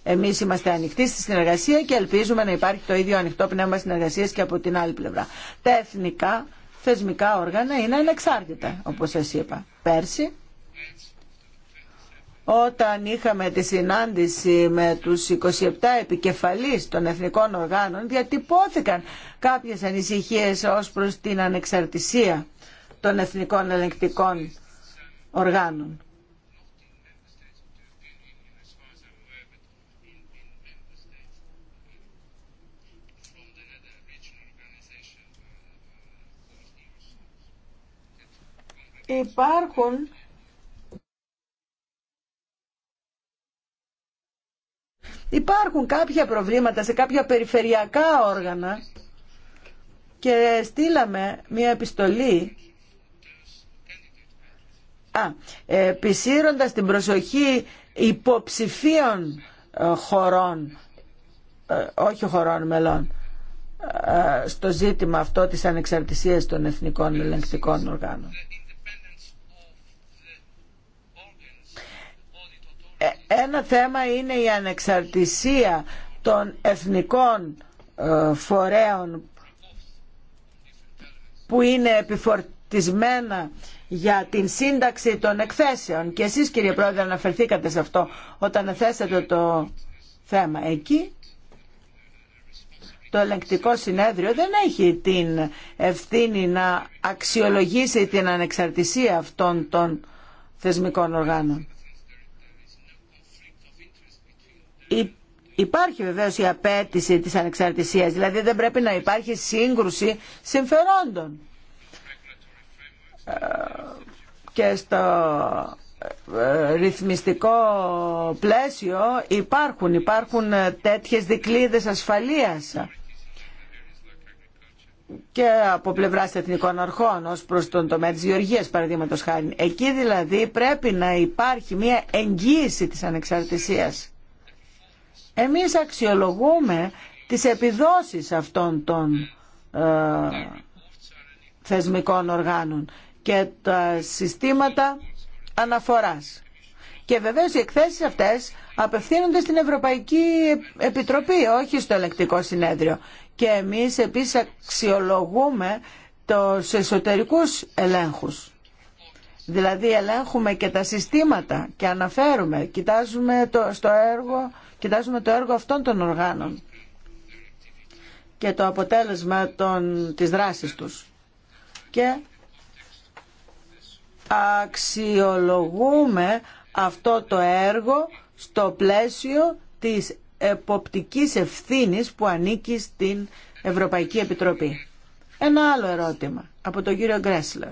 Εμείς είμαστε ανοιχτοί στη συνεργασία και ελπίζουμε να υπάρχει το ίδιο ανοιχτό πνεύμα συνεργασίας και από την άλλη πλευρά. Τα εθνικά θεσμικά όργανα είναι ανεξάρτητα, όπως σας είπα. Πέρσι, όταν είχαμε τη συνάντηση με τους 27 επικεφαλείς των εθνικών οργάνων, διατυπώθηκαν κάποιες ανησυχίες ως προς την ανεξαρτησία των εθνικών ελεγκτικών οργάνων. Υπάρχουν Υπάρχουν κάποια προβλήματα σε κάποια περιφερειακά όργανα και στείλαμε μια επιστολή Α, επισύροντας την προσοχή υποψηφίων ε, χωρών, ε, όχι χωρών μελών, ε, στο ζήτημα αυτό της ανεξαρτησίας των εθνικών ελεγκτικών οργάνων. Ένα θέμα είναι η ανεξαρτησία των εθνικών φορέων που είναι επιφορτισμένα για την σύνταξη των εκθέσεων και εσείς κύριε Πρόεδρε αναφερθήκατε σε αυτό όταν θέσατε το θέμα εκεί το ελεγκτικό συνέδριο δεν έχει την ευθύνη να αξιολογήσει την ανεξαρτησία αυτών των θεσμικών οργάνων. Υπάρχει βεβαίως η απέτηση της ανεξαρτησίας, δηλαδή δεν πρέπει να υπάρχει σύγκρουση συμφερόντων και στο ε, ρυθμιστικό πλαίσιο υπάρχουν, υπάρχουν ε, τέτοιες δικλείδες ασφαλείας και από πλευρά εθνικών αρχών ως προς τον τομέα της γεωργίας παραδείγματος χάρη. Εκεί δηλαδή πρέπει να υπάρχει μια εγγύηση της ανεξαρτησίας. Εμείς αξιολογούμε τις επιδόσεις αυτών των ε, θεσμικών οργάνων και τα συστήματα αναφοράς. Και βεβαίως οι εκθέσεις αυτές απευθύνονται στην Ευρωπαϊκή Επιτροπή, όχι στο ελεκτικό συνέδριο. Και εμείς επίσης αξιολογούμε τους εσωτερικούς ελέγχους. Δηλαδή ελέγχουμε και τα συστήματα και αναφέρουμε, κοιτάζουμε το, στο έργο, κοιτάζουμε το έργο αυτών των οργάνων και το αποτέλεσμα των, της δράσης τους. Και αξιολογούμε αυτό το έργο στο πλαίσιο της εποπτικής ευθύνης που ανήκει στην Ευρωπαϊκή Επιτροπή. Ένα άλλο ερώτημα από τον κύριο Γκρέσλερ.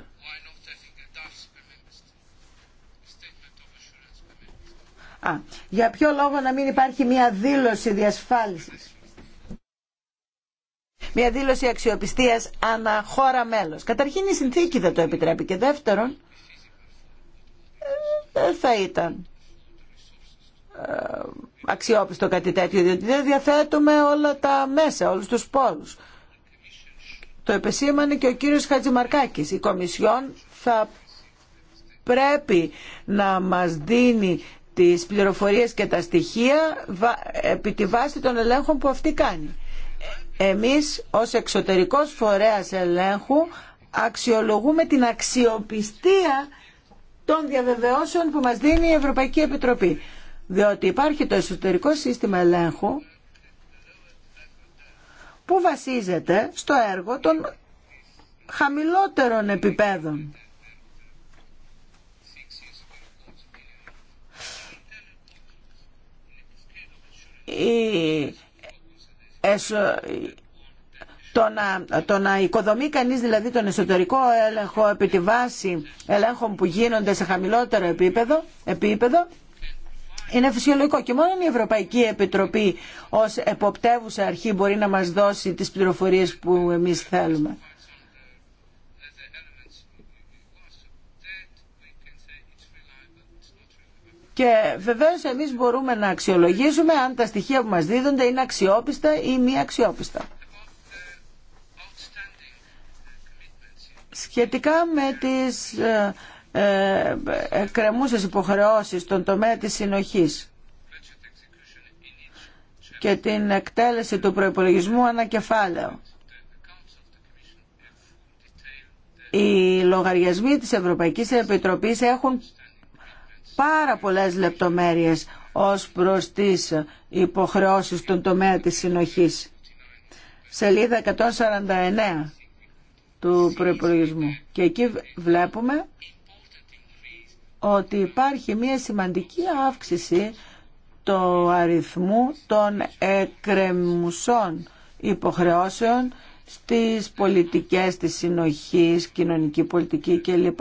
για ποιο λόγο να μην υπάρχει μια δήλωση διασφάλισης. Μια δήλωση αξιοπιστίας ανά χώρα μέλος. Καταρχήν η συνθήκη δεν το επιτρέπει και δεύτερον δεν θα ήταν ε, αξιόπιστο κάτι τέτοιο, διότι δεν διαθέτουμε όλα τα μέσα, όλους τους πόρους. Το επεσήμανε και ο κύριος Χατζημαρκάκης. Η Κομισιόν θα πρέπει να μας δίνει τις πληροφορίες και τα στοιχεία επί τη βάση των ελέγχων που αυτή κάνει. Εμείς ως εξωτερικός φορέας ελέγχου αξιολογούμε την αξιοπιστία των διαβεβαιώσεων που μας δίνει η Ευρωπαϊκή Επιτροπή. Διότι υπάρχει το εσωτερικό σύστημα ελέγχου που βασίζεται στο έργο των χαμηλότερων επιπέδων. Η το να, το οικοδομεί κανείς δηλαδή τον εσωτερικό έλεγχο επί τη βάση ελέγχων που γίνονται σε χαμηλότερο επίπεδο, επίπεδο είναι φυσιολογικό και μόνο η Ευρωπαϊκή Επιτροπή ως εποπτεύουσα αρχή μπορεί να μας δώσει τις πληροφορίες που εμείς θέλουμε. Και βεβαίως εμείς μπορούμε να αξιολογήσουμε αν τα στοιχεία που μας δίδονται είναι αξιόπιστα ή μη αξιόπιστα. Σχετικά με τις ε, ε, ε, κρεμούσες υποχρεώσεις στον τομέα της συνοχής και την εκτέλεση του προϋπολογισμού ανακεφάλαιο. Οι λογαριασμοί της Ευρωπαϊκής Επιτροπής έχουν πάρα πολλές λεπτομέρειες ως προς τις υποχρεώσεις των τομέα της συνοχής. Σελίδα 149 του προϋπολογισμού. Και εκεί βλέπουμε ότι υπάρχει μια σημαντική αύξηση του αριθμού των εκκρεμουσών υποχρεώσεων στις πολιτικές της συνοχής, κοινωνική πολιτική κλπ.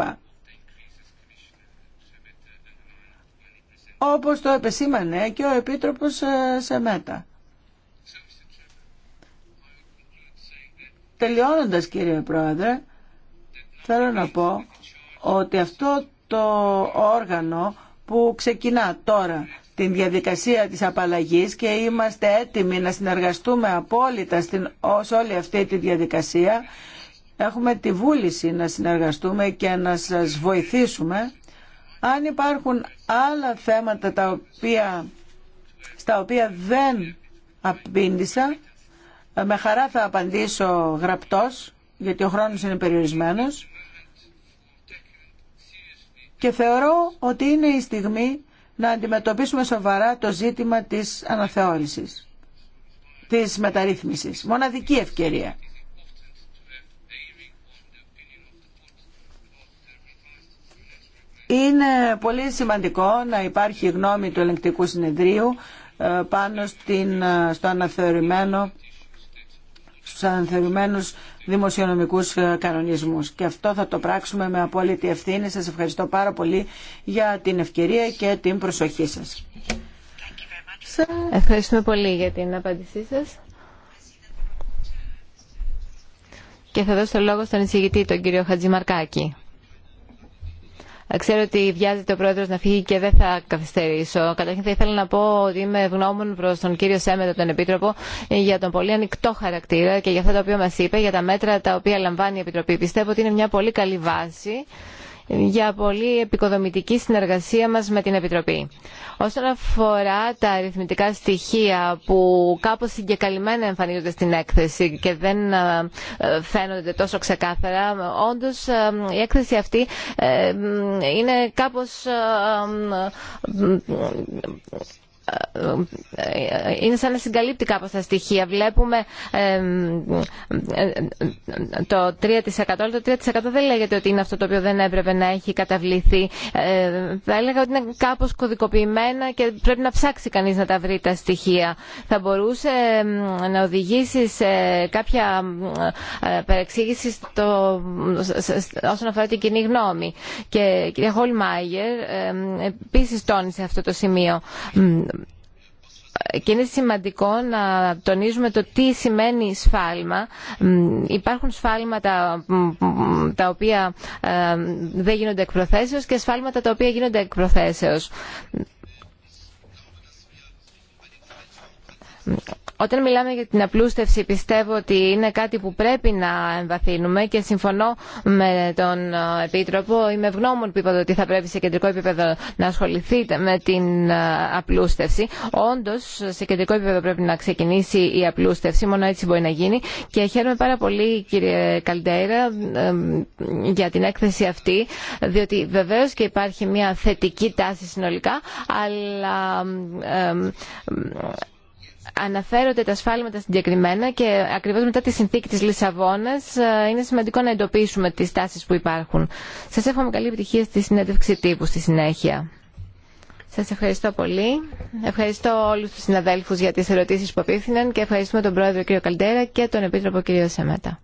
Όπως το επεσήμανε και ο Επίτροπος ε, Σεμέτα. Τελειώνοντας κύριε Πρόεδρε, θέλω να πω ότι αυτό το όργανο που ξεκινά τώρα την διαδικασία της απαλλαγής και είμαστε έτοιμοι να συνεργαστούμε απόλυτα στην, όλη αυτή τη διαδικασία. Έχουμε τη βούληση να συνεργαστούμε και να σας βοηθήσουμε. Αν υπάρχουν άλλα θέματα τα οποία, στα οποία δεν απήντησα, με χαρά θα απαντήσω γραπτός, γιατί ο χρόνος είναι περιορισμένος. Και θεωρώ ότι είναι η στιγμή να αντιμετωπίσουμε σοβαρά το ζήτημα της αναθεώρησης, της μεταρρύθμισης. Μοναδική ευκαιρία. Είναι πολύ σημαντικό να υπάρχει γνώμη του ελεγκτικού συνεδρίου ε, πάνω στην, ε, στο αναθεωρημένο στους αναθεωρημένους δημοσιονομικούς ε, κανονισμούς. Και αυτό θα το πράξουμε με απόλυτη ευθύνη. Σας ευχαριστώ πάρα πολύ για την ευκαιρία και την προσοχή σας. Ευχαριστούμε πολύ για την απάντησή σας. Και θα δώσω το λόγο στον εισηγητή, τον κύριο Χατζημαρκάκη. Ξέρω ότι βιάζεται ο πρόεδρο να φύγει και δεν θα καθυστερήσω. Καταρχήν θα ήθελα να πω ότι είμαι ευγνώμων προ τον κύριο Σέμετο τον Επίτροπο, για τον πολύ ανοιχτό χαρακτήρα και για αυτά τα οποία μα είπε, για τα μέτρα τα οποία λαμβάνει η Επιτροπή. Πιστεύω ότι είναι μια πολύ καλή βάση για πολύ επικοδομητική συνεργασία μας με την Επιτροπή. Όσον αφορά τα αριθμητικά στοιχεία που κάπως συγκεκαλυμμένα εμφανίζονται στην έκθεση και δεν ε, φαίνονται τόσο ξεκάθαρα, όντως ε, η έκθεση αυτή ε, είναι κάπως είναι σαν να συγκαλύπτει κάπως τα στοιχεία. Βλέπουμε το 3%, αλλά το 3% δεν λέγεται ότι είναι αυτό το οποίο δεν έπρεπε να έχει καταβληθεί. Ε, θα έλεγα ότι είναι κάπως κωδικοποιημένα και πρέπει να ψάξει κανείς να τα βρει τα στοιχεία. Θα μπορούσε να οδηγήσει σε κάποια ε, παρεξήγηση στο, όσον αφορά την κοινή γνώμη. Και η κυρία Χολμάγερ επίσης τόνισε αυτό το σημείο και είναι σημαντικό να τονίζουμε το τι σημαίνει σφάλμα. Υπάρχουν σφάλματα τα οποία ε, δεν γίνονται εκ και σφάλματα τα οποία γίνονται εκ όταν μιλάμε για την απλούστευση πιστεύω ότι είναι κάτι που πρέπει να εμβαθύνουμε και συμφωνώ με τον ε, Επίτροπο. Είμαι ευγνώμων που είπατε ότι θα πρέπει σε κεντρικό επίπεδο να ασχοληθείτε με την ε, απλούστευση. Όντω, σε κεντρικό επίπεδο πρέπει να ξεκινήσει η απλούστευση. Μόνο έτσι μπορεί να γίνει. Και χαίρομαι πάρα πολύ, κύριε Καλντέιρα, για την έκθεση αυτή, διότι βεβαίω και υπάρχει μια θετική τάση συνολικά, αλλά αναφέρονται τα σφάλματα συγκεκριμένα και ακριβώς μετά τη συνθήκη της Λισαβόνας ε, είναι σημαντικό να εντοπίσουμε τις τάσεις που υπάρχουν. Σας εύχομαι καλή επιτυχία στη συνέντευξη τύπου στη συνέχεια. Σας ευχαριστώ πολύ. Ευχαριστώ όλους τους συναδέλφους για τις ερωτήσεις που απίθυναν και ευχαριστούμε τον Πρόεδρο κ. Καλτέρα και τον Επίτροπο κ. Σεμέτα.